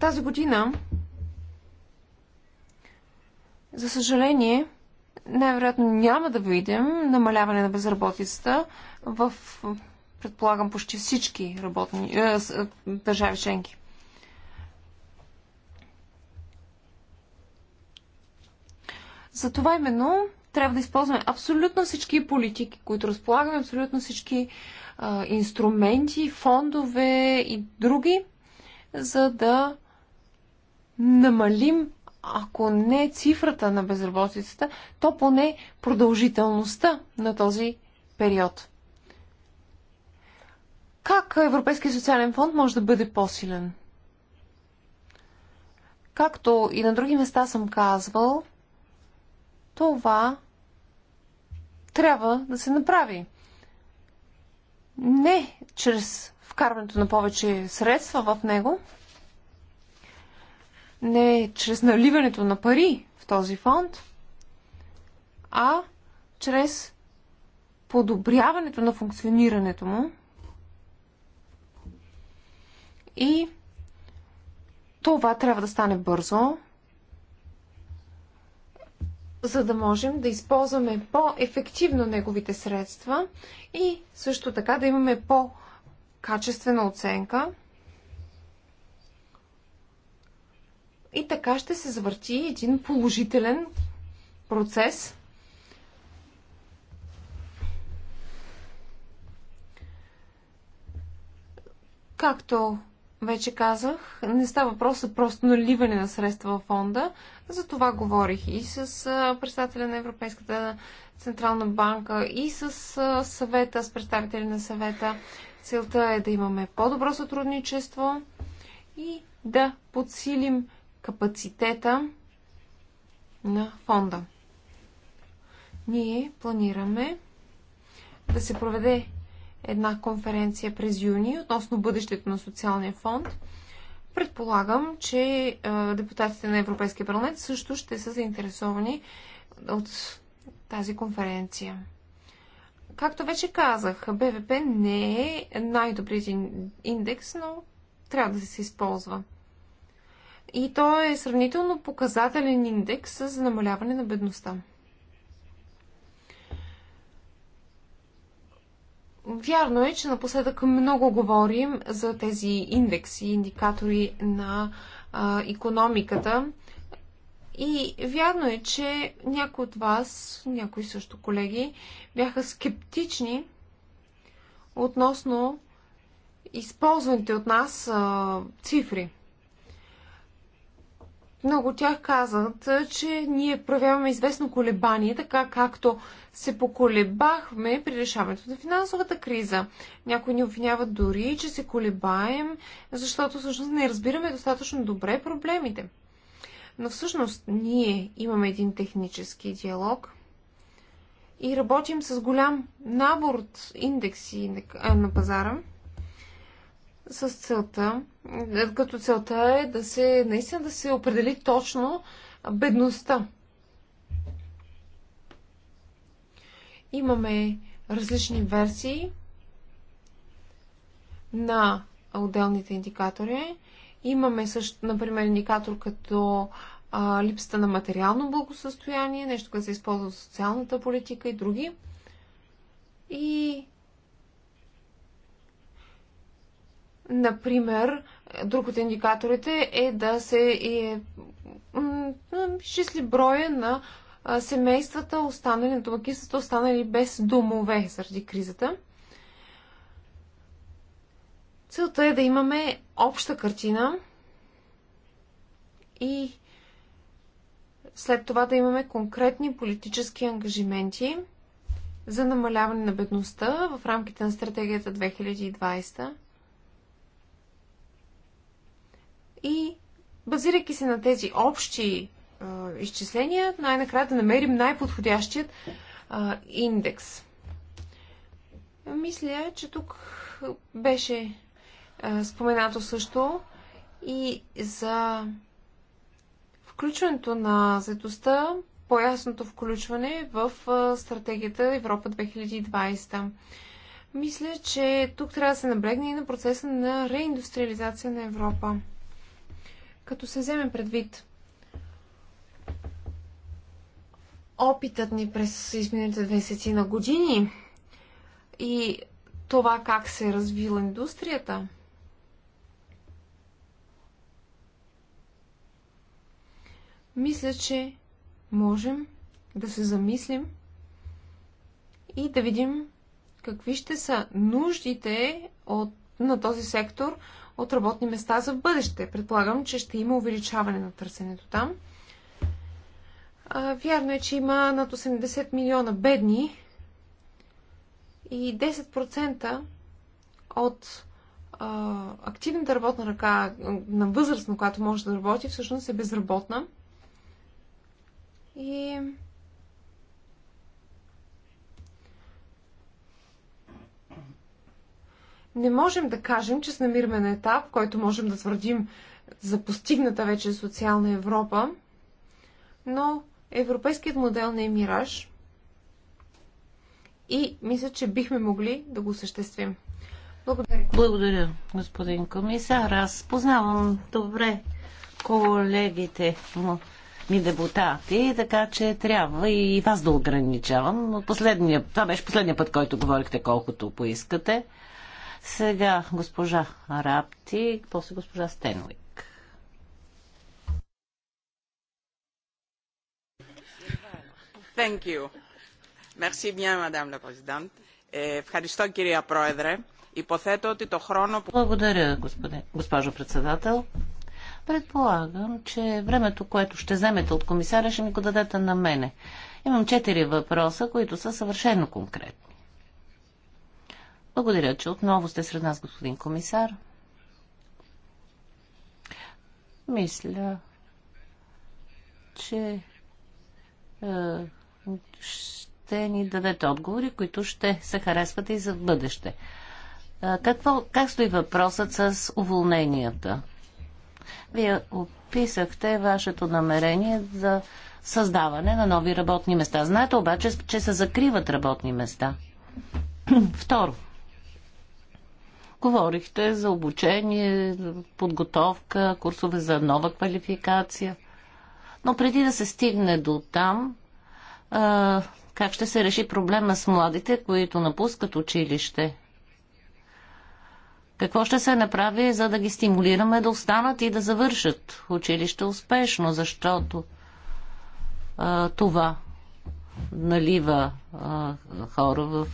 Тази година, за съжаление, най-вероятно няма да видим намаляване на безработицата в, предполагам, почти всички работни, е, е държави членки. За това именно трябва да използваме абсолютно всички политики, които разполагаме, абсолютно всички а, инструменти, фондове и други, за да намалим, ако не цифрата на безработицата, то поне продължителността на този период. Как Европейския социален фонд може да бъде по-силен? Както и на други места съм казвал, това трябва да се направи. Не чрез вкарването на повече средства в него, не чрез наливането на пари в този фонд, а чрез подобряването на функционирането му и това трябва да стане бързо, за да можем да използваме по-ефективно неговите средства и също така да имаме по-качествена оценка. И така ще се завърти един положителен процес. Както вече казах, не става въпрос за просто наливане на средства в фонда. За това говорих и с председателя на Европейската Централна банка, и с съвета, с представители на съвета. Целта е да имаме по-добро сътрудничество и да подсилим капацитета на фонда. Ние планираме да се проведе една конференция през юни относно бъдещето на социалния фонд. Предполагам, че депутатите на Европейския парламент също ще са заинтересовани от тази конференция. Както вече казах, БВП не е най-добрият индекс, но трябва да се използва. И то е сравнително показателен индекс за намаляване на бедността. Вярно е, че напоследък много говорим за тези индекси, индикатори на а, економиката. И вярно е, че някои от вас, някои също колеги, бяха скептични относно използваните от нас а, цифри много от тях казват, че ние проявяваме известно колебание, така както се поколебахме при решаването на финансовата криза. Някои ни обвиняват дори, че се колебаем, защото всъщност не разбираме достатъчно добре проблемите. Но всъщност ние имаме един технически диалог и работим с голям набор от индекси на пазара – с целта, е, като целта е да се, наистина да се определи точно бедността. Имаме различни версии на отделните индикатори. Имаме също, например, индикатор като а, липсата на материално благосъстояние, нещо, което се използва в социалната политика и други. И Например, друг от индикаторите е да се е, изчисли броя на семействата, останали на домакинствата, останали без домове заради кризата. Целта е да имаме обща картина и след това да имаме конкретни политически ангажименти за намаляване на бедността в рамките на стратегията 2020 и базирайки се на тези общи а, изчисления, най-накрая да намерим най-подходящият индекс. Мисля, че тук беше а, споменато също и за включването на заедостта, по-ясното включване в а, стратегията Европа 2020. Мисля, че тук трябва да се наблегне и на процеса на реиндустриализация на Европа. Като се вземе предвид опитът ни през изминалите 20 на години и това как се е развила индустрията, мисля, че можем да се замислим и да видим какви ще са нуждите от, на този сектор – от работни места за в бъдеще. Предполагам, че ще има увеличаване на търсенето там. Вярно е, че има над 80 милиона бедни и 10% от а, активната работна ръка на възраст, на която може да работи, всъщност е безработна. И не можем да кажем, че се намираме на етап, в който можем да твърдим за постигната вече социална Европа, но европейският модел не е мираж и мисля, че бихме могли да го съществим. Благодаря. Благодаря, господин комисар. Аз познавам добре колегите му ми депутати, така че трябва и вас да ограничавам. Но последния, това беше последния път, който говорихте колкото поискате. Сега госпожа Рапти, после госпожа Стенвик. Thank you. Merci bien, Madame la Présidente. Eh, ευχαριστώ, κυρία Πρόεδρε. Υποθέτω ότι το χρόνο που... Благодаря, госпожо председател. Предполагам, че времето, което ще вземете от комисаря, ще ми го дадете на мене. Имам четири въпроса, които са съвършено конкретни. Благодаря, че отново сте сред нас, господин комисар. Мисля, че е, ще ни дадете отговори, които ще се харесват и за бъдеще. Е, какво, как стои въпросът с уволненията? Вие описахте вашето намерение за създаване на нови работни места. Знаете обаче, че се закриват работни места. Второ, Говорихте за обучение, подготовка, курсове за нова квалификация. Но преди да се стигне до там, как ще се реши проблема с младите, които напускат училище? Какво ще се направи, за да ги стимулираме да останат и да завършат училище успешно, защото а, това налива а, хора в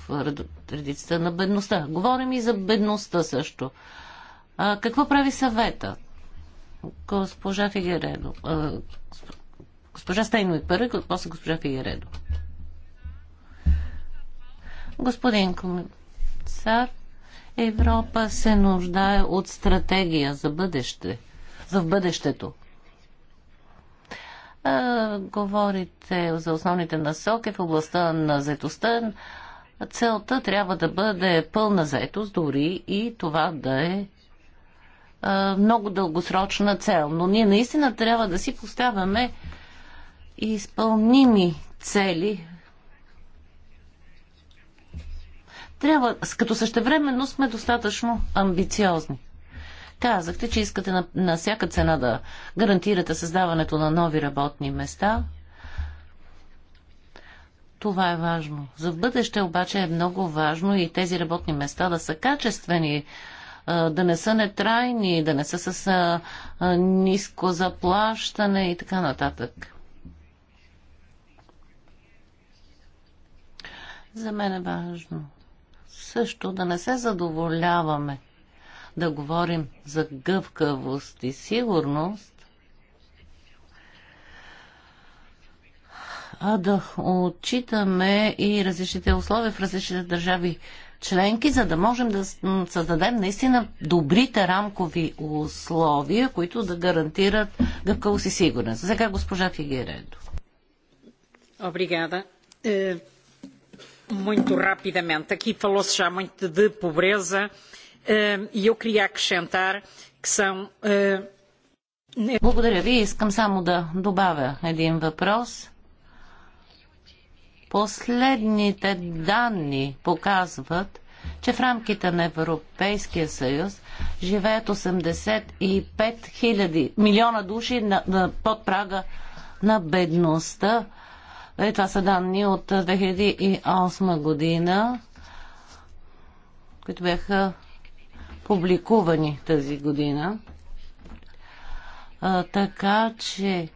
редицата на бедността. Говорим и за бедността също. А, какво прави съвета? Госпожа Фигередо. А, госпожа и първи, после госпожа Фигередо. Господин комисар, Европа се нуждае от стратегия за бъдеще, за в бъдещето. А, говорите за основните насоки в областта на заетостта. Целта трябва да бъде пълна заетост, дори и това да е а, много дългосрочна цел. Но ние наистина трябва да си поставяме изпълними цели. Трябва, като същевременно сме достатъчно амбициозни. Казахте, че искате на, на всяка цена да гарантирате създаването на нови работни места. Това е важно. За в бъдеще обаче е много важно и тези работни места да са качествени, да не са нетрайни, да не са с ниско заплащане и така нататък. За мен е важно също да не се задоволяваме да говорим за гъвкавост и сигурност, а да отчитаме и различните условия в различните държави членки, за да можем да създадем наистина добрите рамкови условия, които да гарантират гъвкавост и сигурност. Сега госпожа Фигередо. Обригада. Е, muito rapidamente, aqui falou-se já muito de pobreza и ehm, e eu queria acrescentar que são. Ehm, Благодаря ви. Искам само да добавя един въпрос. Последните данни показват, че в рамките на Европейския съюз живеят 85 000 милиона души на, на, под прага на бедността. Е, това са данни от 2008 година, които бяха публикувани тази година. А, така че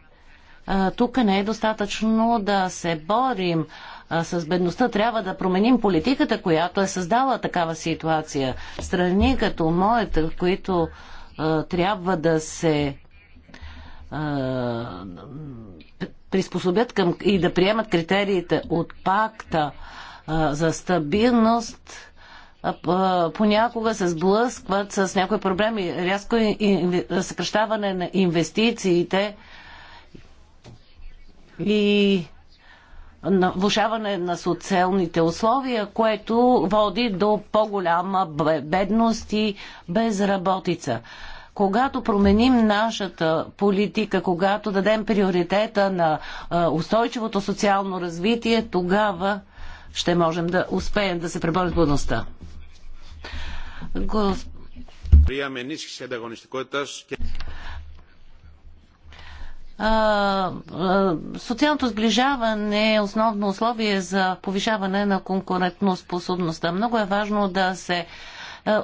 а, тук не е достатъчно да се борим а, с бедността. Трябва да променим политиката, която е създала такава ситуация. Страни като моята, които а, трябва да се а, приспособят към и да приемат критериите от пакта а, за стабилност, понякога се сблъскват с някои проблеми. Рязко съкръщаване на инвестициите и влушаване на социалните условия, което води до по-голяма бедност и безработица. Когато променим нашата политика, когато дадем приоритета на устойчивото социално развитие, тогава ще можем да успеем да се преборим с бедността. Социалното сближаване е основно условие за повишаване на конкурентоспособността. Много е важно да се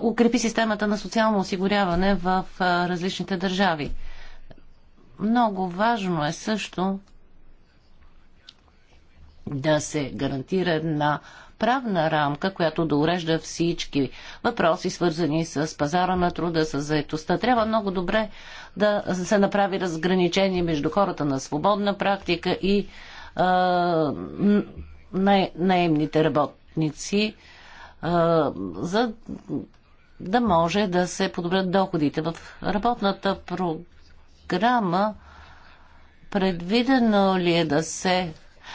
укрепи системата на социално осигуряване в различните държави. Много важно е също да се гарантира една правна рамка, която да урежда всички въпроси, свързани с пазара на труда, с заетостта. Трябва много добре да се направи разграничение между хората на свободна практика и а, най- наемните работници, а, за да може да се подобрят доходите. В работната програма предвидено ли е да се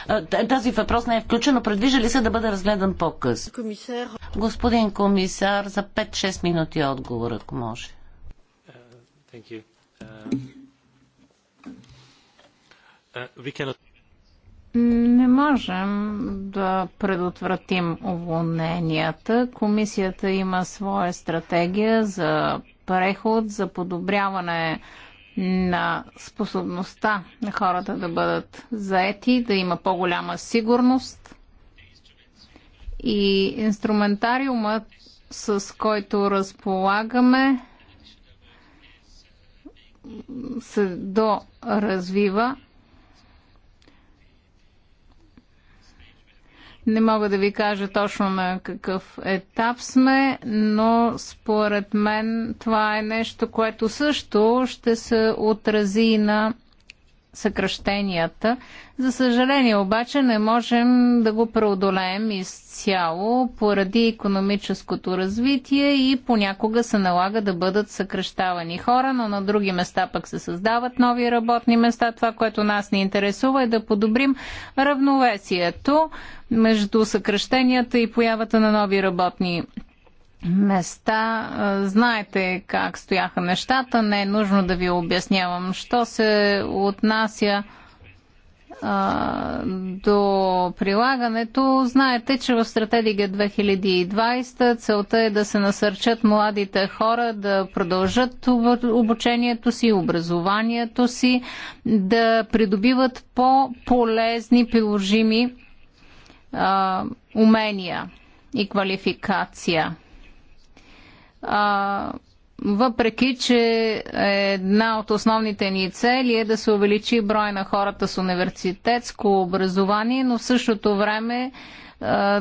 е, Тази въпрос не е включен, но предвижда ли се да бъде разгледан по-къс? Комисар... Господин комисар, за 5-6 минути е отговор, ако може. Uh, uh, не можем да предотвратим уволненията. Комисията има своя стратегия за преход, за подобряване на способността на хората да бъдат заети, да има по-голяма сигурност и инструментариумът, с който разполагаме, се доразвива Не мога да ви кажа точно на какъв етап сме, но според мен това е нещо, което също ще се отрази на съкръщенията. За съжаление обаче не можем да го преодолеем изцяло поради економическото развитие и понякога се налага да бъдат съкръщавани хора, но на други места пък се създават нови работни места. Това, което нас ни интересува е да подобрим равновесието между съкръщенията и появата на нови работни места места. Знаете как стояха нещата, не е нужно да ви обяснявам. Що се отнася а, до прилагането, знаете, че в стратегия 2020 целта е да се насърчат младите хора да продължат обучението си, образованието си, да придобиват по-полезни, приложими а, умения и квалификация а, въпреки че една от основните ни цели е да се увеличи брой на хората с университетско образование, но в същото време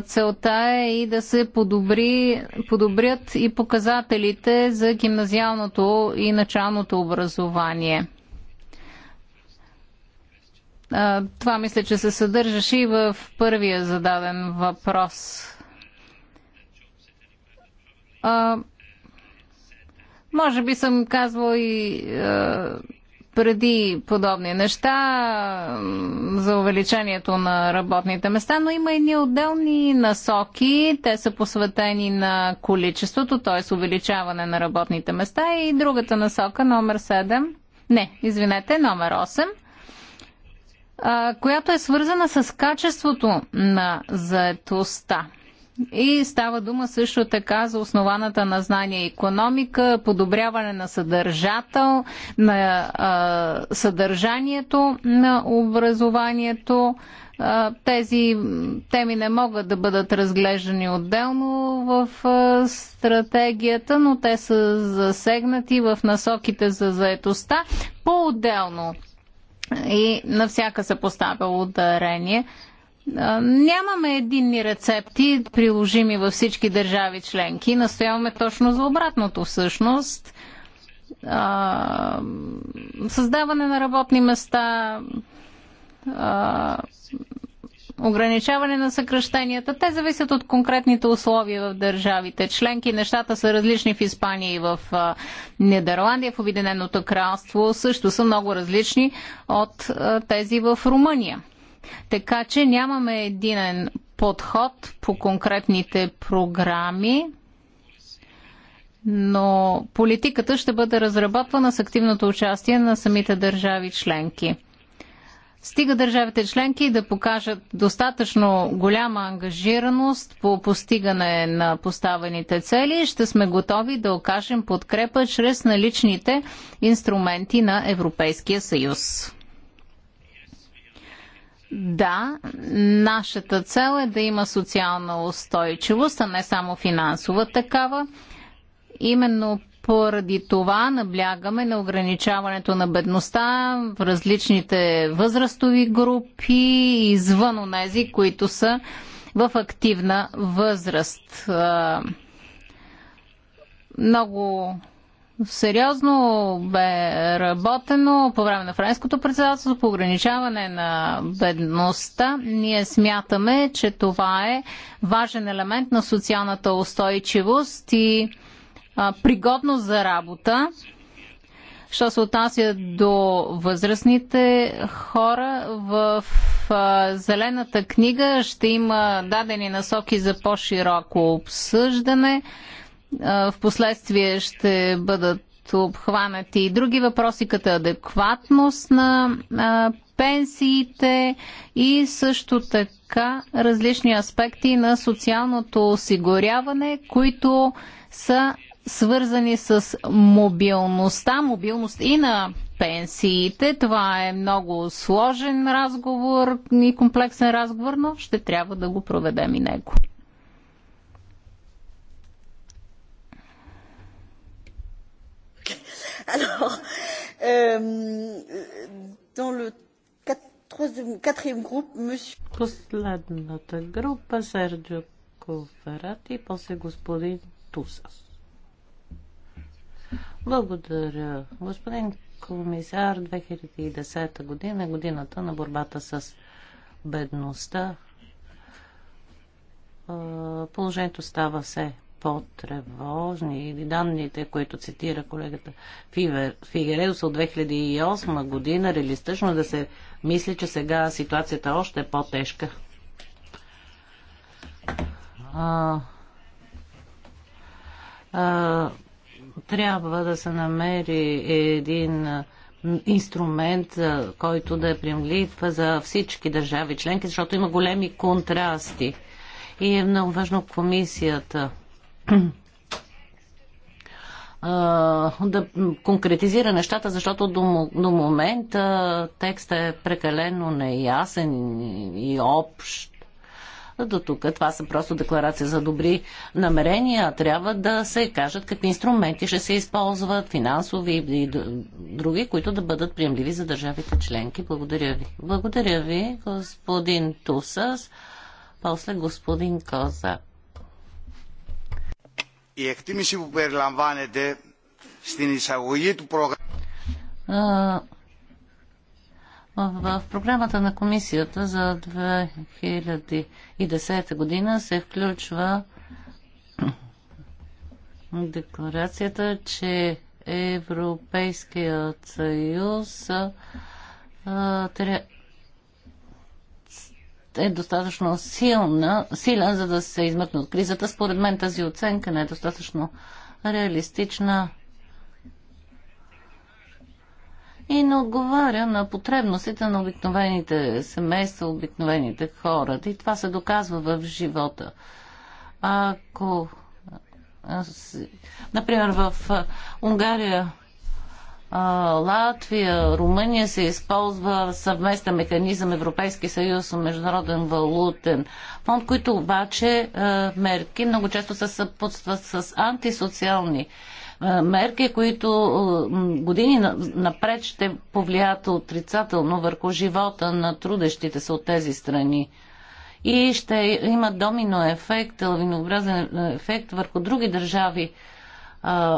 целта е и да се подобри, подобрят и показателите за гимназиалното и началното образование. Това мисля, че се съдържаше и в първия зададен въпрос може би съм казвал и е, преди подобни неща за увеличението на работните места, но има едни отделни насоки. Те са посветени на количеството, т.е. увеличаване на работните места и другата насока, номер 7, не, извинете, номер 8, която е свързана с качеството на заетостта. И става дума също така за основаната на и економика, подобряване на съдържател, на а, съдържанието на образованието. А, тези теми не могат да бъдат разглеждани отделно в а, стратегията, но те са засегнати в насоките за заетостта по-отделно. И на всяка се поставя ударение. Нямаме единни рецепти, приложими във всички държави членки. Настояваме точно за обратното всъщност. създаване на работни места, ограничаване на съкръщенията. Те зависят от конкретните условия в държавите членки. Нещата са различни в Испания и в Нидерландия, в Обединеното кралство също са много различни от тези в Румъния. Така че нямаме единен подход по конкретните програми, но политиката ще бъде разработвана с активното участие на самите държави членки. Стига държавите членки да покажат достатъчно голяма ангажираност по постигане на поставените цели, ще сме готови да окажем подкрепа чрез наличните инструменти на Европейския съюз. Да, нашата цел е да има социална устойчивост, а не само финансова такава. Именно поради това наблягаме на ограничаването на бедността в различните възрастови групи, извън онези, които са в активна възраст. Много сериозно бе работено по време на френското председателство по ограничаване на бедността. Ние смятаме, че това е важен елемент на социалната устойчивост и а, пригодност за работа. Що се отнася до възрастните хора, в а, Зелената книга ще има дадени насоки за по-широко обсъждане. В последствие ще бъдат обхванати и други въпроси, като адекватност на пенсиите и също така различни аспекти на социалното осигуряване, които са свързани с мобилността, мобилност и на пенсиите. Това е много сложен разговор и комплексен разговор, но ще трябва да го проведем и него. Alors, euh, dans le quatrième groupe, monsieur... Последната група Серджо Коферати, после господин Тусас. Благодаря. Господин комисар, 2010 година е годината на борбата с бедността. Положението става все по-тревожни. Данните, които цитира колегата Фигередо са от 2008 година. Реалистично е да се мисли, че сега ситуацията е още е по-тежка. А, а, трябва да се намери един инструмент, който да е приемлив за всички държави членки, защото има големи контрасти. И е много важно комисията да конкретизира нещата, защото до, до момента текстът е прекалено неясен и общ. До тук това са просто декларации за добри намерения. Трябва да се кажат какви инструменти ще се използват, финансови и други, които да бъдат приемливи за държавите членки. Благодаря ви. Благодаря ви, господин Тусас. После господин Козак η εκτίμηση που περιλαμβάνεται στην εισαγωγή του προγράμματος в програмата на комисията за 2010 година се включва декларацията, че Европейският съюз е достатъчно силна, силен, за да се измъкне от кризата. Според мен тази оценка не е достатъчно реалистична и не отговаря на потребностите на обикновените семейства, обикновените хора. И това се доказва в живота. Ако Например, в Унгария Латвия, Румъния се използва съвместен механизъм Европейски съюз, Международен валутен фонд, които обаче мерки много често се съпутстват с антисоциални мерки, които години напред ще повлият отрицателно върху живота на трудещите се от тези страни. И ще има домино ефект, лавинообразен ефект върху други държави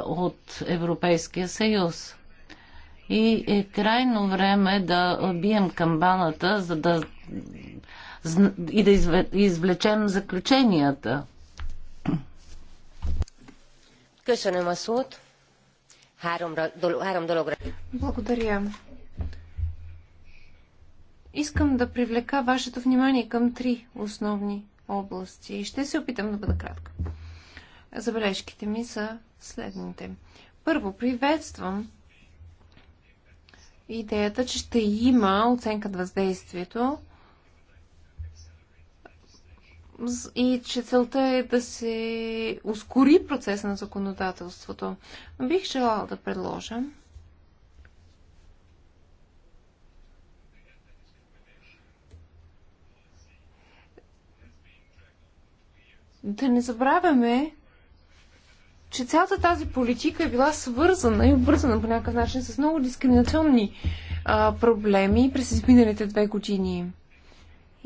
от Европейския съюз. И е крайно време да бием камбаната, за да и да извлечем заключенията. Благодаря. Искам да привлека вашето внимание към три основни области. Ще се опитам да бъда кратка. Забележките ми са следните. Първо, приветствам идеята, че ще има оценка на въздействието и че целта е да се ускори процеса на законодателството. Бих желала да предложа да не забравяме, че цялата тази политика е била свързана и обвързана по някакъв начин с много дискриминационни а, проблеми през изминалите две години.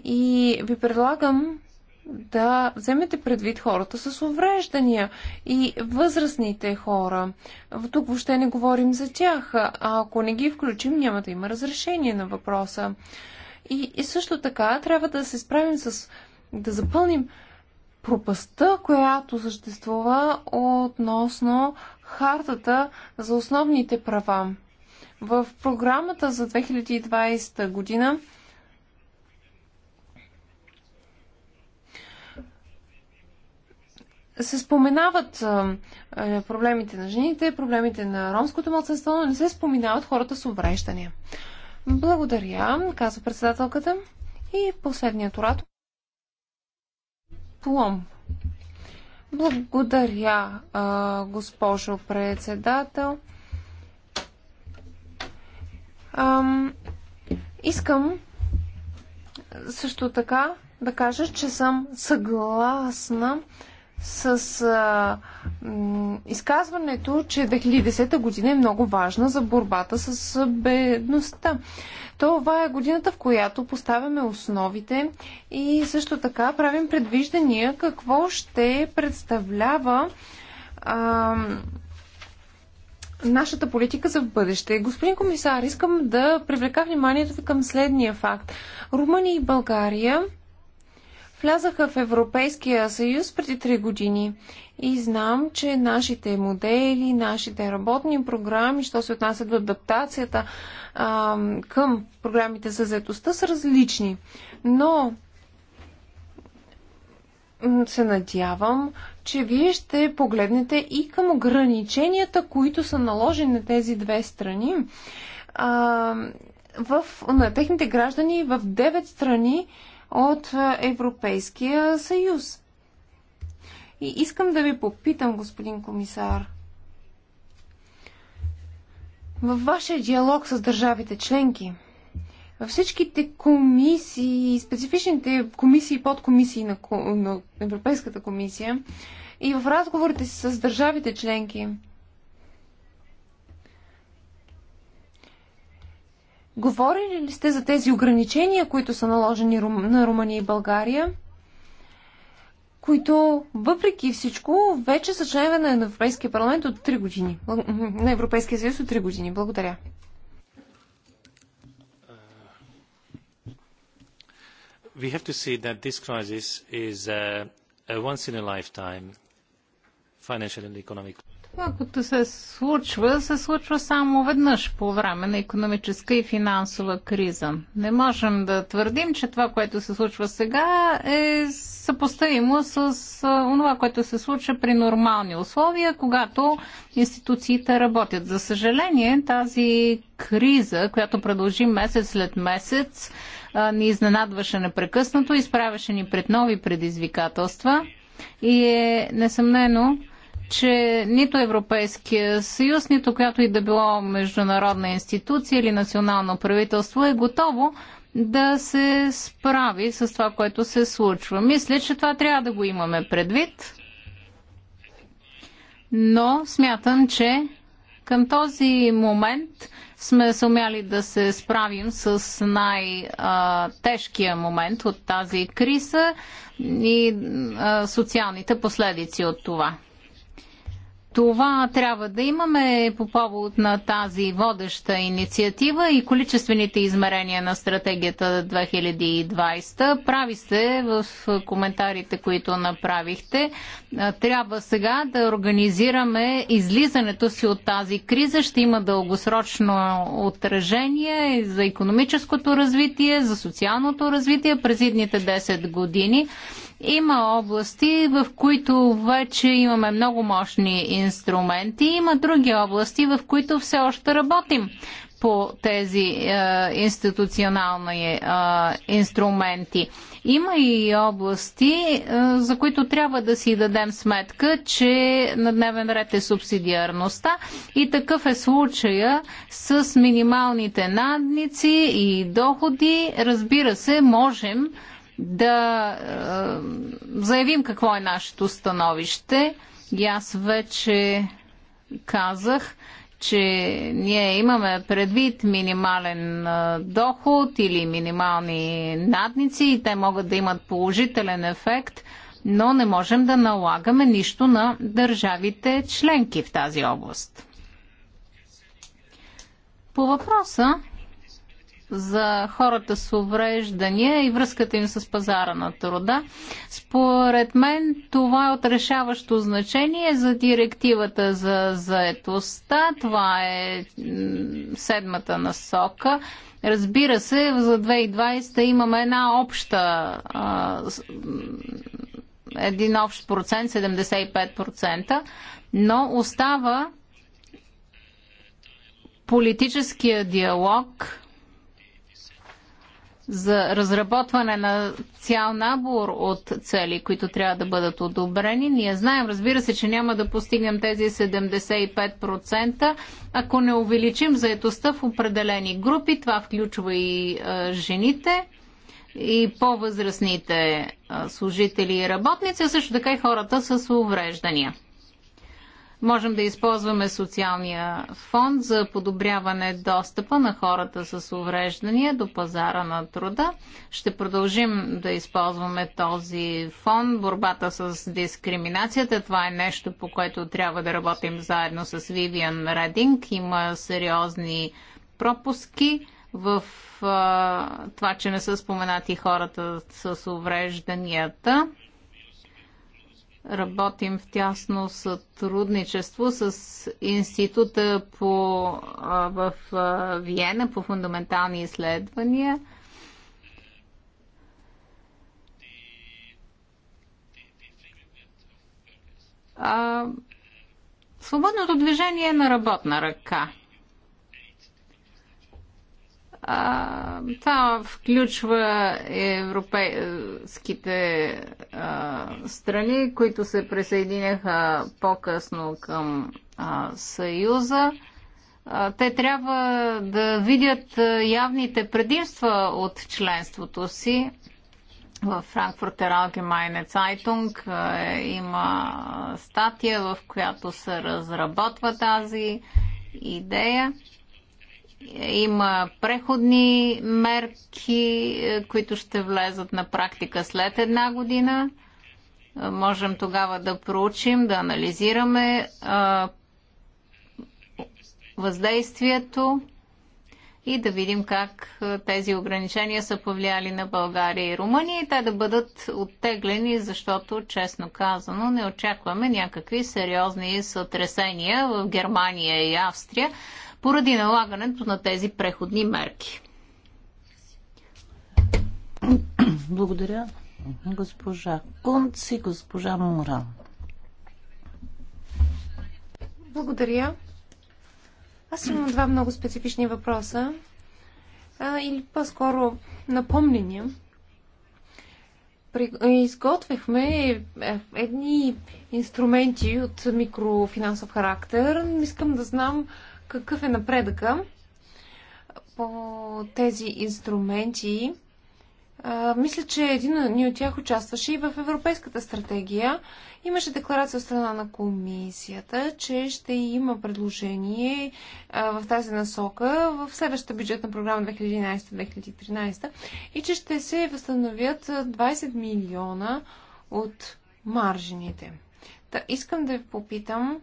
И ви предлагам да вземете предвид хората с увреждания и възрастните хора. Тук въобще не говорим за тях, а ако не ги включим, няма да има разрешение на въпроса. И, и също така трябва да се справим с да запълним пропаста, която съществува относно хартата за основните права. В програмата за 2020 година се споменават проблемите на жените, проблемите на ромското младсенство, но не се споменават хората с увреждания. Благодаря, казва председателката. И последният оратор. Плом. Благодаря, госпожо председател. искам също така да кажа, че съм съгласна с а, м, изказването, че 2010 година е много важна за борбата с бедността. Това е годината, в която поставяме основите и също така правим предвиждания какво ще представлява а, нашата политика за бъдеще. Господин комисар, искам да привлека вниманието ви към следния факт. Румъния и България влязаха в Европейския съюз преди 3 години и знам, че нашите модели, нашите работни програми, що се отнася до адаптацията а, към програмите за заедостта, са различни. Но се надявам, че вие ще погледнете и към ограниченията, които са наложени на тези две страни. А, в, на техните граждани в 9 страни от Европейския съюз. И искам да ви попитам, господин комисар, във вашия диалог с държавите членки, във всичките комисии, специфичните комисии подкомисии на, на Европейската комисия и в разговорите си с държавите членки, Говорили ли сте за тези ограничения, които са наложени на Румъния и България, които въпреки всичко вече са членове на Европейския парламент от 3 години, на Европейския съюз от 3 години? Благодаря. Uh, we have to see that this crisis is uh, a once in a lifetime financial and economic това, което се случва, се случва само веднъж по време на економическа и финансова криза. Не можем да твърдим, че това, което се случва сега, е съпоставимо с това, което се случва при нормални условия, когато институциите работят. За съжаление, тази криза, която продължи месец след месец, ни изненадваше непрекъснато, изправяше ни пред нови предизвикателства и е несъмнено че нито Европейския съюз, нито която и да било международна институция или национално правителство е готово да се справи с това, което се случва. Мисля, че това трябва да го имаме предвид, но смятам, че към този момент сме сумяли да се справим с най-тежкия момент от тази криза и социалните последици от това това трябва да имаме по повод на тази водеща инициатива и количествените измерения на стратегията 2020. Прави сте в коментарите, които направихте. Трябва сега да организираме излизането си от тази криза. Ще има дългосрочно отражение за економическото развитие, за социалното развитие през едните 10 години. Има области, в които вече имаме много мощни инструменти, има други области, в които все още работим по тези е, институционални е, инструменти. Има и области, е, за които трябва да си дадем сметка, че на дневен ред е субсидиарността и такъв е случая с минималните надници и доходи. Разбира се, можем да е, заявим какво е нашето становище. И аз вече казах, че ние имаме предвид минимален е, доход или минимални надници и те могат да имат положителен ефект, но не можем да налагаме нищо на държавите членки в тази област. По въпроса за хората с увреждания и връзката им с пазара на труда. Според мен това е от решаващо значение за директивата за заетостта. Това е седмата насока. Разбира се, за 2020 имаме една обща един общ процент, 75%, но остава политическия диалог за разработване на цял набор от цели, които трябва да бъдат одобрени. Ние знаем, разбира се, че няма да постигнем тези 75%, ако не увеличим заетостта в определени групи. Това включва и а, жените, и по-възрастните служители и работници, а също така и хората с увреждания. Можем да използваме социалния фонд за подобряване достъпа на хората с увреждания до пазара на труда. Ще продължим да използваме този фонд. Борбата с дискриминацията, това е нещо, по което трябва да работим заедно с Вивиан Рединг. Има сериозни пропуски в а, това, че не са споменати хората с уврежданията. Работим в тясно сътрудничество с института по, в Виена по фундаментални изследвания. А, свободното движение е на работна ръка това включва европейските а, страни, които се присъединяха по-късно към а, Съюза. А, те трябва да видят явните предимства от членството си. В Франкфуртер Алгемайне Цайтунг. има статия, в която се разработва тази идея има преходни мерки, е, които ще влезат на практика след една година. Е, можем тогава да проучим, да анализираме е, въздействието и да видим как тези ограничения са повлияли на България и Румъния и те да бъдат оттеглени, защото, честно казано, не очакваме някакви сериозни сътресения в Германия и Австрия поради налагането на тези преходни мерки. Благодаря, госпожа Кунц и госпожа Муран. Благодаря. Аз имам два много специфични въпроса. А, или по-скоро напомнения. При... Изготвихме е, едни инструменти от микрофинансов характер. Искам да знам какъв е напредъка по тези инструменти. А, мисля, че един ни от тях участваше и в Европейската стратегия. Имаше декларация от страна на комисията, че ще има предложение а, в тази насока в следващата бюджетна програма 2011-2013 и че ще се възстановят 20 милиона от маржините. Та, искам да ви попитам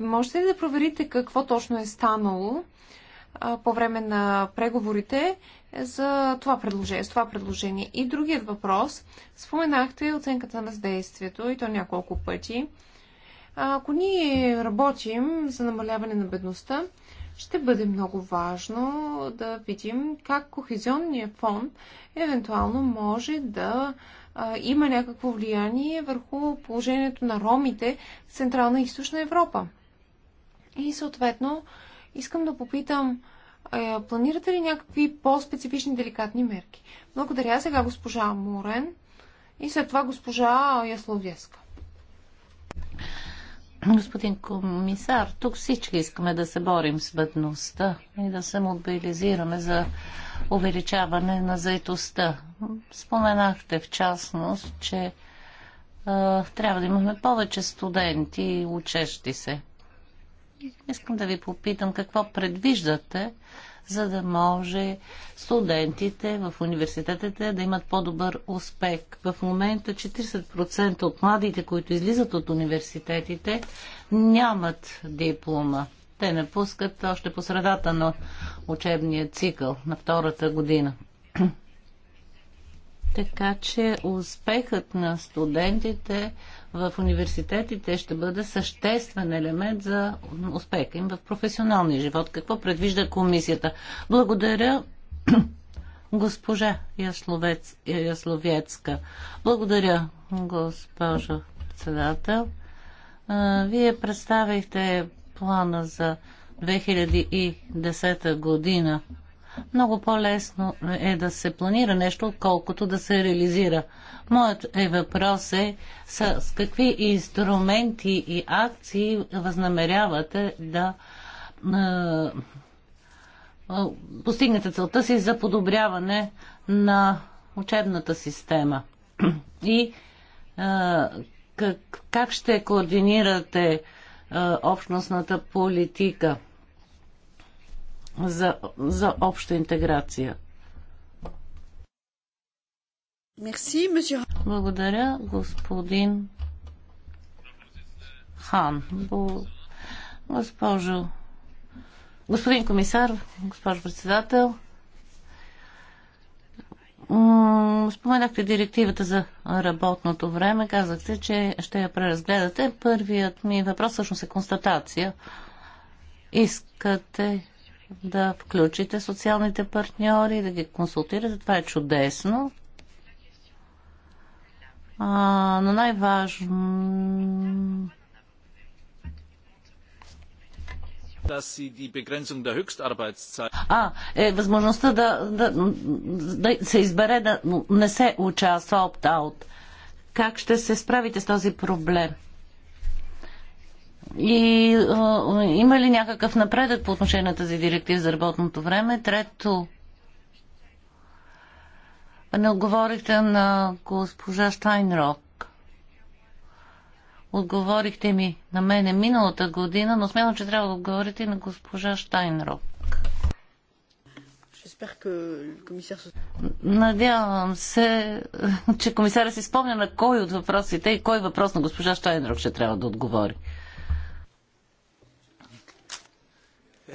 Можете ли да проверите какво точно е станало по време на преговорите за това предложение, с това предложение? И другият въпрос. Споменахте оценката на въздействието и то няколко пъти. Ако ние работим за намаляване на бедността, ще бъде много важно да видим как Кохезионния фон евентуално може да а, има някакво влияние върху положението на ромите в Централна и Източна Европа. И съответно, искам да попитам, планирате ли някакви по-специфични деликатни мерки? Благодаря сега госпожа Морен и след това госпожа Ясловеска. Господин комисар, тук всички искаме да се борим с бедността и да се мобилизираме за увеличаване на заетостта. Споменахте в частност, че е, трябва да имаме повече студенти и учещи се. Искам да ви попитам какво предвиждате, за да може студентите в университетите да имат по-добър успех. В момента 40% от младите, които излизат от университетите, нямат диплома. Те не пускат още по средата на учебния цикъл на втората година. Така че успехът на студентите в университетите ще бъде съществен елемент за успеха им в професионалния живот. Какво предвижда комисията? Благодаря госпожа Ясловец, Ясловецка. Благодаря, госпожо председател. Вие представихте плана за 2010 година много по-лесно е да се планира нещо, отколкото да се реализира. Моят е въпрос е с, какви инструменти и акции възнамерявате да е, е, постигнете целта си за подобряване на учебната система и е, как, как ще координирате е, общностната политика – за, за обща интеграция. Merci, Благодаря, господин Хан. Госпожо. Господин комисар, госпожо председател, споменахте директивата за работното време. Казахте, че ще я преразгледате. Първият ми въпрос всъщност е констатация. Искате да включите социалните партньори, да ги консултирате. Това е чудесно. А, но най-важно А, е възможността да, да, да се избере да не се участва опт-аут. Как ще се справите с този проблем? И а, има ли някакъв напредък по отношение на тази директива за работното време? Трето, не отговорихте на госпожа Штайнрок. Отговорихте ми на мене миналата година, но смятам, че трябва да отговорите на госпожа Штайнрок. Надявам се, че комисарът си спомня на кой от въпросите и кой въпрос на госпожа Штайнрок ще трябва да отговори. Uh,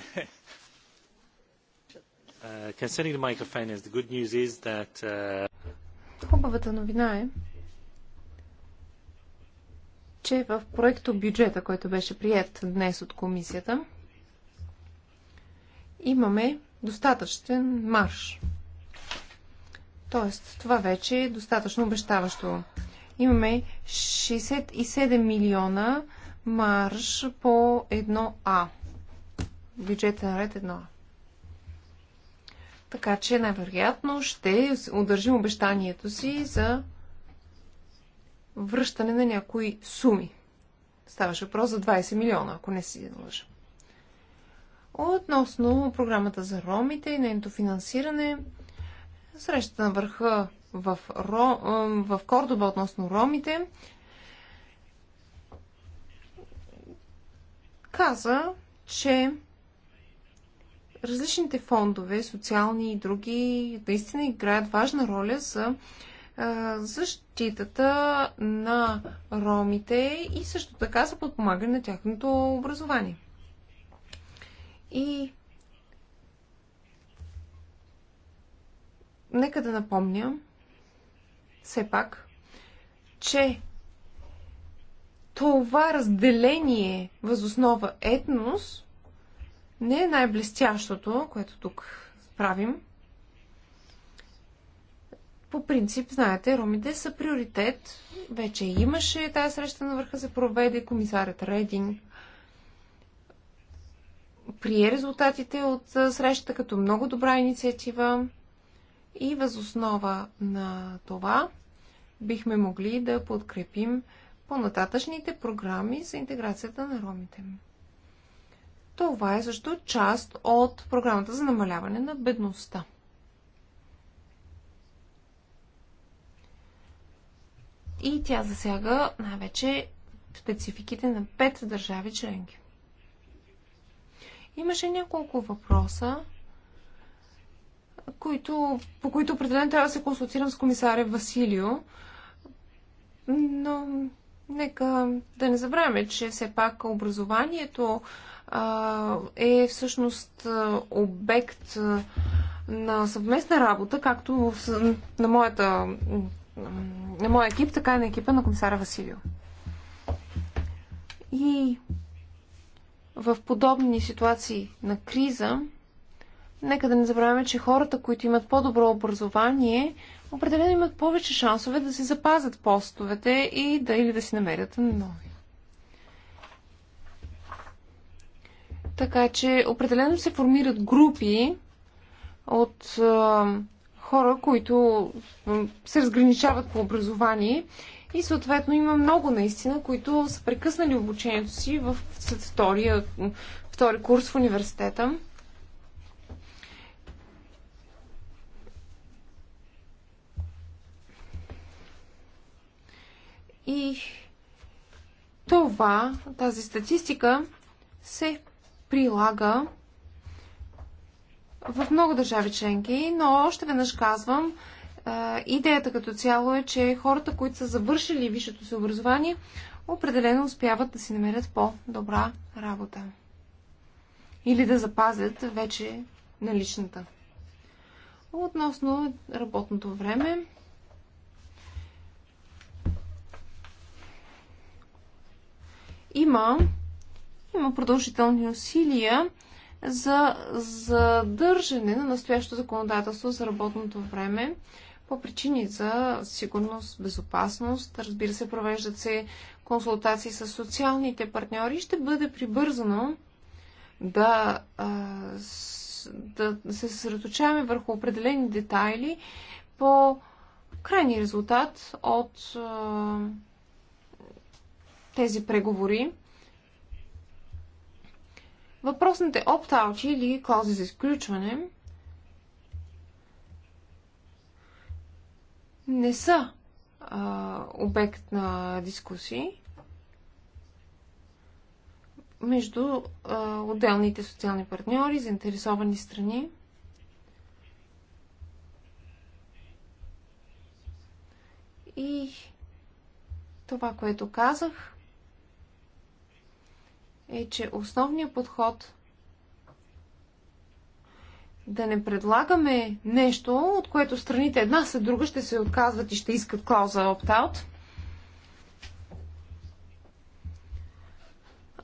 concerning the microfinance, the good news is that uh, Хубавата новина е, че в проекто бюджета, който беше прият днес от комисията, имаме достатъчен марш. Тоест, това вече е достатъчно обещаващо. Имаме 67 милиона марш по 1А бюджетен ред едно. Така че най-вероятно ще удържим обещанието си за връщане на някои суми. Ставаше въпрос за 20 милиона, ако не си лъжа. Относно програмата за ромите и нейното финансиране, срещата на върха в, Ро, е, в Кордоба относно ромите каза, че различните фондове, социални и други, наистина играят важна роля за защитата на ромите и също така за подпомагане на тяхното образование. И нека да напомня, все пак, че това разделение възоснова етност не е най-блестящото, което тук правим. По принцип, знаете, ромите са приоритет. Вече имаше тази среща на върха, се проведе комисарят Рейдинг. Прие резултатите от срещата като много добра инициатива и възоснова на това бихме могли да подкрепим по-нататъчните програми за интеграцията на ромите. Това е също част от програмата за намаляване на бедността. И тя засяга най-вече спецификите на пет държави членки. Имаше няколко въпроса, които, по които определено трябва да се консултирам с комисаря Василио, но нека да не забравяме, че все пак образованието, е всъщност обект на съвместна работа, както на, моята, на моя екип, така и на екипа на комисара Василио. И в подобни ситуации на криза, нека да не забравяме, че хората, които имат по-добро образование, определено имат повече шансове да си запазят постовете и да или да си намерят нови. Така че определено се формират групи от хора, които се разграничават по образование и съответно има много наистина, които са прекъснали обучението си в втория, втори курс в университета. И това, тази статистика се прилага в много държави членки, но още веднъж казвам, идеята като цяло е, че хората, които са завършили висшето си образование, определено успяват да си намерят по-добра работа. Или да запазят вече наличната. Относно работното време, има има продължителни усилия за задържане на настоящото законодателство за работното време по причини за сигурност, безопасност. Разбира се, провеждат се консултации с социалните партньори. Ще бъде прибързано да, да се съсредоточаваме върху определени детайли по крайни резултат от тези преговори въпросните опт-аути или клаузи за изключване не са а, обект на дискусии между а, отделните социални партньори, заинтересовани страни. И това, което казах, е, че основният подход да не предлагаме нещо, от което страните една след друга ще се отказват и ще искат клауза opt-out,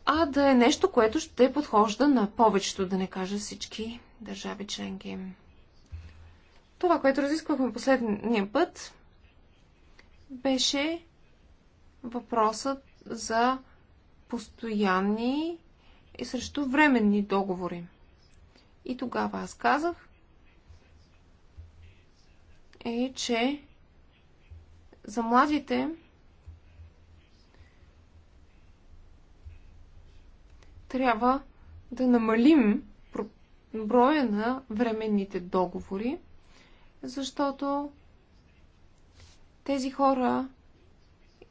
а да е нещо, което ще подхожда на повечето, да не кажа всички държави членки. Това, което разисквахме последния път, беше въпросът за постоянни и срещу временни договори. И тогава аз казах, е, че за младите трябва да намалим броя на временните договори, защото тези хора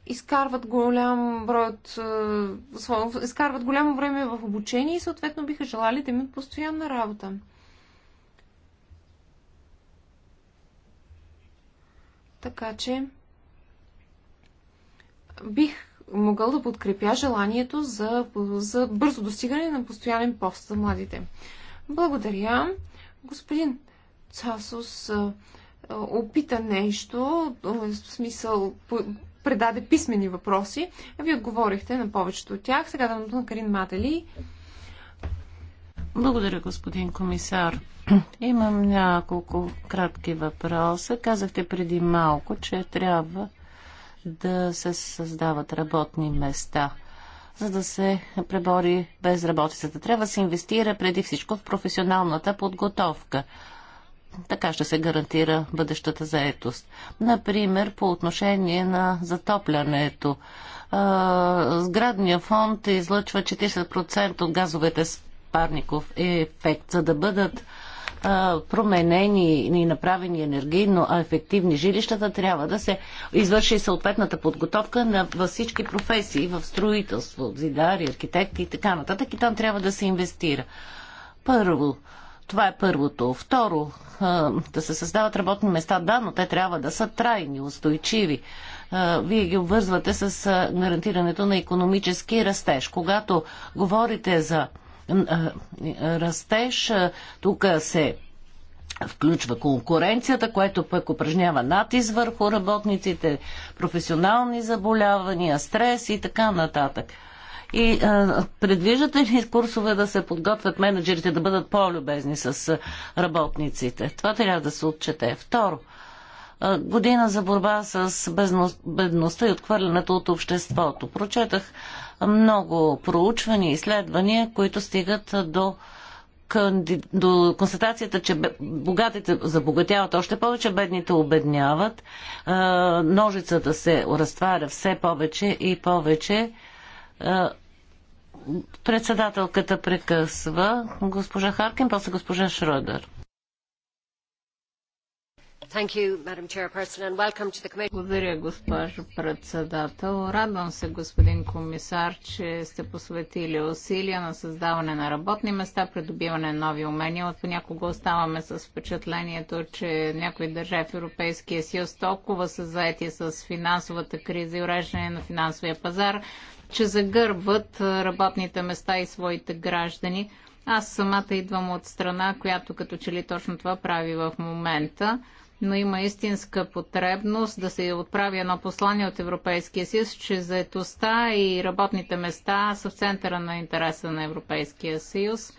изкарват голям брой от, е, изкарват голямо време в обучение и съответно биха желали да имат постоянна работа. Така че бих могъл да подкрепя желанието за, за бързо достигане на постоянен пост за младите. Благодаря. Господин Цасус е, опита нещо, е, в смисъл предаде писмени въпроси. Вие отговорихте на повечето от тях. Сега да на Карин Матели. Благодаря, господин комисар. Имам няколко кратки въпроса. Казахте преди малко, че трябва да се създават работни места, за да се пребори безработицата. Трябва да се инвестира преди всичко в професионалната подготовка. Така ще се гарантира бъдещата заетост. Например, по отношение на затоплянето. Сградния фонд излъчва 40% от газовете с парников ефект, за да бъдат променени и направени енергийно ефективни жилищата, трябва да се извърши съответната подготовка на във всички професии, в строителство, зидари, архитекти и така нататък. И там трябва да се инвестира. Първо, това е първото. Второ, да се създават работни места, да, но те трябва да са трайни, устойчиви. Вие ги обвързвате с гарантирането на економически растеж. Когато говорите за растеж, тук се включва конкуренцията, което пък упражнява натиск върху работниците, професионални заболявания, стрес и така нататък. И а, предвиждате ли курсове да се подготвят менеджерите да бъдат по-любезни с работниците? Това трябва да се отчете. Второ, а, година за борба с бедността и отхвърлянето от обществото. Прочетах много проучвания, изследвания, които стигат до до констатацията, че богатите забогатяват още повече, бедните обедняват, ножицата се разтваря все повече и повече е, председателката прекъсва госпожа Харкин, после госпожа Шродер. Благодаря, госпожо председател. Радвам се, господин комисар, че сте посветили усилия на създаване на работни места, придобиване на нови умения. От понякога оставаме с впечатлението, че някои държави в Европейския съюз толкова са заети с финансовата криза и уреждане на финансовия пазар, че загърбват работните места и своите граждани. Аз самата идвам от страна, която като че ли точно това прави в момента, но има истинска потребност да се отправи едно послание от Европейския съюз, че заетостта и работните места са в центъра на интереса на Европейския съюз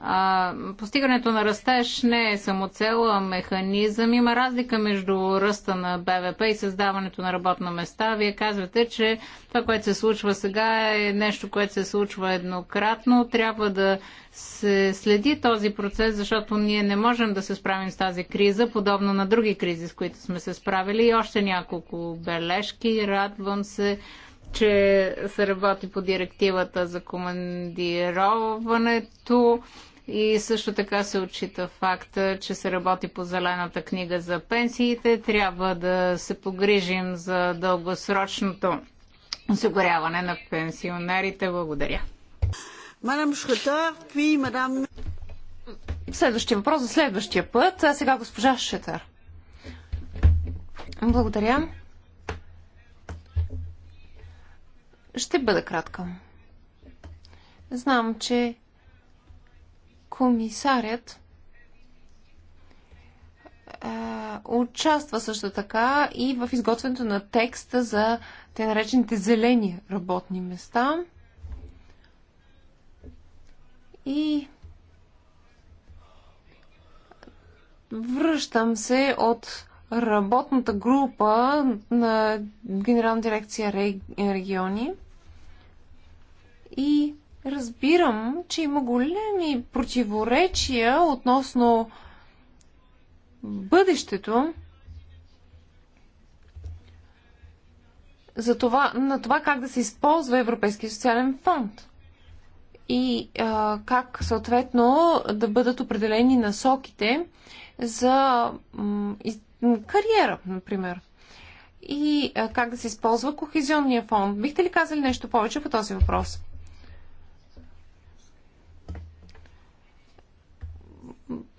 а, постигането на растеж не е самоцел, а механизъм. Има разлика между ръста на БВП и създаването на работна места. Вие казвате, че това, което се случва сега е нещо, което се случва еднократно. Трябва да се следи този процес, защото ние не можем да се справим с тази криза, подобно на други кризи, с които сме се справили. И още няколко бележки. Радвам се че се работи по директивата за командироването и също така се отчита факта, че се работи по зелената книга за пенсиите. Трябва да се погрижим за дългосрочното осигуряване на пенсионерите. Благодаря. Мадам Шхатар, ви, мадам... Следващия въпрос за следващия път. А сега госпожа Шетар. Благодаря. Ще бъда кратка. Знам, че комисарят участва също така и в изготвянето на текста за те наречените зелени работни места. И връщам се от работната група на Генерална дирекция региони. И разбирам, че има големи противоречия относно бъдещето за това, на това как да се използва Европейския социален фонд и а, как съответно да бъдат определени насоките за м- кариера, например. И а, как да се използва Кохезионния фонд. Бихте ли казали нещо повече по този въпрос?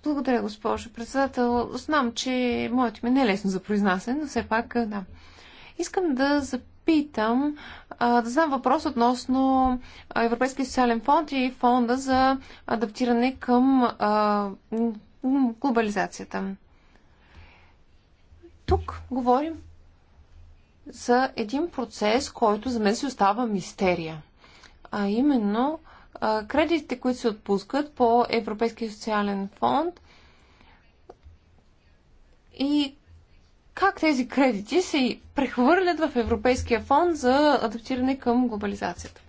Благодаря, госпожо председател. Знам, че моето име не е лесно за произнасяне, но все пак да. Искам да запитам, да знам въпрос относно Европейския социален фонд и фонда за адаптиране към глобализацията. Тук говорим за един процес, който за мен си остава мистерия. А именно кредитите, които се отпускат по Европейския социален фонд и как тези кредити се прехвърлят в Европейския фонд за адаптиране към глобализацията.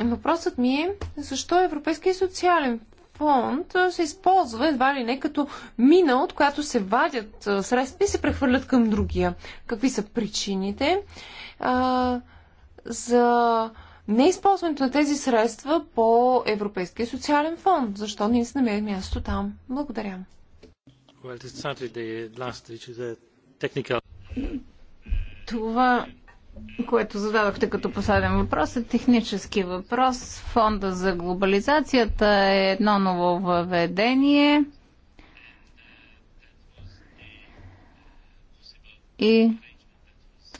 Въпросът ми е защо Европейския социален фонд се използва едва ли не като мина, от която се вадят средства и се прехвърлят към другия. Какви са причините а, за неизползването на тези средства по Европейския социален фонд. Защо не се намери място там? Благодаря. Това, което зададохте като последен въпрос, е технически въпрос. Фонда за глобализацията е едно ново въведение. И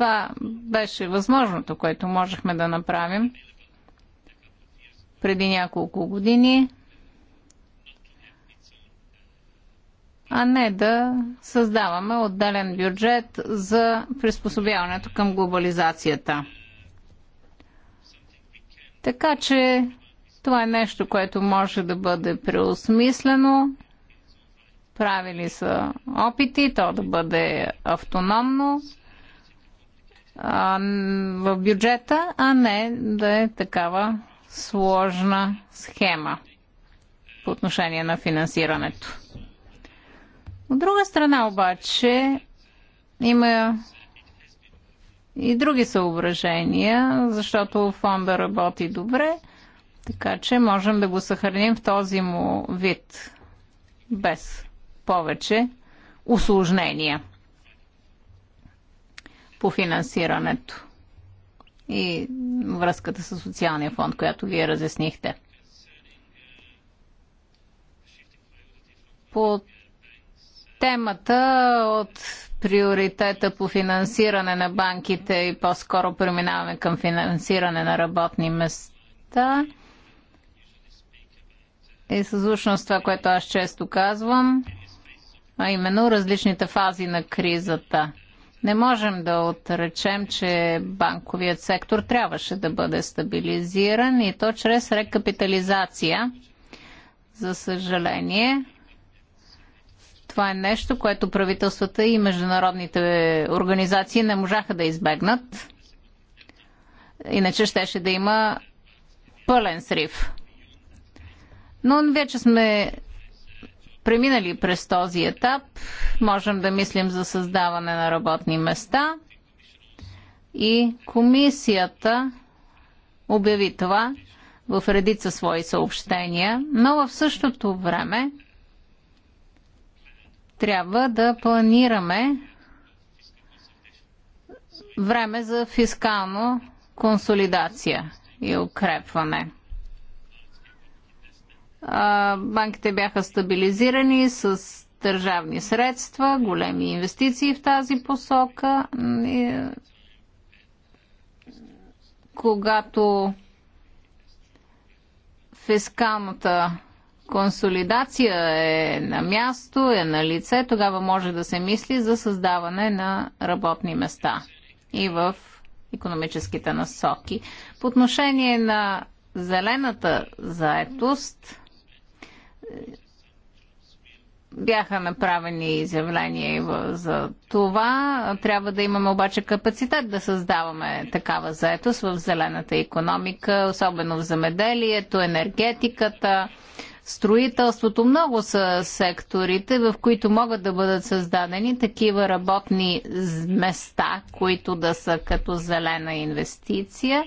това беше възможното, което можехме да направим преди няколко години, а не да създаваме отделен бюджет за приспособяването към глобализацията. Така че това е нещо, което може да бъде преосмислено. Правили са опити то да бъде автономно в бюджета, а не да е такава сложна схема по отношение на финансирането. От друга страна обаче има и други съображения, защото фонда работи добре, така че можем да го съхраним в този му вид без повече усложнения по финансирането и връзката с социалния фонд, която вие разяснихте. По темата от приоритета по финансиране на банките и по-скоро преминаваме към финансиране на работни места е съзвучно с това, което аз често казвам, а именно различните фази на кризата. Не можем да отречем, че банковият сектор трябваше да бъде стабилизиран и то чрез рекапитализация. За съжаление, това е нещо, което правителствата и международните организации не можаха да избегнат. Иначе щеше да има пълен срив. Но вече сме преминали през този етап, можем да мислим за създаване на работни места и комисията обяви това в редица свои съобщения, но в същото време трябва да планираме време за фискално консолидация и укрепване банките бяха стабилизирани с държавни средства, големи инвестиции в тази посока. Когато фискалната консолидация е на място, е на лице, тогава може да се мисли за създаване на работни места и в економическите насоки. По отношение на зелената заетост, бяха направени изявления за това. Трябва да имаме обаче капацитет да създаваме такава заетост в зелената економика, особено в замеделието, енергетиката, строителството. Много са секторите, в които могат да бъдат създадени такива работни места, които да са като зелена инвестиция.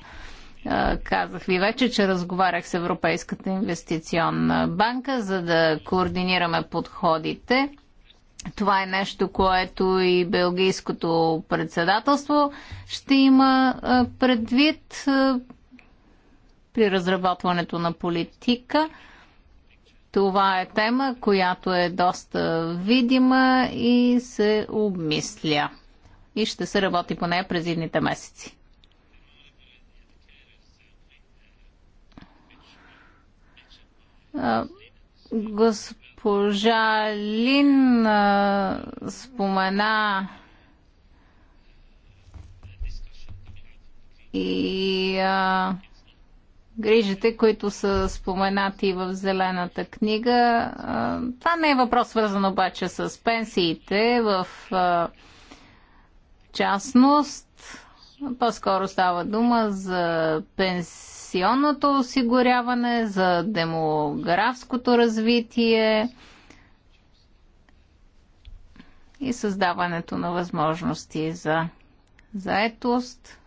Казах ви вече, че разговарях с Европейската инвестиционна банка, за да координираме подходите. Това е нещо, което и Белгийското председателство ще има предвид при разработването на политика. Това е тема, която е доста видима и се обмисля. И ще се работи по нея през едните месеци. Госпожа Лин спомена и а, грижите, които са споменати в Зелената книга. А, това не е въпрос свързан обаче с пенсиите. В а, частност, по-скоро става дума за пенсии пенсионното осигуряване, за демографското развитие и създаването на възможности за заетост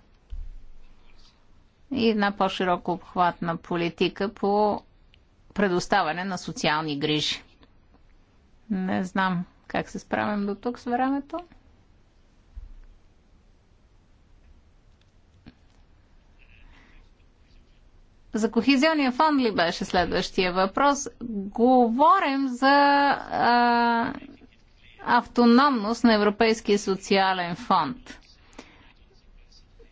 и една по-широко обхватна политика по предоставяне на социални грижи. Не знам как се справим до тук с времето. За кохизионния фонд ли беше следващия въпрос? Говорим за а, автономност на Европейския социален фонд.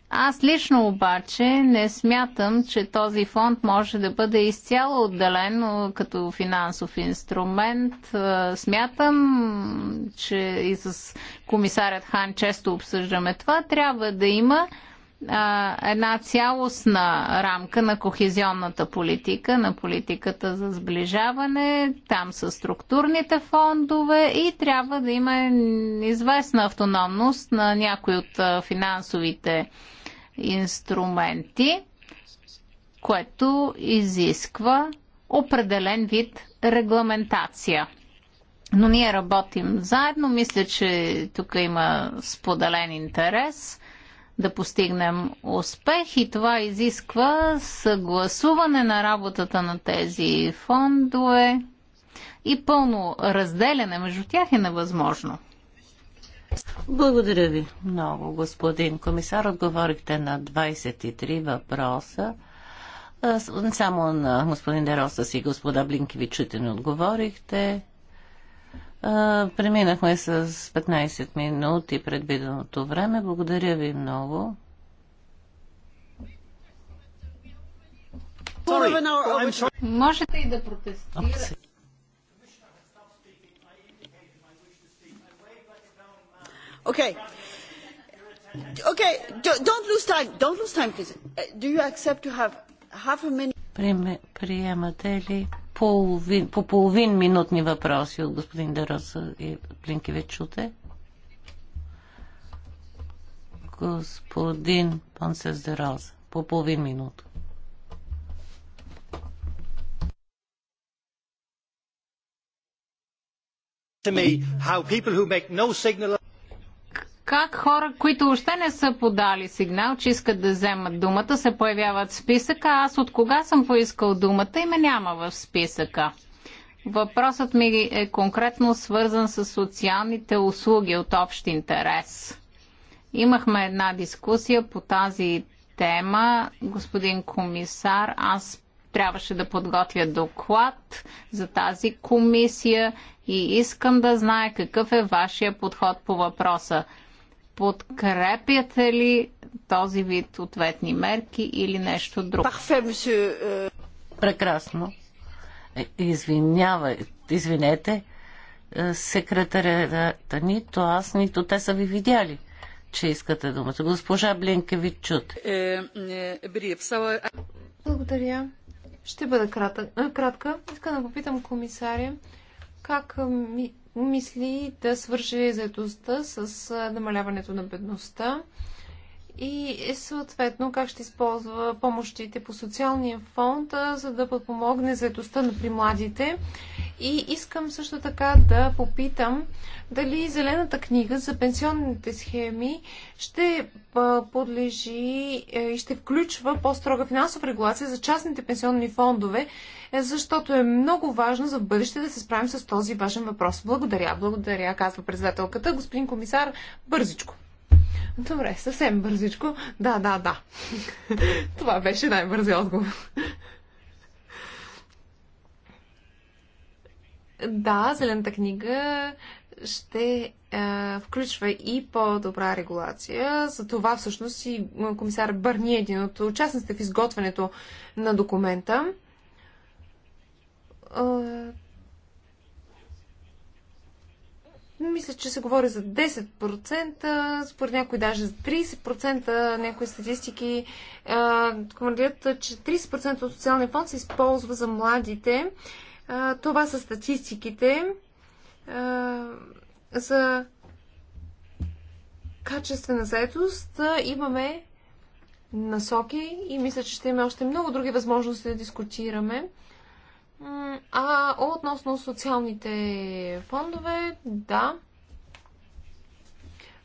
Аз лично обаче не смятам, че този фонд може да бъде изцяло отделен като финансов инструмент. Смятам, че и с комисарят Хан често обсъждаме това, трябва да има а, една цялостна рамка на кохезионната политика, на политиката за сближаване, там са структурните фондове и трябва да има известна автономност на някои от финансовите инструменти, което изисква определен вид регламентация. Но ние работим заедно. Мисля, че тук има споделен интерес да постигнем успех и това изисква съгласуване на работата на тези фондове и пълно разделяне между тях е невъзможно. Благодаря ви много, господин комисар. Отговорихте на 23 въпроса. Само на господин Дероса си господа Блинкевичите не отговорихте. Преминахме с 15 минути предвиденото време. Благодаря ви много. Можете и да протестирате. Okay. Okay, don't lose time. Don't lose time, please. Uh, do you accept to have half a minute? Приемате ли половин, по половин минутни въпроси от господин Дероса и Плинкевичуте. Господин Пансес Дероса, по половин минута. to me how people who make no signal как хора, които още не са подали сигнал, че искат да вземат думата, се появяват в списъка. Аз от кога съм поискал думата и ме няма в списъка. Въпросът ми е конкретно свързан с социалните услуги от общ интерес. Имахме една дискусия по тази тема. Господин комисар, аз трябваше да подготвя доклад за тази комисия и искам да знае какъв е вашия подход по въпроса. Подкрепяте ли този вид ответни мерки или нещо друго? Euh. Прекрасно. Е, Извинявай, извинете, е, секретарята нито аз, нито те са ви видяли че искате думата. Госпожа Блинкевич чут. Е, Благодаря. Ще бъда кратък, кратка. Искам да попитам комисаря как ми мисли да свърже заедостта с намаляването на бедността и е, съответно как ще използва помощите по социалния фонд, за да подпомогне заедостта на примладите. И искам също така да попитам дали зелената книга за пенсионните схеми ще подлежи е, и ще включва по-строга финансова регулация за частните пенсионни фондове, е, защото е много важно за бъдеще да се справим с този важен въпрос. Благодаря, благодаря, казва председателката. Господин комисар, бързичко. Добре, съвсем бързичко. Да, да, да. Това беше най-бързи отговор. Да, Зелената книга ще е, включва и по-добра регулация. За това всъщност и комисар Бърни е един от участниците в изготвянето на документа. Е, Мисля, че се говори за 10%, според някои даже за 30%, някои статистики говорят, че 30% от социалния фонд се използва за младите. А, това са статистиките а, за качествена заетост. Имаме насоки и мисля, че ще имаме още много други възможности да дискутираме. А относно социалните фондове, да,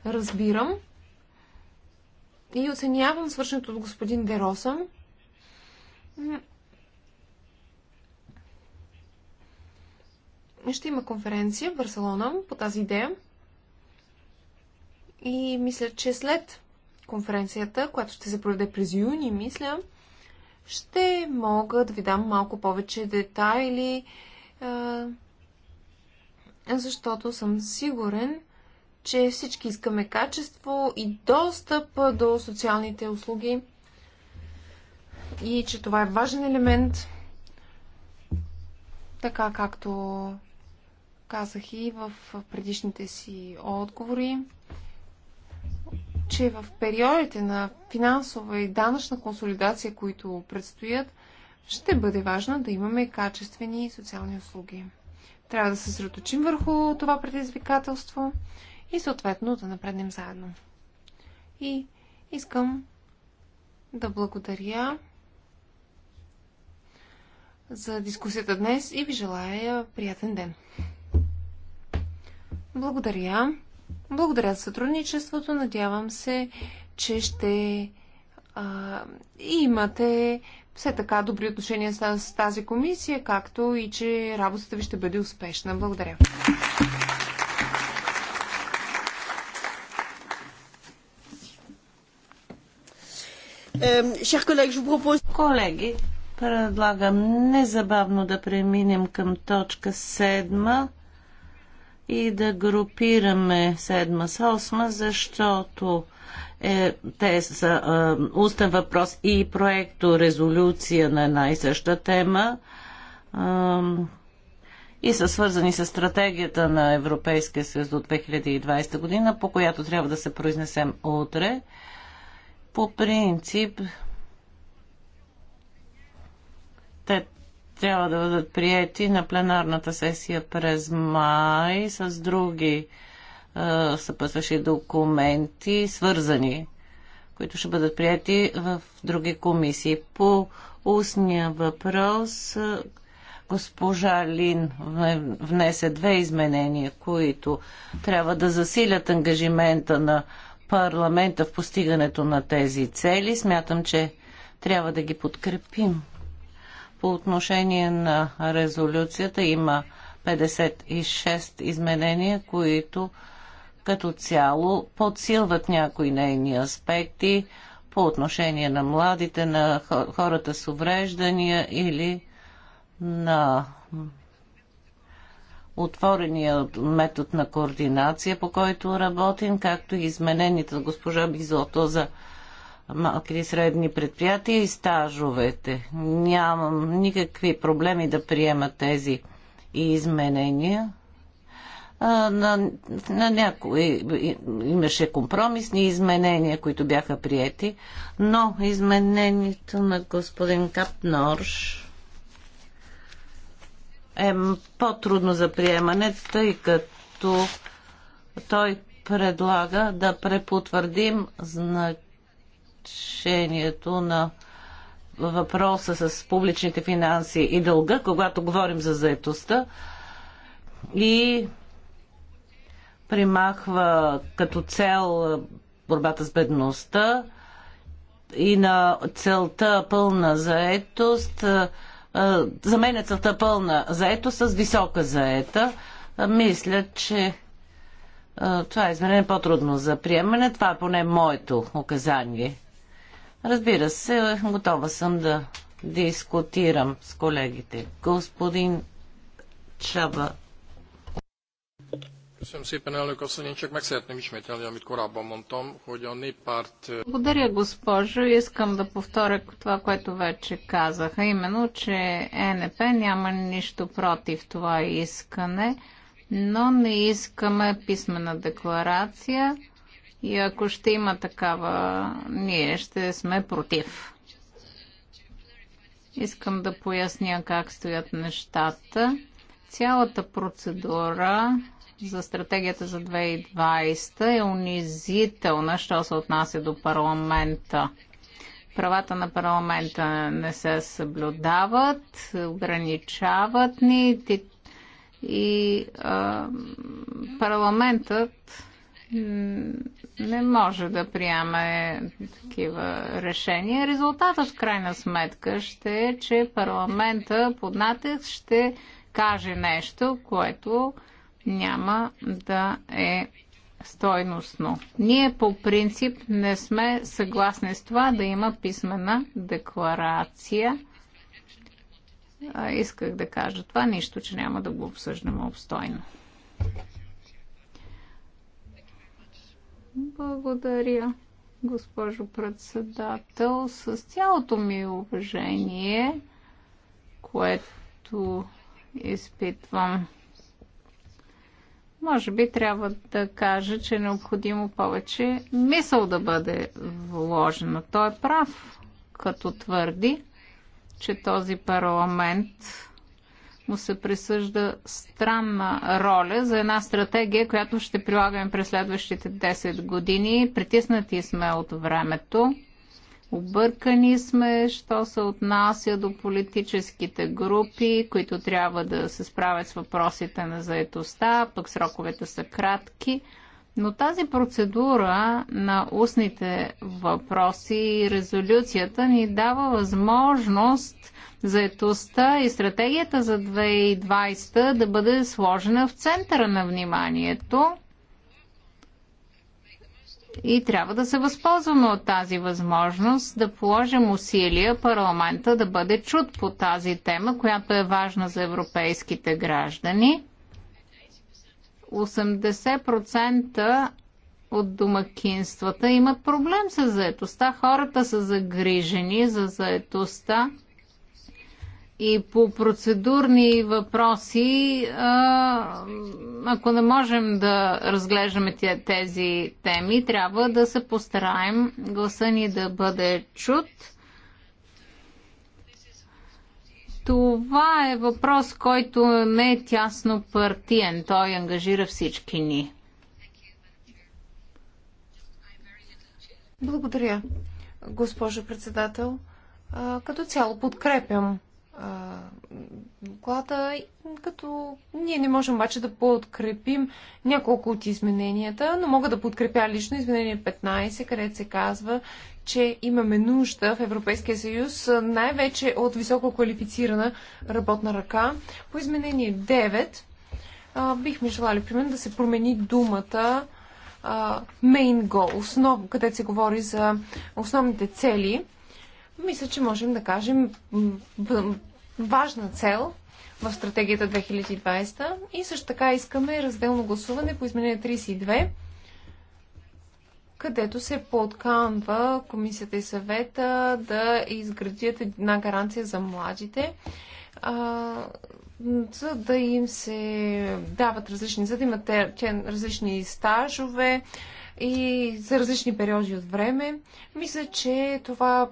разбирам и оценявам свършеното от господин Дероса. Ще има конференция в Барселона по тази идея. И мисля, че след конференцията, която ще се проведе през юни, мисля, ще мога да ви дам малко повече детайли, защото съм сигурен, че всички искаме качество и достъп до социалните услуги и че това е важен елемент, така както казах и в предишните си отговори че в периодите на финансова и данъчна консолидация, които предстоят, ще бъде важно да имаме качествени социални услуги. Трябва да се съсредоточим върху това предизвикателство и съответно да напреднем заедно. И искам да благодаря за дискусията днес и ви желая приятен ден. Благодаря. Благодаря за сътрудничеството. Надявам се, че ще а, имате все така добри отношения с, с тази комисия, както и че работата ви ще бъде успешна. Благодаря. Колеги, предлагам незабавно да преминем към точка седма и да групираме седма с осма, защото е, те са е, устен въпрос и проекто резолюция на една и съща тема е, и са свързани с стратегията на Европейския съюз до 2020 година, по която трябва да се произнесем утре. По принцип трябва да бъдат приети на пленарната сесия през май с други е, съпътващи документи, свързани, които ще бъдат прияти в други комисии. По устния въпрос госпожа Лин внесе две изменения, които трябва да засилят ангажимента на парламента в постигането на тези цели. Смятам, че трябва да ги подкрепим. По отношение на резолюцията има 56 изменения, които като цяло подсилват някои нейни аспекти по отношение на младите, на хората с увреждания или на отворения метод на координация, по който работим, както и изменените госпожа Бизото за Малки и средни предприятия и стажовете. Нямам никакви проблеми да приема тези изменения. А, на, на някои имаше компромисни изменения, които бяха приети, но изменението на господин Капнорш е по-трудно за приемане, тъй като той предлага да препотвърдим значението решението на въпроса с публичните финанси и дълга, когато говорим за заетостта и примахва като цел борбата с бедността и на целта пълна заетост. За мен е целта пълна заетост с висока заета. Мисля, че това е измерение по-трудно за приемане. Това е поне моето указание. Разбира се, готова съм да дискутирам с колегите. Господин Чаба. Благодаря, госпожо. Искам да повторя това, което вече казаха, именно, че ЕНП няма нищо против това искане, но не искаме писмена декларация и ако ще има такава, ние ще сме против. Искам да поясня как стоят нещата. Цялата процедура за стратегията за 2020 е унизителна, що се отнася до парламента. Правата на парламента не се съблюдават, ограничават ни и а, парламентът не може да приеме такива решения. Резултатът в крайна сметка ще е, че парламента под натиск ще каже нещо, което няма да е стойностно. Ние по принцип не сме съгласни с това да има писмена декларация. Исках да кажа това, нищо, че няма да го обсъждаме обстойно. Благодаря, госпожо председател. С цялото ми уважение, което изпитвам, може би трябва да кажа, че е необходимо повече мисъл да бъде вложена. Той е прав, като твърди, че този парламент му се присъжда странна роля за една стратегия, която ще прилагаме през следващите 10 години. Притиснати сме от времето. Объркани сме, що се отнася до политическите групи, които трябва да се справят с въпросите на заетостта, пък сроковете са кратки. Но тази процедура на устните въпроси и резолюцията ни дава възможност заетостта и стратегията за 2020 да бъде сложена в центъра на вниманието и трябва да се възползваме от тази възможност да положим усилия парламента да бъде чут по тази тема, която е важна за европейските граждани. 80% от домакинствата имат проблем с заетостта. Хората са загрижени за заетостта и по процедурни въпроси, ако не можем да разглеждаме тези теми, трябва да се постараем гласа ни да бъде чут. Това е въпрос, който не е тясно партиен. Той ангажира всички ни. Благодаря, госпожо председател. Като цяло подкрепям доклада, като ние не можем обаче да подкрепим няколко от измененията, но мога да подкрепя лично изменение 15, където се казва, че имаме нужда в Европейския съюз най-вече от високо квалифицирана работна ръка. По изменение 9 бихме желали, примерно, да се промени думата а, main goal, основ, където се говори за основните цели – мисля, че можем да кажем важна цел в стратегията 2020 и също така искаме разделно гласуване по изменение 32, където се подканва комисията и съвета да изградят една гаранция за младите, а, за да им се дават различни, за да имат различни стажове, и за различни периоди от време. Мисля, че това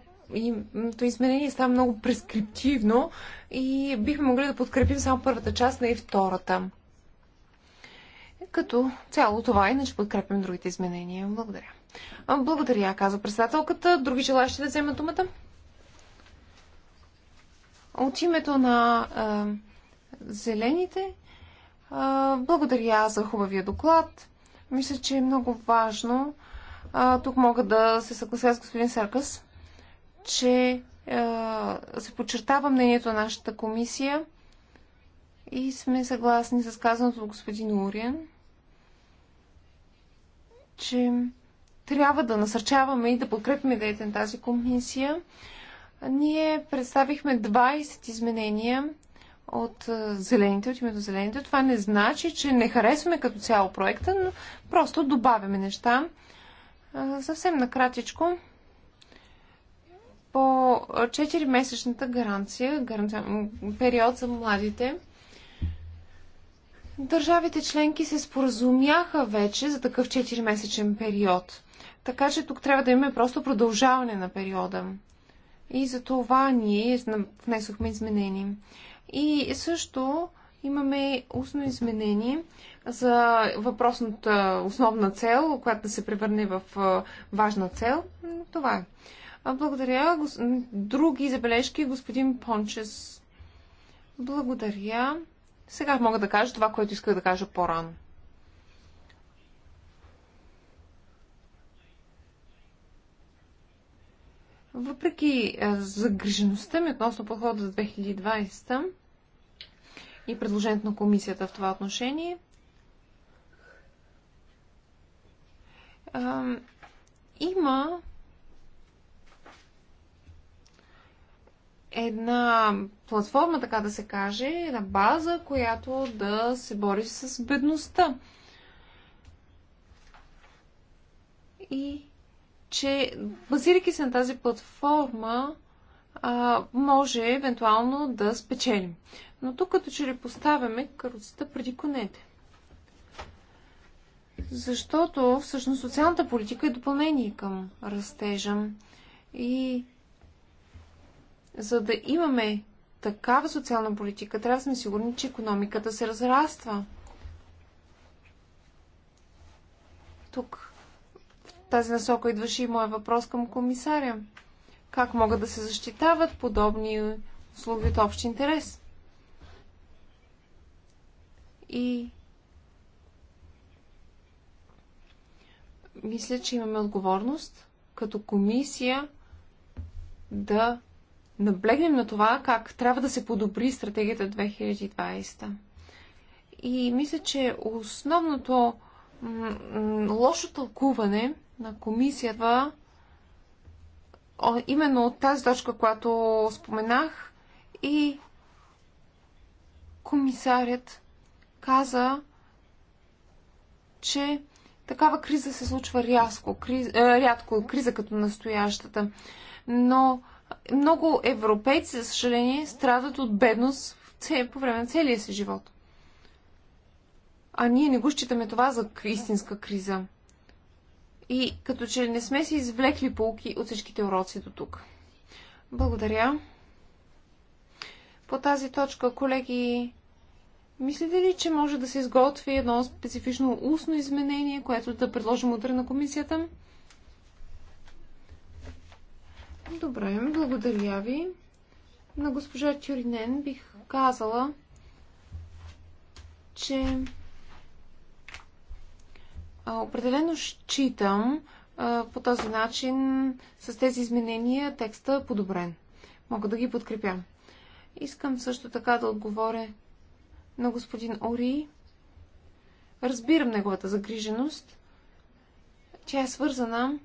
то изменение става много прескриптивно и бихме могли да подкрепим само първата част, не и втората. Като цяло това, иначе подкрепим другите изменения. Благодаря. Благодаря, каза председателката. Други желащи да вземат думата? От името на е, зелените, е, благодаря за хубавия доклад. Мисля, че е много важно. Е, тук мога да се съглася с господин Серкас че се подчертава мнението на нашата комисия и сме съгласни с казаното от господин Уриен, че трябва да насърчаваме и да подкрепим идеята на тази комисия. Ние представихме 20 изменения от зелените, от името зелените. Това не значи, че не харесваме като цяло проекта, но просто добавяме неща. Съвсем накратичко по 4-месечната гаранция, гаранция, период за младите. Държавите членки се споразумяха вече за такъв 4-месечен период. Така че тук трябва да имаме просто продължаване на периода. И за това ние внесохме изменения. И също имаме устно изменение за въпросната основна цел, която да се превърне в важна цел. Това е. Благодаря. Други забележки, господин Пончес. Благодаря. Сега мога да кажа това, което исках да кажа по-рано. Въпреки загрижеността ми относно подхода за 2020 и предложението на комисията в това отношение, има една платформа, така да се каже, една база, която да се бори с бедността. И че, базирайки се на тази платформа, а, може евентуално да спечелим. Но тук като че ли поставяме каруцата преди конете. Защото всъщност социалната политика е допълнение към растежа. И за да имаме такава социална политика, трябва да сме сигурни, че економиката се разраства. Тук в тази насока идваше и моя въпрос към комисаря. Как могат да се защитават подобни услуги от общ интерес? И мисля, че имаме отговорност като комисия да наблегнем на това как трябва да се подобри стратегията 2020. И мисля, че основното лошо тълкуване на комисията именно от тази точка, която споменах и комисарят каза, че такава криза се случва рязко, криз, е, рядко, криза като настоящата. Но много европейци, за съжаление, страдат от бедност по време на целия си живот. А ние не го считаме това за истинска криза. И като че не сме си извлекли полки от всичките уроци до тук. Благодаря. По тази точка, колеги, мислите ли, че може да се изготви едно специфично устно изменение, което да предложим утре на комисията? Добре, благодаря ви. На госпожа Чуринен бих казала, че определено считам по този начин с тези изменения текста е подобрен. Мога да ги подкрепя. Искам също така да отговоря на господин Ори. Разбирам неговата загриженост. Тя е свързана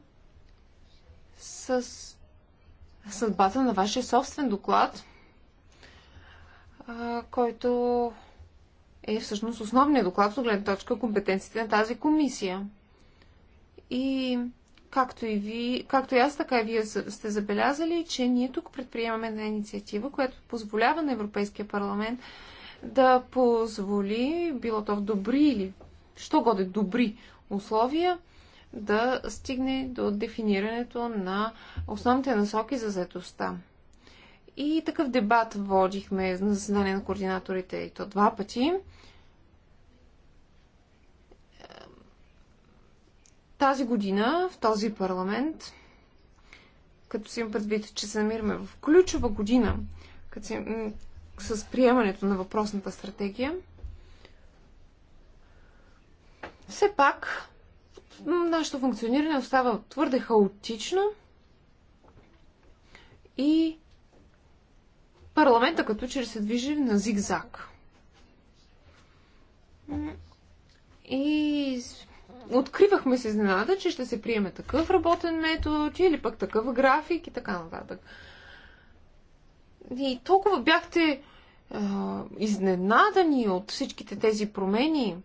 с съдбата на вашия собствен доклад, който е всъщност основният доклад от гледна точка компетенциите на тази комисия. И както и, ви, както и аз, така и вие сте забелязали, че ние тук предприемаме една инициатива, която позволява на Европейския парламент да позволи, било то в добри или що годе добри условия, да стигне до дефинирането на основните насоки за заедостта. И такъв дебат водихме на заседание на координаторите и то два пъти. Тази година в този парламент, като си им предвид, че се намираме в ключова година като си, с приемането на въпросната стратегия, все пак нашето функциониране остава твърде хаотично и парламента като че се движи на зигзаг. И откривахме се изненада, че ще се приеме такъв работен метод или пък такъв график и така нататък. И толкова бяхте изненадани от всичките тези промени,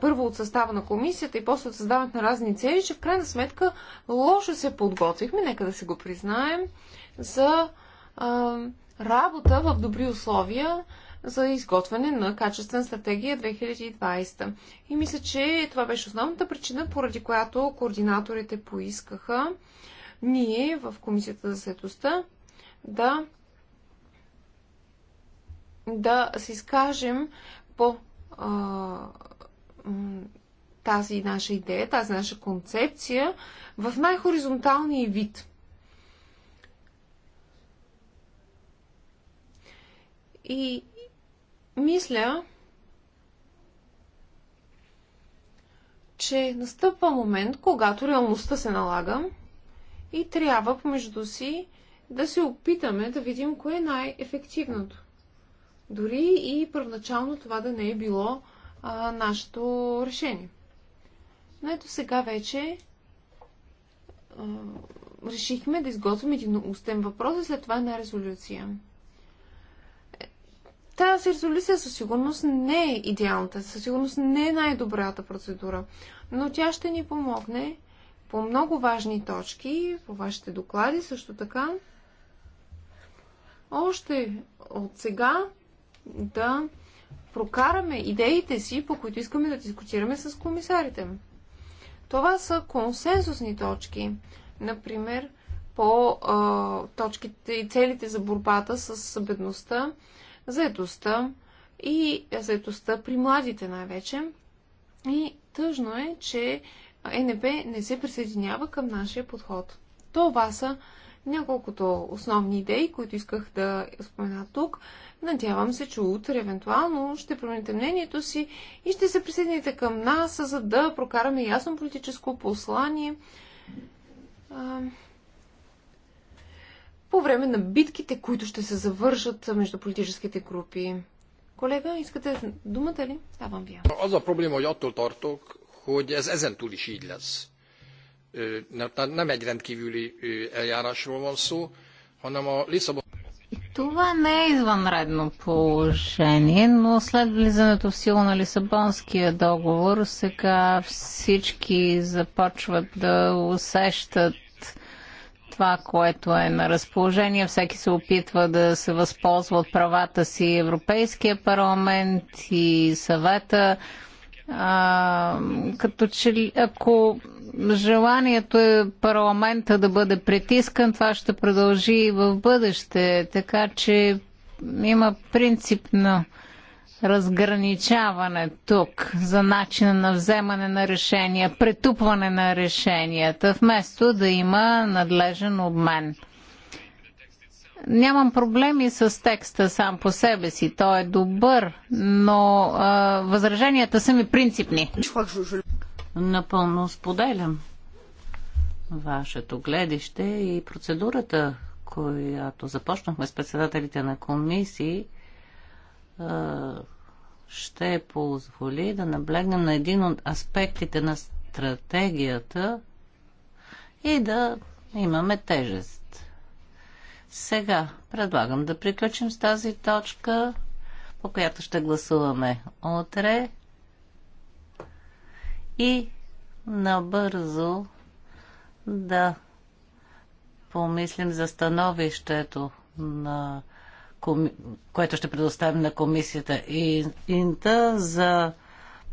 първо от състава на комисията и после от създаването на разни цели, че в крайна сметка лошо се подготвихме, нека да се го признаем, за а, работа в добри условия за изготвяне на качествена стратегия 2020. И мисля, че това беше основната причина, поради която координаторите поискаха ние в Комисията за сетостта да, да се изкажем по а, тази наша идея, тази наша концепция в най-хоризонталния вид. И мисля, че настъпва момент, когато реалността се налага и трябва помежду си да се опитаме да видим кое е най-ефективното. Дори и първоначално това да не е било а, нашето решение. Но ето сега вече а, решихме да изготвим един устен въпрос и след това една резолюция. Тази резолюция със сигурност не е идеалната, със сигурност не е най-добрата процедура, но тя ще ни помогне по много важни точки, по вашите доклади също така, още от сега да прокараме идеите си, по които искаме да дискутираме с комисарите. Това са консенсусни точки. Например, по а, точките и целите за борбата с бедността, заедостта и заедостта при младите най-вече. И тъжно е, че е НП не се присъединява към нашия подход. Това са няколкото основни идеи, които исках да спомена тук. Надявам се, че утре евентуално ще промените мнението си и ще се присъедините към нас, за да прокараме ясно политическо послание по време на битките, които ще се завършат между политическите групи. Колега, искате думата ли? Давам ви. Az a probléma, hogy attól tartok, ez ezen túl is így lesz nem egy rendkívüli eljárásról van szó, hanem a Lisszabon... Това не е извънредно положение, но след влизането в сила на Лисабонския договор, сега всички започват да усещат това, което е на разположение. Всеки се опитва да се възползва от правата си Европейския парламент и съвета. А, като че ако желанието е парламента да бъде притискан, това ще продължи и в бъдеще. Така че има принципно разграничаване тук за начина на вземане на решения, претупване на решенията, вместо да има надлежен обмен. Нямам проблеми с текста сам по себе си. Той е добър, но а, възраженията са ми принципни. Напълно споделям вашето гледище и процедурата, която започнахме с председателите на комисии, ще позволи да наблегнем на един от аспектите на стратегията и да имаме тежест. Сега предлагам да приключим с тази точка, по която ще гласуваме утре. И набързо да помислим за становището на което ще предоставим на комисията и Инта за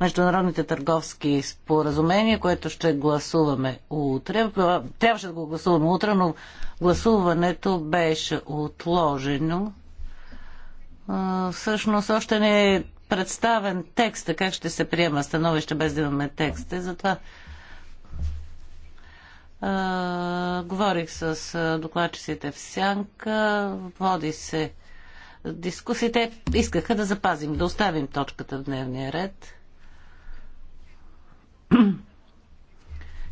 международните търговски споразумения, което ще гласуваме утре. Трябваше да го гласуваме утре, но гласуването беше отложено. Всъщност още не е представен текст, как ще се приема становище без да имаме текста. Затова говорих с докладчиците в Сянка, води се дискусите. Искаха да запазим, да оставим точката в дневния ред.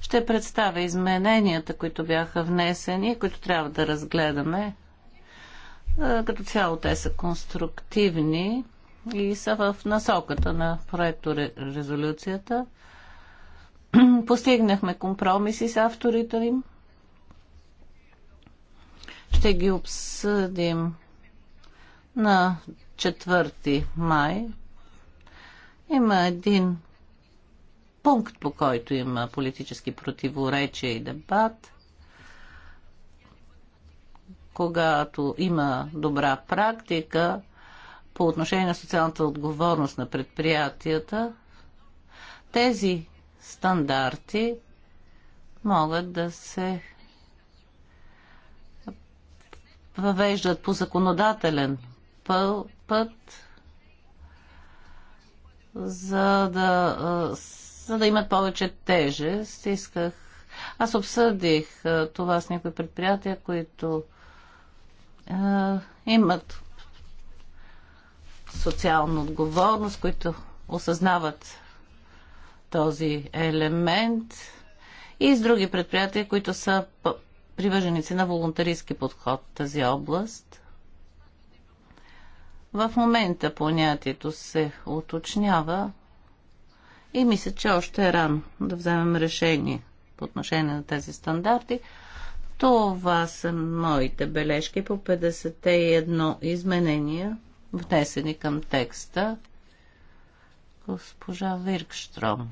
Ще представя измененията, които бяха внесени, които трябва да разгледаме. Е, като цяло те са конструктивни и са в насоката на проекто резолюцията. Постигнахме компромиси с авторите им. Ще ги обсъдим на 4 май. Има един пункт, по който има политически противоречия и дебат. Когато има добра практика по отношение на социалната отговорност на предприятията, тези стандарти могат да се въвеждат по законодателен път, за да за да имат повече тежест. Исках... Аз обсъдих това с някои предприятия, които е, имат социална отговорност, които осъзнават този елемент и с други предприятия, които са привърженици на волонтаристски подход в тази област. В момента понятието се уточнява, и мисля, че още е рано да вземем решение по отношение на тези стандарти. Това са моите бележки по 51 изменения, внесени към текста. Госпожа Виркштром.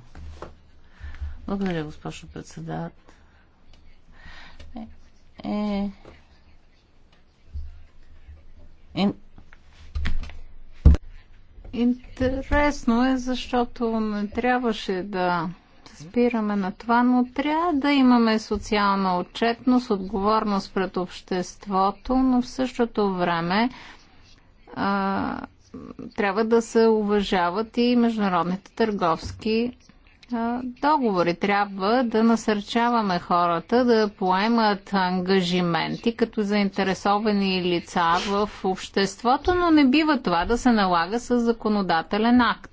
Благодаря, госпожо председател. Е, е, Интересно е, защото не трябваше да спираме на това, но трябва да имаме социална отчетност, отговорност пред обществото, но в същото време а, трябва да се уважават и международните търговски договори. Трябва да насърчаваме хората да поемат ангажименти като заинтересовани лица в обществото, но не бива това да се налага с законодателен акт.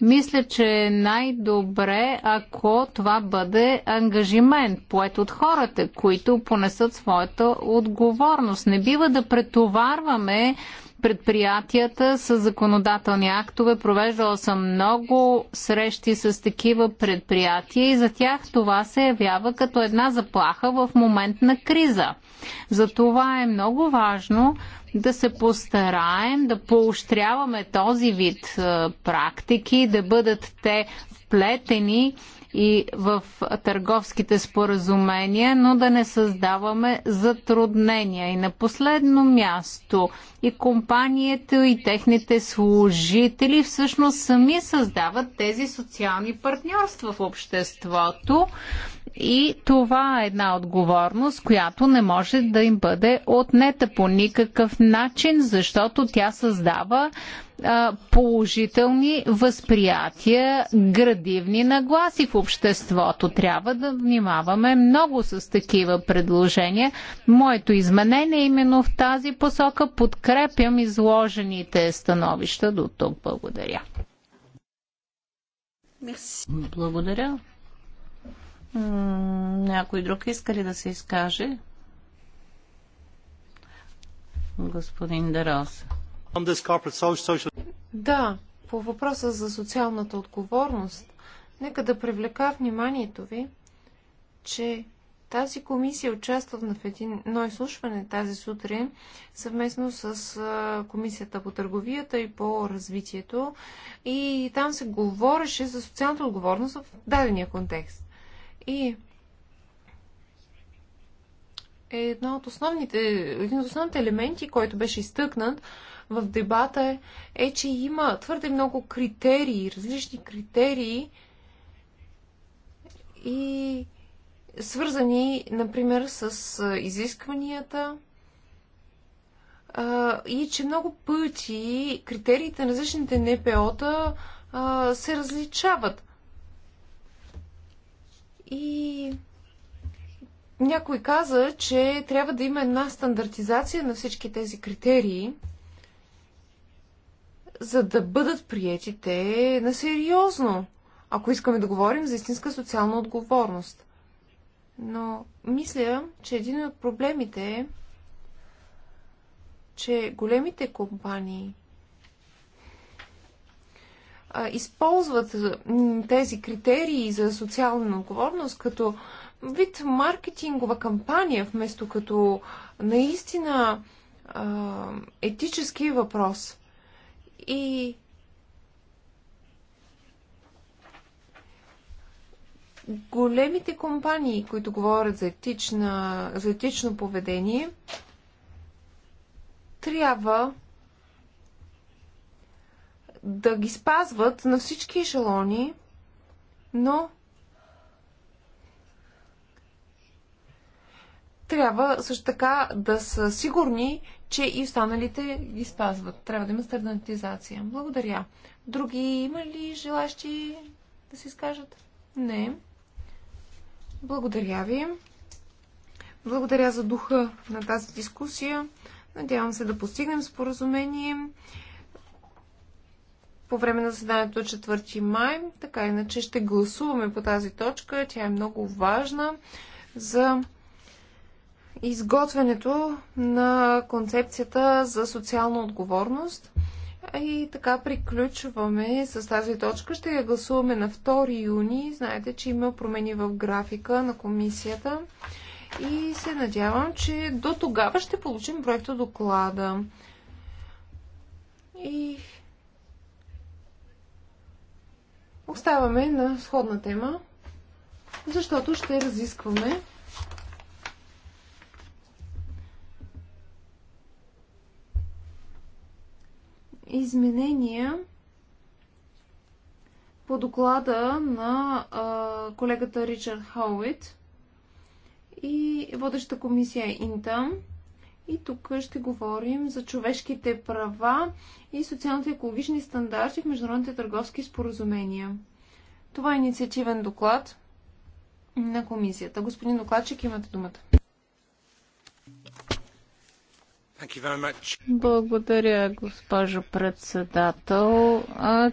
Мисля, че е най-добре, ако това бъде ангажимент, поет от хората, които понесат своята отговорност. Не бива да претоварваме предприятията с законодателни актове. Провеждала съм много срещи с такива предприятия и за тях това се явява като една заплаха в момент на криза. Затова е много важно да се постараем да поощряваме този вид практики, да бъдат те вплетени и в търговските споразумения, но да не създаваме затруднения. И на последно място и компанията, и техните служители всъщност сами създават тези социални партньорства в обществото. И това е една отговорност, която не може да им бъде отнета по никакъв начин, защото тя създава положителни възприятия, градивни нагласи в обществото. Трябва да внимаваме много с такива предложения. Моето изменение е именно в тази посока. Подкрепям изложените становища до тук. Благодаря. Благодаря някой друг иска ли да се изкаже? Господин Дерос. Да, по въпроса за социалната отговорност, нека да привлека вниманието ви, че тази комисия участва в едно изслушване тази сутрин съвместно с комисията по търговията и по развитието. И там се говореше за социалната отговорност в дадения контекст. И е една от основните, един от основните елементи, който беше изтъкнат в дебата е, е, че има твърде много критерии, различни критерии и свързани, например, с изискванията и че много пъти критериите на различните НПО-та се различават. И някой каза, че трябва да има една стандартизация на всички тези критерии, за да бъдат приетите на сериозно, ако искаме да говорим за истинска социална отговорност. Но мисля, че един от проблемите е, че големите компании използват тези критерии за социална отговорност като вид маркетингова кампания, вместо като наистина а, етически въпрос. И големите компании, които говорят за, етична, за етично поведение, трябва да ги спазват на всички ешелони, но трябва също така да са сигурни, че и останалите ги спазват. Трябва да има стандартизация. Благодаря. Други има ли желащи да се изкажат? Не. Благодаря ви. Благодаря за духа на тази дискусия. Надявам се да постигнем споразумение по време на заседанието 4 май. Така иначе ще гласуваме по тази точка. Тя е много важна за изготвянето на концепцията за социална отговорност. И така приключваме с тази точка. Ще я гласуваме на 2 юни. Знаете, че има промени в графика на комисията. И се надявам, че до тогава ще получим проекта доклада. И Оставаме на сходна тема, защото ще разискваме изменения по доклада на а, колегата Ричард Хауит и водеща комисия е Интам. И тук ще говорим за човешките права и социалните екологични стандарти в международните търговски споразумения. Това е инициативен доклад на комисията. Господин докладчик, имате думата. Благодаря, госпожо председател.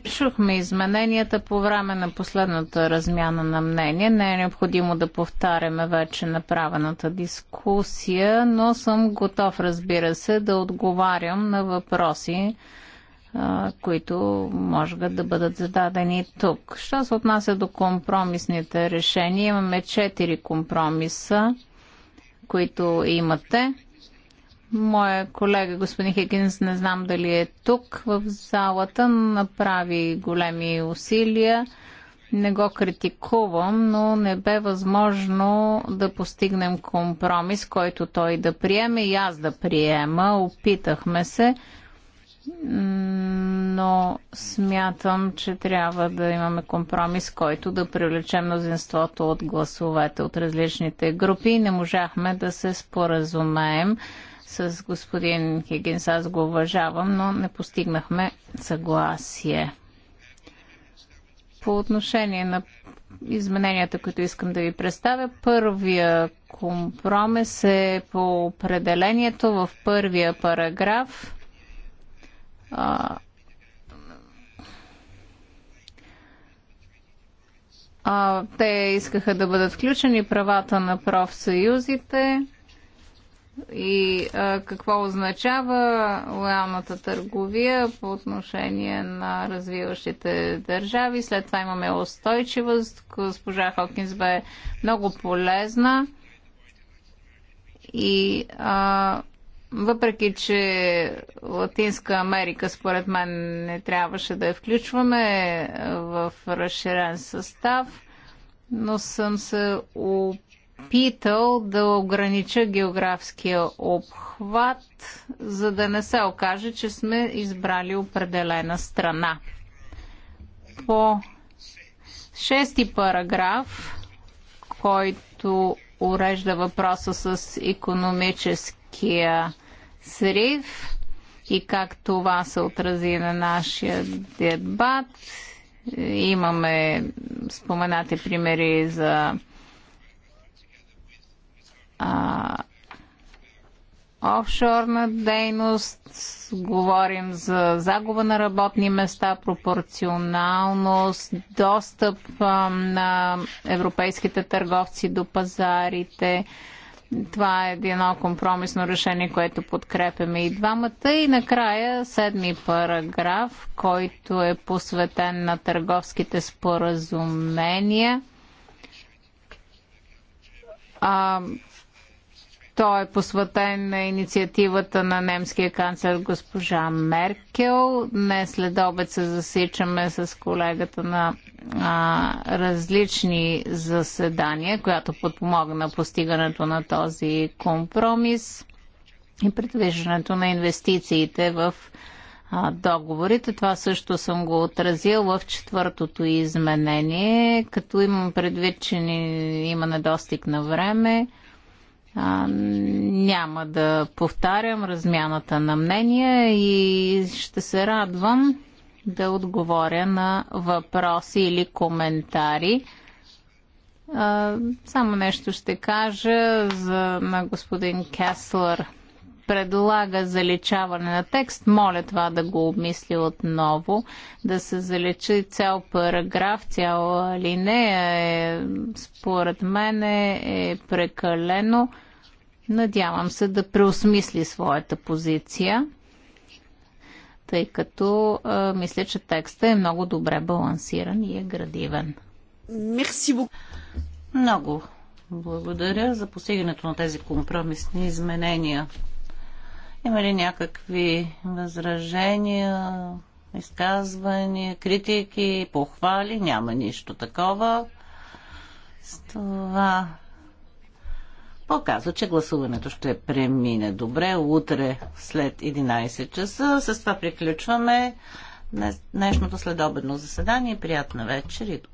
Чухме измененията по време на последната размяна на мнение. Не е необходимо да повтаряме вече направената дискусия, но съм готов, разбира се, да отговарям на въпроси, които може да бъдат зададени тук. Що се отнася до компромисните решения, имаме четири компромиса, които имате. Моя колега господин Хигинс, не знам дали е тук в залата, направи големи усилия. Не го критикувам, но не бе възможно да постигнем компромис, който той да приеме и аз да приема. Опитахме се, но смятам, че трябва да имаме компромис, който да привлече мнозинството от гласовете от различните групи. Не можахме да се споразумеем с господин Хигинс аз го уважавам, но не постигнахме съгласие. По отношение на измененията, които искам да ви представя. Първия компромис е по определението в първия параграф. А, те искаха да бъдат включени правата на профсъюзите и а, какво означава лоялната търговия по отношение на развиващите държави. След това имаме устойчивост. Госпожа Хокинс бе много полезна и а, въпреки, че Латинска Америка според мен не трябваше да я включваме в разширен състав, но съм се опитала опитал да огранича географския обхват, за да не се окаже, че сме избрали определена страна. По шести параграф, който урежда въпроса с економическия срив и как това се отрази на нашия дебат. Имаме споменати примери за а, офшорна дейност, говорим за загуба на работни места, пропорционалност, достъп а, на европейските търговци до пазарите. Това е едно компромисно решение, което подкрепяме и двамата. И накрая седми параграф, който е посветен на търговските споразумения. А, той е посветен на инициативата на немския канцлер госпожа Меркел. Днес след обед се засичаме с колегата на а, различни заседания, която подпомогна постигането на този компромис и предвиждането на инвестициите в договорите. Това също съм го отразил в четвъртото изменение, като имам предвид, че има недостиг на време. А, няма да повтарям размяната на мнения и ще се радвам да отговоря на въпроси или коментари. А, само нещо ще кажа за, на господин Кеслер – предлага заличаване на текст, моля това да го обмисли отново, да се заличи цял параграф, цяла алинея, е, според мен е, е прекалено. Надявам се да преосмисли своята позиция, тъй като е, мисля, че текстът е много добре балансиран и е градивен. Мерси Много благодаря за постигането на тези компромисни изменения. Има ли някакви възражения, изказвания, критики, похвали? Няма нищо такова. С това показва, че гласуването ще премине добре утре след 11 часа. С това приключваме днешното следобедно заседание. Приятна вечер и до